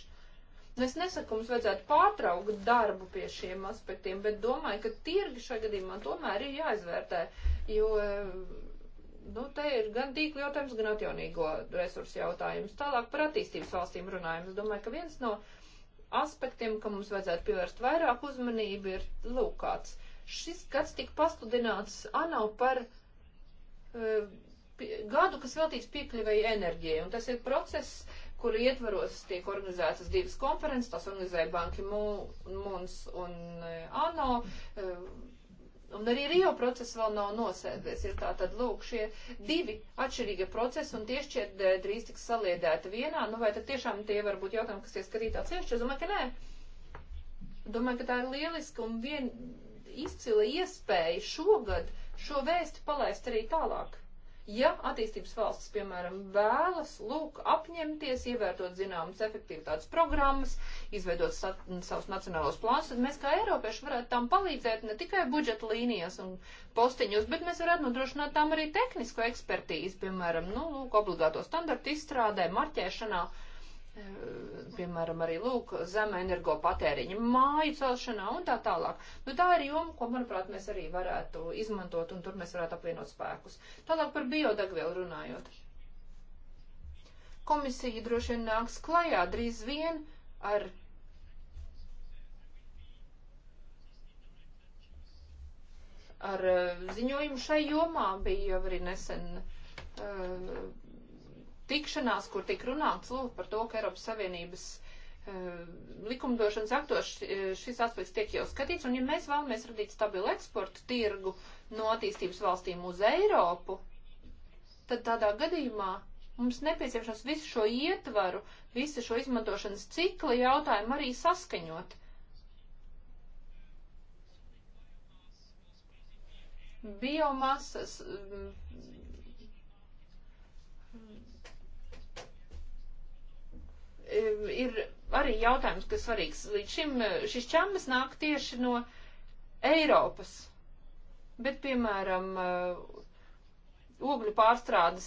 Nu, es nesaku, mums vajadzētu pārtraukt darbu pie šiem aspektiem, bet domāju, ka tirgi šajā gadījumā tomēr ir jāizvērtē, jo e, Nu, te ir gan tīkla jautājums, gan atjaunīgo resursu jautājums. Tālāk par attīstības valstīm runājam. Es domāju, ka viens no aspektiem, kam mums vajadzētu pievērst vairāk uzmanību, ir lūkāts. Šis gads tika pasludināts ANO par e, gadu, kas veltīts piekļuvēju enerģijai, un tas ir process, kur ietvaros tiek organizētas divas konferences, tās organizēja Banki Mūns un e, ANO. E, Un arī Rio process vēl nav nosēdies. Ir tā tad, lūk, šie divi atšķirīgie procesi, un tie šķiet eh, drīz tiks saliedēti vienā. Nu, vai tad tiešām tie var būt jautājumi, kas ieskatīt atsevišķi? Es domāju, ka nē. Domāju, ka tā ir lieliska un vien izcila iespēja šogad šo vēstu palaist arī tālāk. Ja attīstības valsts, piemēram, vēlas, lūk, apņemties, ievērtot zināmas efektivitātes programmas, izveidot savus nacionālos plānus, tad mēs kā Eiropieši varētu tam palīdzēt ne tikai budžeta līnijās un postiņos, bet mēs varētu nodrošināt tam arī tehnisko ekspertīzi, piemēram, nu, lūk, obligāto standartu izstrādē, marķēšanā Eh, piemēram, arī lūk, zema energo patēriņa māju celšanā un tā tālāk. Nu, tā ir joma, ko, manuprāt, mēs arī varētu izmantot un tur mēs varētu apvienot spēkus. Tālāk par biodegvielu runājot. Komisija droši vien nāks klajā drīz vien ar ar eh, ziņojumu šai jomā bija jau arī nesen uh, tikšanās, kur tika runāts lūk par to, ka Eiropas Savienības eh, likumdošanas aktos eh, šis aspekts tiek jau skatīts, un ja mēs vēlamies radīt stabilu eksportu tirgu no attīstības valstīm uz Eiropu, tad tādā gadījumā mums nepieciešams visu šo ietvaru, visu šo izmantošanas cikla jautājumu arī saskaņot. Biomasas Eh, ir arī jautājums, kas svarīgs. Līdz šim eh, šis čamas nāk tieši no Eiropas, bet, piemēram, eh, ogļu pārstrādes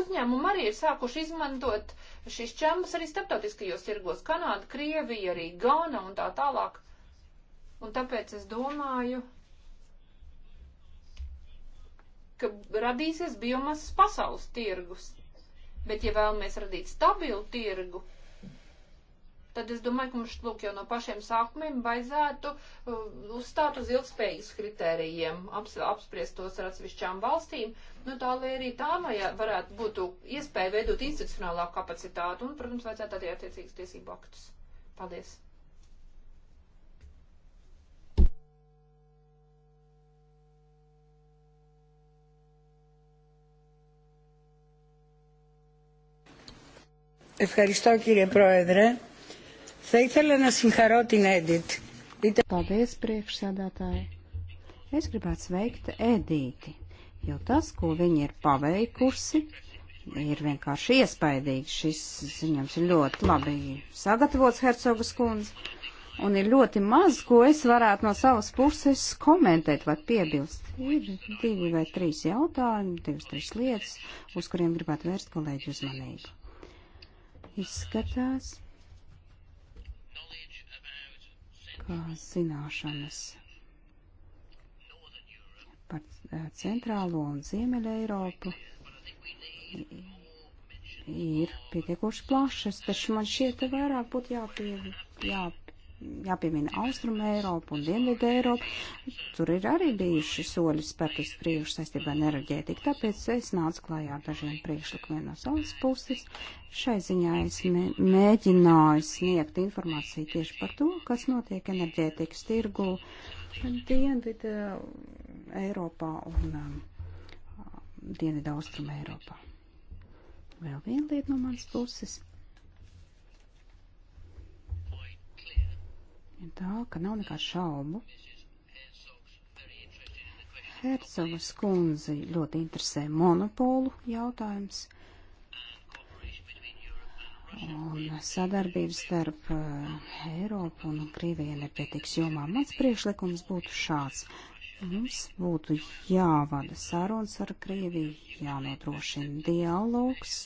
uzņēmumi arī ir sākuši izmantot šīs čamas arī starptautiskajos tirgos - Kanāda, Krievija, arī Gana un tā tālāk. Un tāpēc es domāju, ka radīsies biomasas pasaules tirgus. Bet, ja vēlamies radīt stabilu tirgu, tad es domāju, ka mums lūk, jau no pašiem sākumiem vajadzētu uh, uzstāt uz ilgspējīgas kritērijiem, aps, apspriest tos ar atsevišķām valstīm, nu tā, lai arī tām varētu būt iespēja veidot institucionālā kapacitātu un, protams, vajadzētu arī attiecīgas tiesību aktus. Paldies! Ευχαριστώ κύριε Πρόεδρε. Θα ήθελα να συγχαρώ την Edit. Paldies, priekšsēdētāji. Es gribētu sveikt Edīti, jo tas, ko viņa ir paveikusi, ir vienkārši iespaidīgs. Šis ziņojums ir ļoti labi sagatavots Hercogas kundze, un ir ļoti maz, ko es varētu no savas puses komentēt vai piebilst. Ir divi vai trīs jautājumi, divas, trīs lietas, uz kuriem gribētu vērst kolēģi uzmanību. Izskatās, kā zināšanas par eh, centrālo un ziemeļa Eiropu ir pietiekoši plašas, taču man šie te vairāk būtu jāpie, jā, jāpiemina Austruma Eiropa un Dienvidu Eiropa. Tur ir arī bijuši soļi spērti uz priekšu saistībā ar enerģētiku, tāpēc es nācu klājā ar dažiem priekšlikumiem no savas puses. Šai ziņā es mē mēģināju sniegt informāciju tieši par to, kas notiek enerģētikas tirgu Dienvidu Eiropā un um, Dienvidu Austruma Eiropā. Vēl viena lieta no manas puses. ir tā, ka nav nekādu šaubu. Hercogas kundzi ļoti interesē monopolu jautājums un sadarbības starp eh, Eiropu un Krieviju enerģetikas jomā. Mans priekšlikums būtu šāds. Mums būtu jāvada sarunas ar Krieviju, jānodrošina dialogs,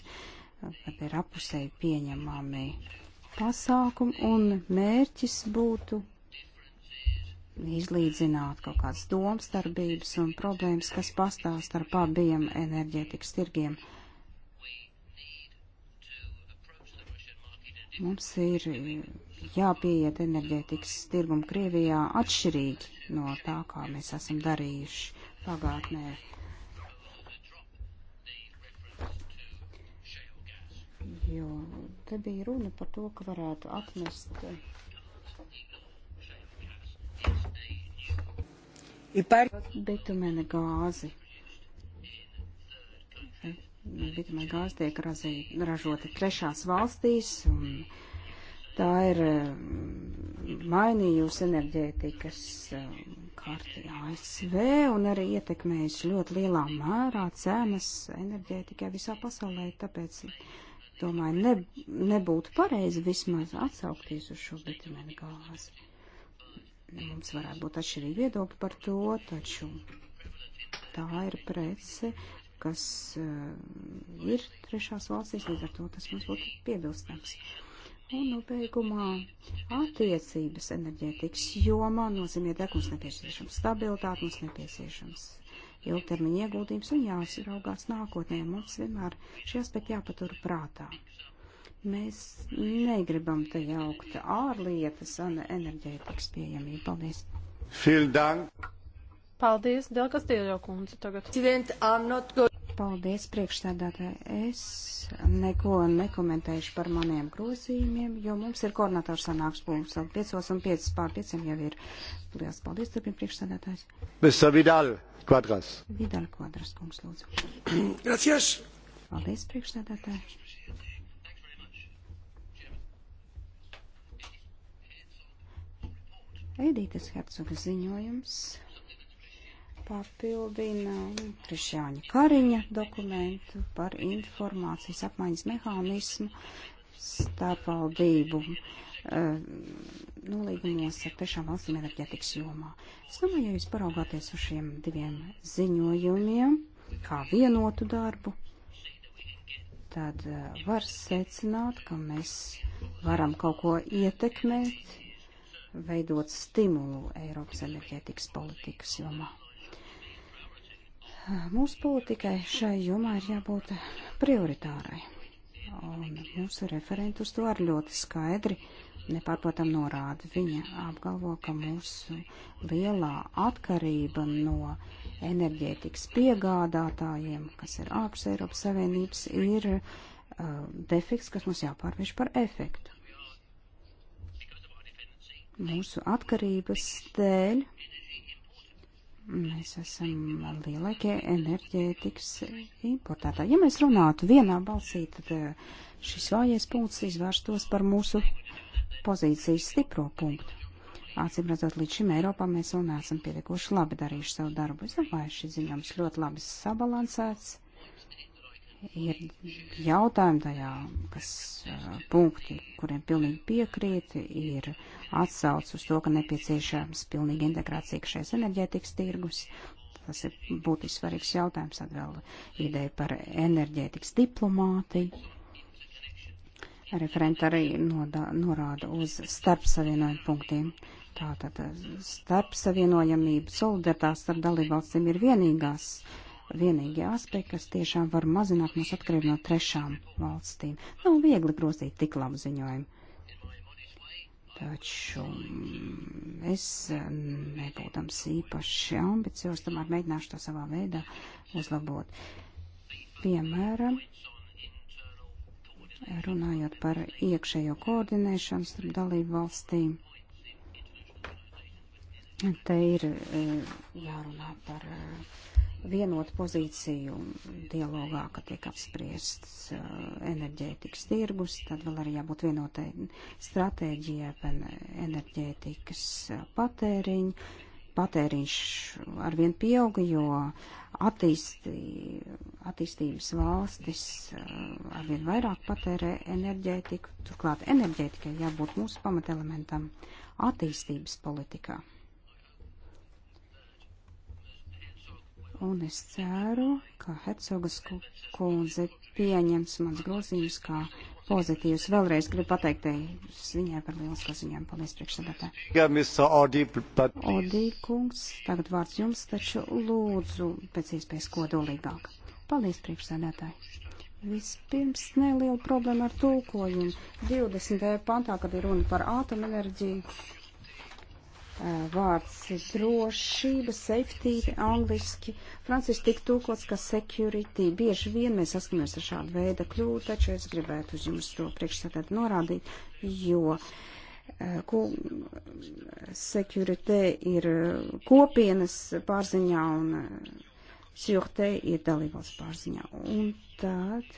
kad ir apusēji pieņemami uh, pasākumu, un mērķis būtu izlīdzināt kaut kādas domstarbības un problēmas, kas pastāv starp abiem enerģētikas tirgiem. Mums ir jāpieiet enerģētikas tirgumu Krievijā atšķirīgi no tā, kā mēs esam darījuši pagātnē. Jo Te bija runa par to, ka varētu atmest. Bitumēna gāzi. Bitumēna gāze tiek razī, ražota trešās valstīs, un tā ir mm, mainījusi enerģētikas mm, kārti ASV un arī ietekmējusi ļoti lielā mērā cenas enerģētikai visā pasaulē. Tāpēc domāju, ne, nebūtu pareizi vismaz atsaukties uz šo bitumenu gāzi. Mums varētu būt atšķirīgi viedokļi par to, taču tā ir prece, kas uh, ir trešās valstīs, līdz ar to tas mums būtu piebilstams. Un nobeigumā attiecības enerģētikas jomā nozīmē, ka mums nepieciešams stabilitāte, mums nepieciešams ilgtermiņa ieguldījums un jāsraugās nākotnē. Mums vienmēr šie aspekti jāpatur prātā. Mēs negribam te jaukt ārlietas un enerģētikas pieejamību. Paldies! Fildank. Paldies, Delkas Dieļo kundze tagad. Paldies, priekšstādātāji. Es neko nekomentēšu par maniem grozījumiem, jo mums ir koordinātārs sanāks būs 5 un 5 pār 5 jau ir. Liels paldies, turpin priekšstādātājs. Mēs savidāli. Kvadras. Vidāla kvadras, kungs, lūdzu. Gracias. Paldies, priekšsēdētāji. Edītes Hercoga ziņojums papildina Krišjāņa Kariņa dokumentu par informācijas apmaiņas mehānismu starp valdību nolīgumos ar trešām valstīm enerģetikas jomā. Es domāju, ja jūs paraugāties uz šiem diviem ziņojumiem, kā vienotu darbu, tad var secināt, ka mēs varam kaut ko ietekmēt, veidot stimulu Eiropas enerģētikas politikas jomā. Mūsu politikai šai jomā ir jābūt prioritārai. Un mūsu referenti uz to arī ļoti skaidri nepārprotam norāda. Viņa apgalvo, ka mūsu lielā atkarība no enerģētikas piegādātājiem, kas ir ārpus Eiropas Savienības, ir uh, defekts, kas mums jāpārvērš par efektu. Mūsu atkarības dēļ mēs esam lielākie enerģētikas importētāji. Ja mēs runātu vienā balsī, tad uh, šis vājais punkts izvērstos par mūsu pozīcijas stipro punktu. Acīm redzot, līdz šim Eiropā mēs vēl neesam pietiekoši labi darījuši savu darbu. Es domāju, šis ziņojums ļoti labi sabalansēts. Ir jautājumi tajā, kas uh, punkti, kuriem pilnīgi piekrīt, ir atsauc uz to, ka nepieciešams pilnīgi integrācija iekšējais enerģētikas tirgus. Tas ir būtiski svarīgs jautājums, tad vēl ideja par enerģētikas diplomātiju Referenta arī nodā, norāda uz starpsavienojumu punktiem. Tātad starpsavienojamība, solidaritāte starp dalībvalstīm ir vienīgās, vienīgie aspekti, kas tiešām var mazināt mūsu atkarību no trešām valstīm. Nav viegli grozīt tik labu ziņojumu. Taču es, nebūdams īpaši ambiciozs, tomēr mēģināšu to savā veidā uzlabot. Piemēram, runājot par iekšējo koordinēšanu starp dalību valstīm. Te ir e, jārunā par e, vienotu pozīciju dialogā, ka tiek apspriests e, enerģētikas tirgus, tad vēl arī jābūt vienotai stratēģijai par enerģētikas patēriņu. Patēriņš arvien pieauga, jo attīstī, attīstības valstis eh, arvien vairāk patērē enerģētiku, turklāt enerģētikai jābūt mūsu pamatelementam attīstības politikā. Un es ceru, ka Hercogas kundze pieņems mans grozījums kā pozitīvs. Vēlreiz gribu pateikties viņai par lielisko ziņām. Paldies, priekšsēdētē. Odī kungs, tagad vārds jums, taču lūdzu pēc iespējas kodolīgāk. Paldies, priekšsēdētāji. Vispirms neliela problēma ar tulkojumu. 20. pantā, kad ir runa par ātomenerģiju Eh, vārds ir drošība, safety angliski. Franciski tik tūkots, ka security. Bieži vien mēs saskanamies ar šādu veidu kļūdu, taču es gribētu uz jums to priekšsatāt norādīt, jo eh, security ir kopienas pārziņā un eh, sjurte ir dalībvalsts pārziņā. Un tad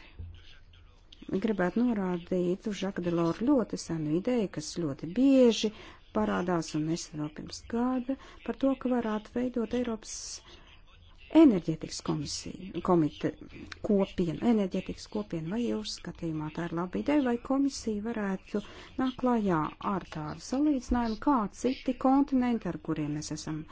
gribētu norādīt uz Žaka Deloru ļoti senu ideju, kas ļoti bieži parādās, un es vēl pirms gada, par to, ka varētu veidot Eiropas enerģetikas komisiju, komite, kopienu, enerģetikas kopienu, vai jūs skatījumā tā ir laba ideja, vai komisija varētu nākt klājā ar tādu salīdzinājumu, kā citi kontinenti, ar kuriem mēs esam,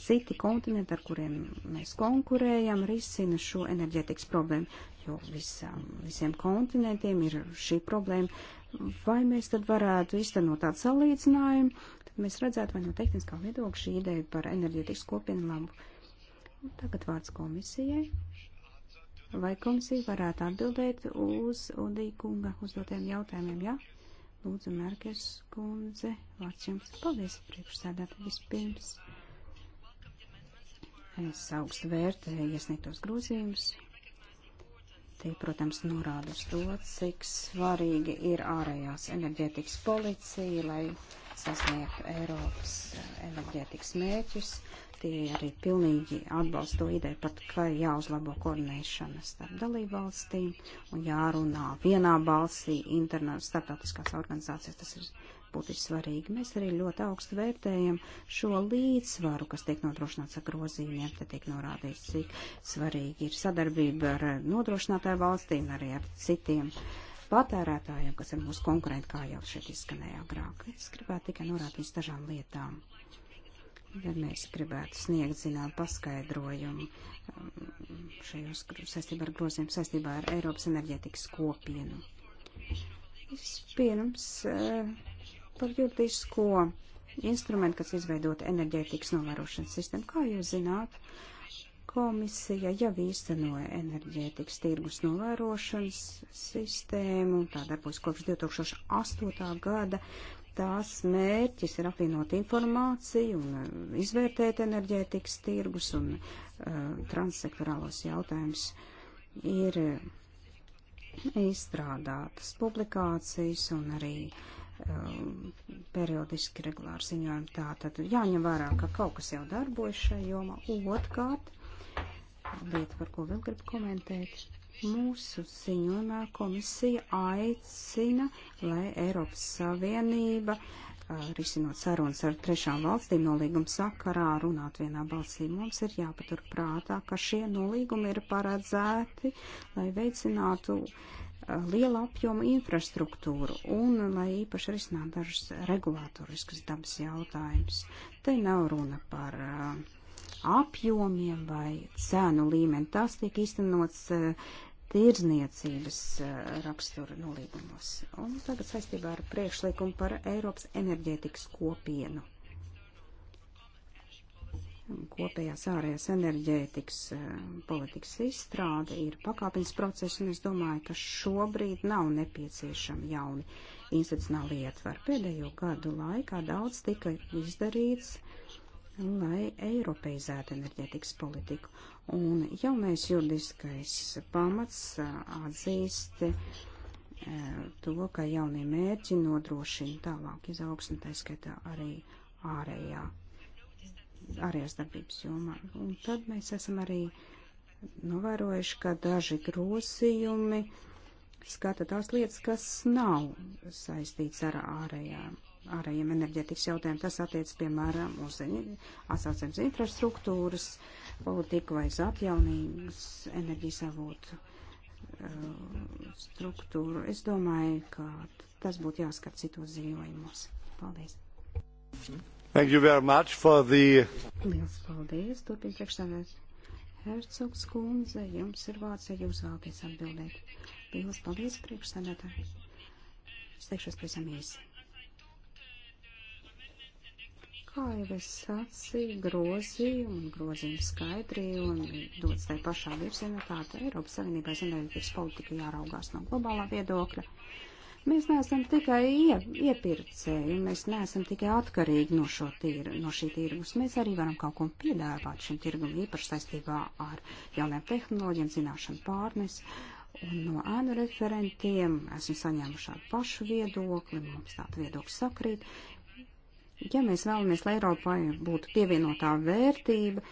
citi kontinenti, ar kuriem mēs konkurējam, risina šo enerģetikas problēmu, jo visam, visiem kontinentiem ir šī problēma vai mēs tad varētu iztenot tādu salīdzinājumu, tad mēs redzētu, vai no tehniskā viedokļa šī ideja par enerģētikas kopienu labu. Tagad vārds komisijai. Vai komisija varētu atbildēt uz Odīkunga uzdotiem jautājumiem, jā? Ja? Lūdzu, Mērķis kundze, vārds jums paldies priekšsēdāt vispirms. Es augstu vērtēju iesniegtos grozījumus Tie, protams, norāda uz to, cik svarīgi ir ārējās enerģētikas policija, lai sasniegtu Eiropas enerģētikas mērķus. Tie arī pilnīgi atbalsta to ideju, pat ka jāuzlabo koordinēšana starp dalībvalstīm un jārunā vienā balsī starptautiskās organizācijas. Tas ir būtiski svarīgi. Mēs arī ļoti augstu vērtējam šo līdzsvaru, kas tiek nodrošināts ar grozījumiem. Te tiek norādīts, cik svarīgi ir sadarbība ar nodrošinātāju valstīm, arī ar citiem patērētājiem, kas ir mūsu konkurenti, kā jau šeit izskanēja agrāk. Es gribētu tikai norādīt dažām lietām. Ja mēs gribētu sniegt zināt paskaidrojumu um, šajos saistībā ar groziem, saistībā ar Eiropas enerģētikas kopienu. Vispirms uh, par juridisko instrumentu, kas izveidot enerģētikas novērošanas sistēmu. Kā jūs zināt, komisija jau īstenoja enerģētikas tirgus novērošanas sistēmu, tā darbojas kopš 2008. gada. Tās mērķis ir apvienot informāciju un uh, izvērtēt enerģētikas tirgus un uh, transsektorālos jautājumus. Ir uh, izstrādātas publikācijas un arī uh, um, periodiski regulāri ziņojumi. Tā tad jāņem vērā, ka kaut kas jau darbojas šajā jomā. Otkārt, lieta, par ko vēl gribu komentēt, mūsu ziņojumā komisija aicina, lai Eiropas Savienība uh, risinot sarunas ar trešām valstīm nolīguma sakarā runāt vienā balsī. Mums ir jāpatur prātā, ka šie nolīgumi ir paredzēti, lai veicinātu uh, liela apjoma infrastruktūru un lai īpaši risinātu dažus regulātoriskas dabas jautājumus. Te nav runa par apjomiem vai cēnu līmeni. Tās tiek īstenots tirzniecības rakstura nolīgumos. Un tagad saistībā ar priekšlikumu par Eiropas enerģētikas kopienu kopējās ārējās enerģētikas eh, politikas izstrāde ir pakāpins process, un es domāju, ka šobrīd nav nepieciešami jauni institucionāli ietvari. Pēdējo gadu laikā daudz tika izdarīts, lai eiropeizētu enerģētikas politiku, un jaunais juridiskais pamats eh, atzīst eh, to, ka jaunie mērķi nodrošina tālāk izaugsmi, tā skaitā arī ārējā ārējās darbības jomā. Un tad mēs esam arī novērojuši, ka daži grozījumi skata tās lietas, kas nav saistīts ar ārējām, ārējiem enerģetikas jautājumiem. Tas attiec, piemēram, uz atsaucams infrastruktūras politiku vai uz atjaunīgas enerģijas avotu uh, struktūru. Es domāju, ka tas būtu jāskat citos ziņojumos. Paldies! Mm. Thank you very much for the. Liels paldies, turpin priekšsēdētājs. Hercogs kundze, jums ir vārds, ja jūs vēlaties atbildēt. Liels paldies, priekšsēdētāji. Es teikšos pēc amīsi. Kā jau es sacīju, grozīju un grozījumu skaidri un dodas tai pašā virzienā, tā Eiropas Savienībās enerģētikas politika jāraugās no globālā viedokļa. Uh, Mēs neesam tikai ie, iepircēji, mēs neesam tikai atkarīgi no, tīru, no šī tirgus. Mēs arī varam kaut ko piedāvāt šim tirgum, īpaši saistībā ar jauniem tehnoloģiem, zināšanu pārnes. Un no ēnu referentiem esmu saņēmuši šādu pašu viedokli, mums tāda viedokļa sakrīt. Ja mēs vēlamies, lai Eiropai būtu pievienotā vērtība,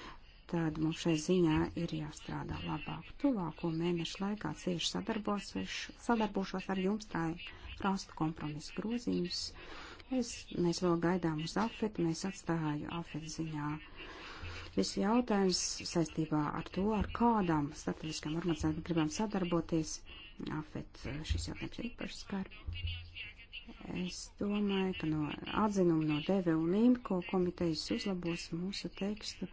tad mums šai ziņā ir jāstrādā labāk. Tuvāko mēnešu laikā cieši sadarbošos ar jums, tā ir rastu kompromisu grozījums. Es, mēs vēl gaidām uz afetu, mēs atstāju afetu ziņā. Visu jautājums saistībā ar to, ar kādām statistiskām organizācijām gribam sadarboties, afet eh, šis jautājums ir īpaši skar. Es domāju, ka no atzinuma no DV un IMCO komitejas uzlabos mūsu tekstu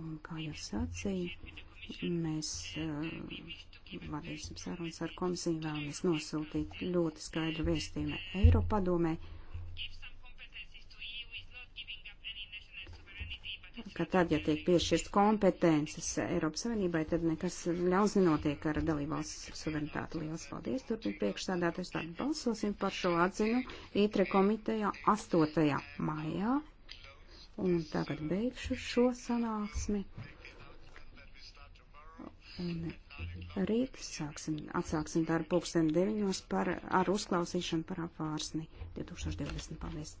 Un, kā jau sacīju, mēs uh, vadīsim sarunas ar komisiju, vēlamies nosūtīt ļoti skaidru vēstījumu Eiropadomē, ka tad, ja tiek piešķirts kompetences Eiropas Savienībai, tad nekas ļaus nenotiek ar dalībvalsts suverenitāti. Lielas paldies, turpin priekšstādātais tādu balsosim par šo atzinu ITRE komitejā 8. maijā Un tagad beigšu šo sanāksmi. Un rīt sāksim, atsāksim darbu pulksten deviņos par, ar uzklausīšanu par apvārsni 2020. Paldies!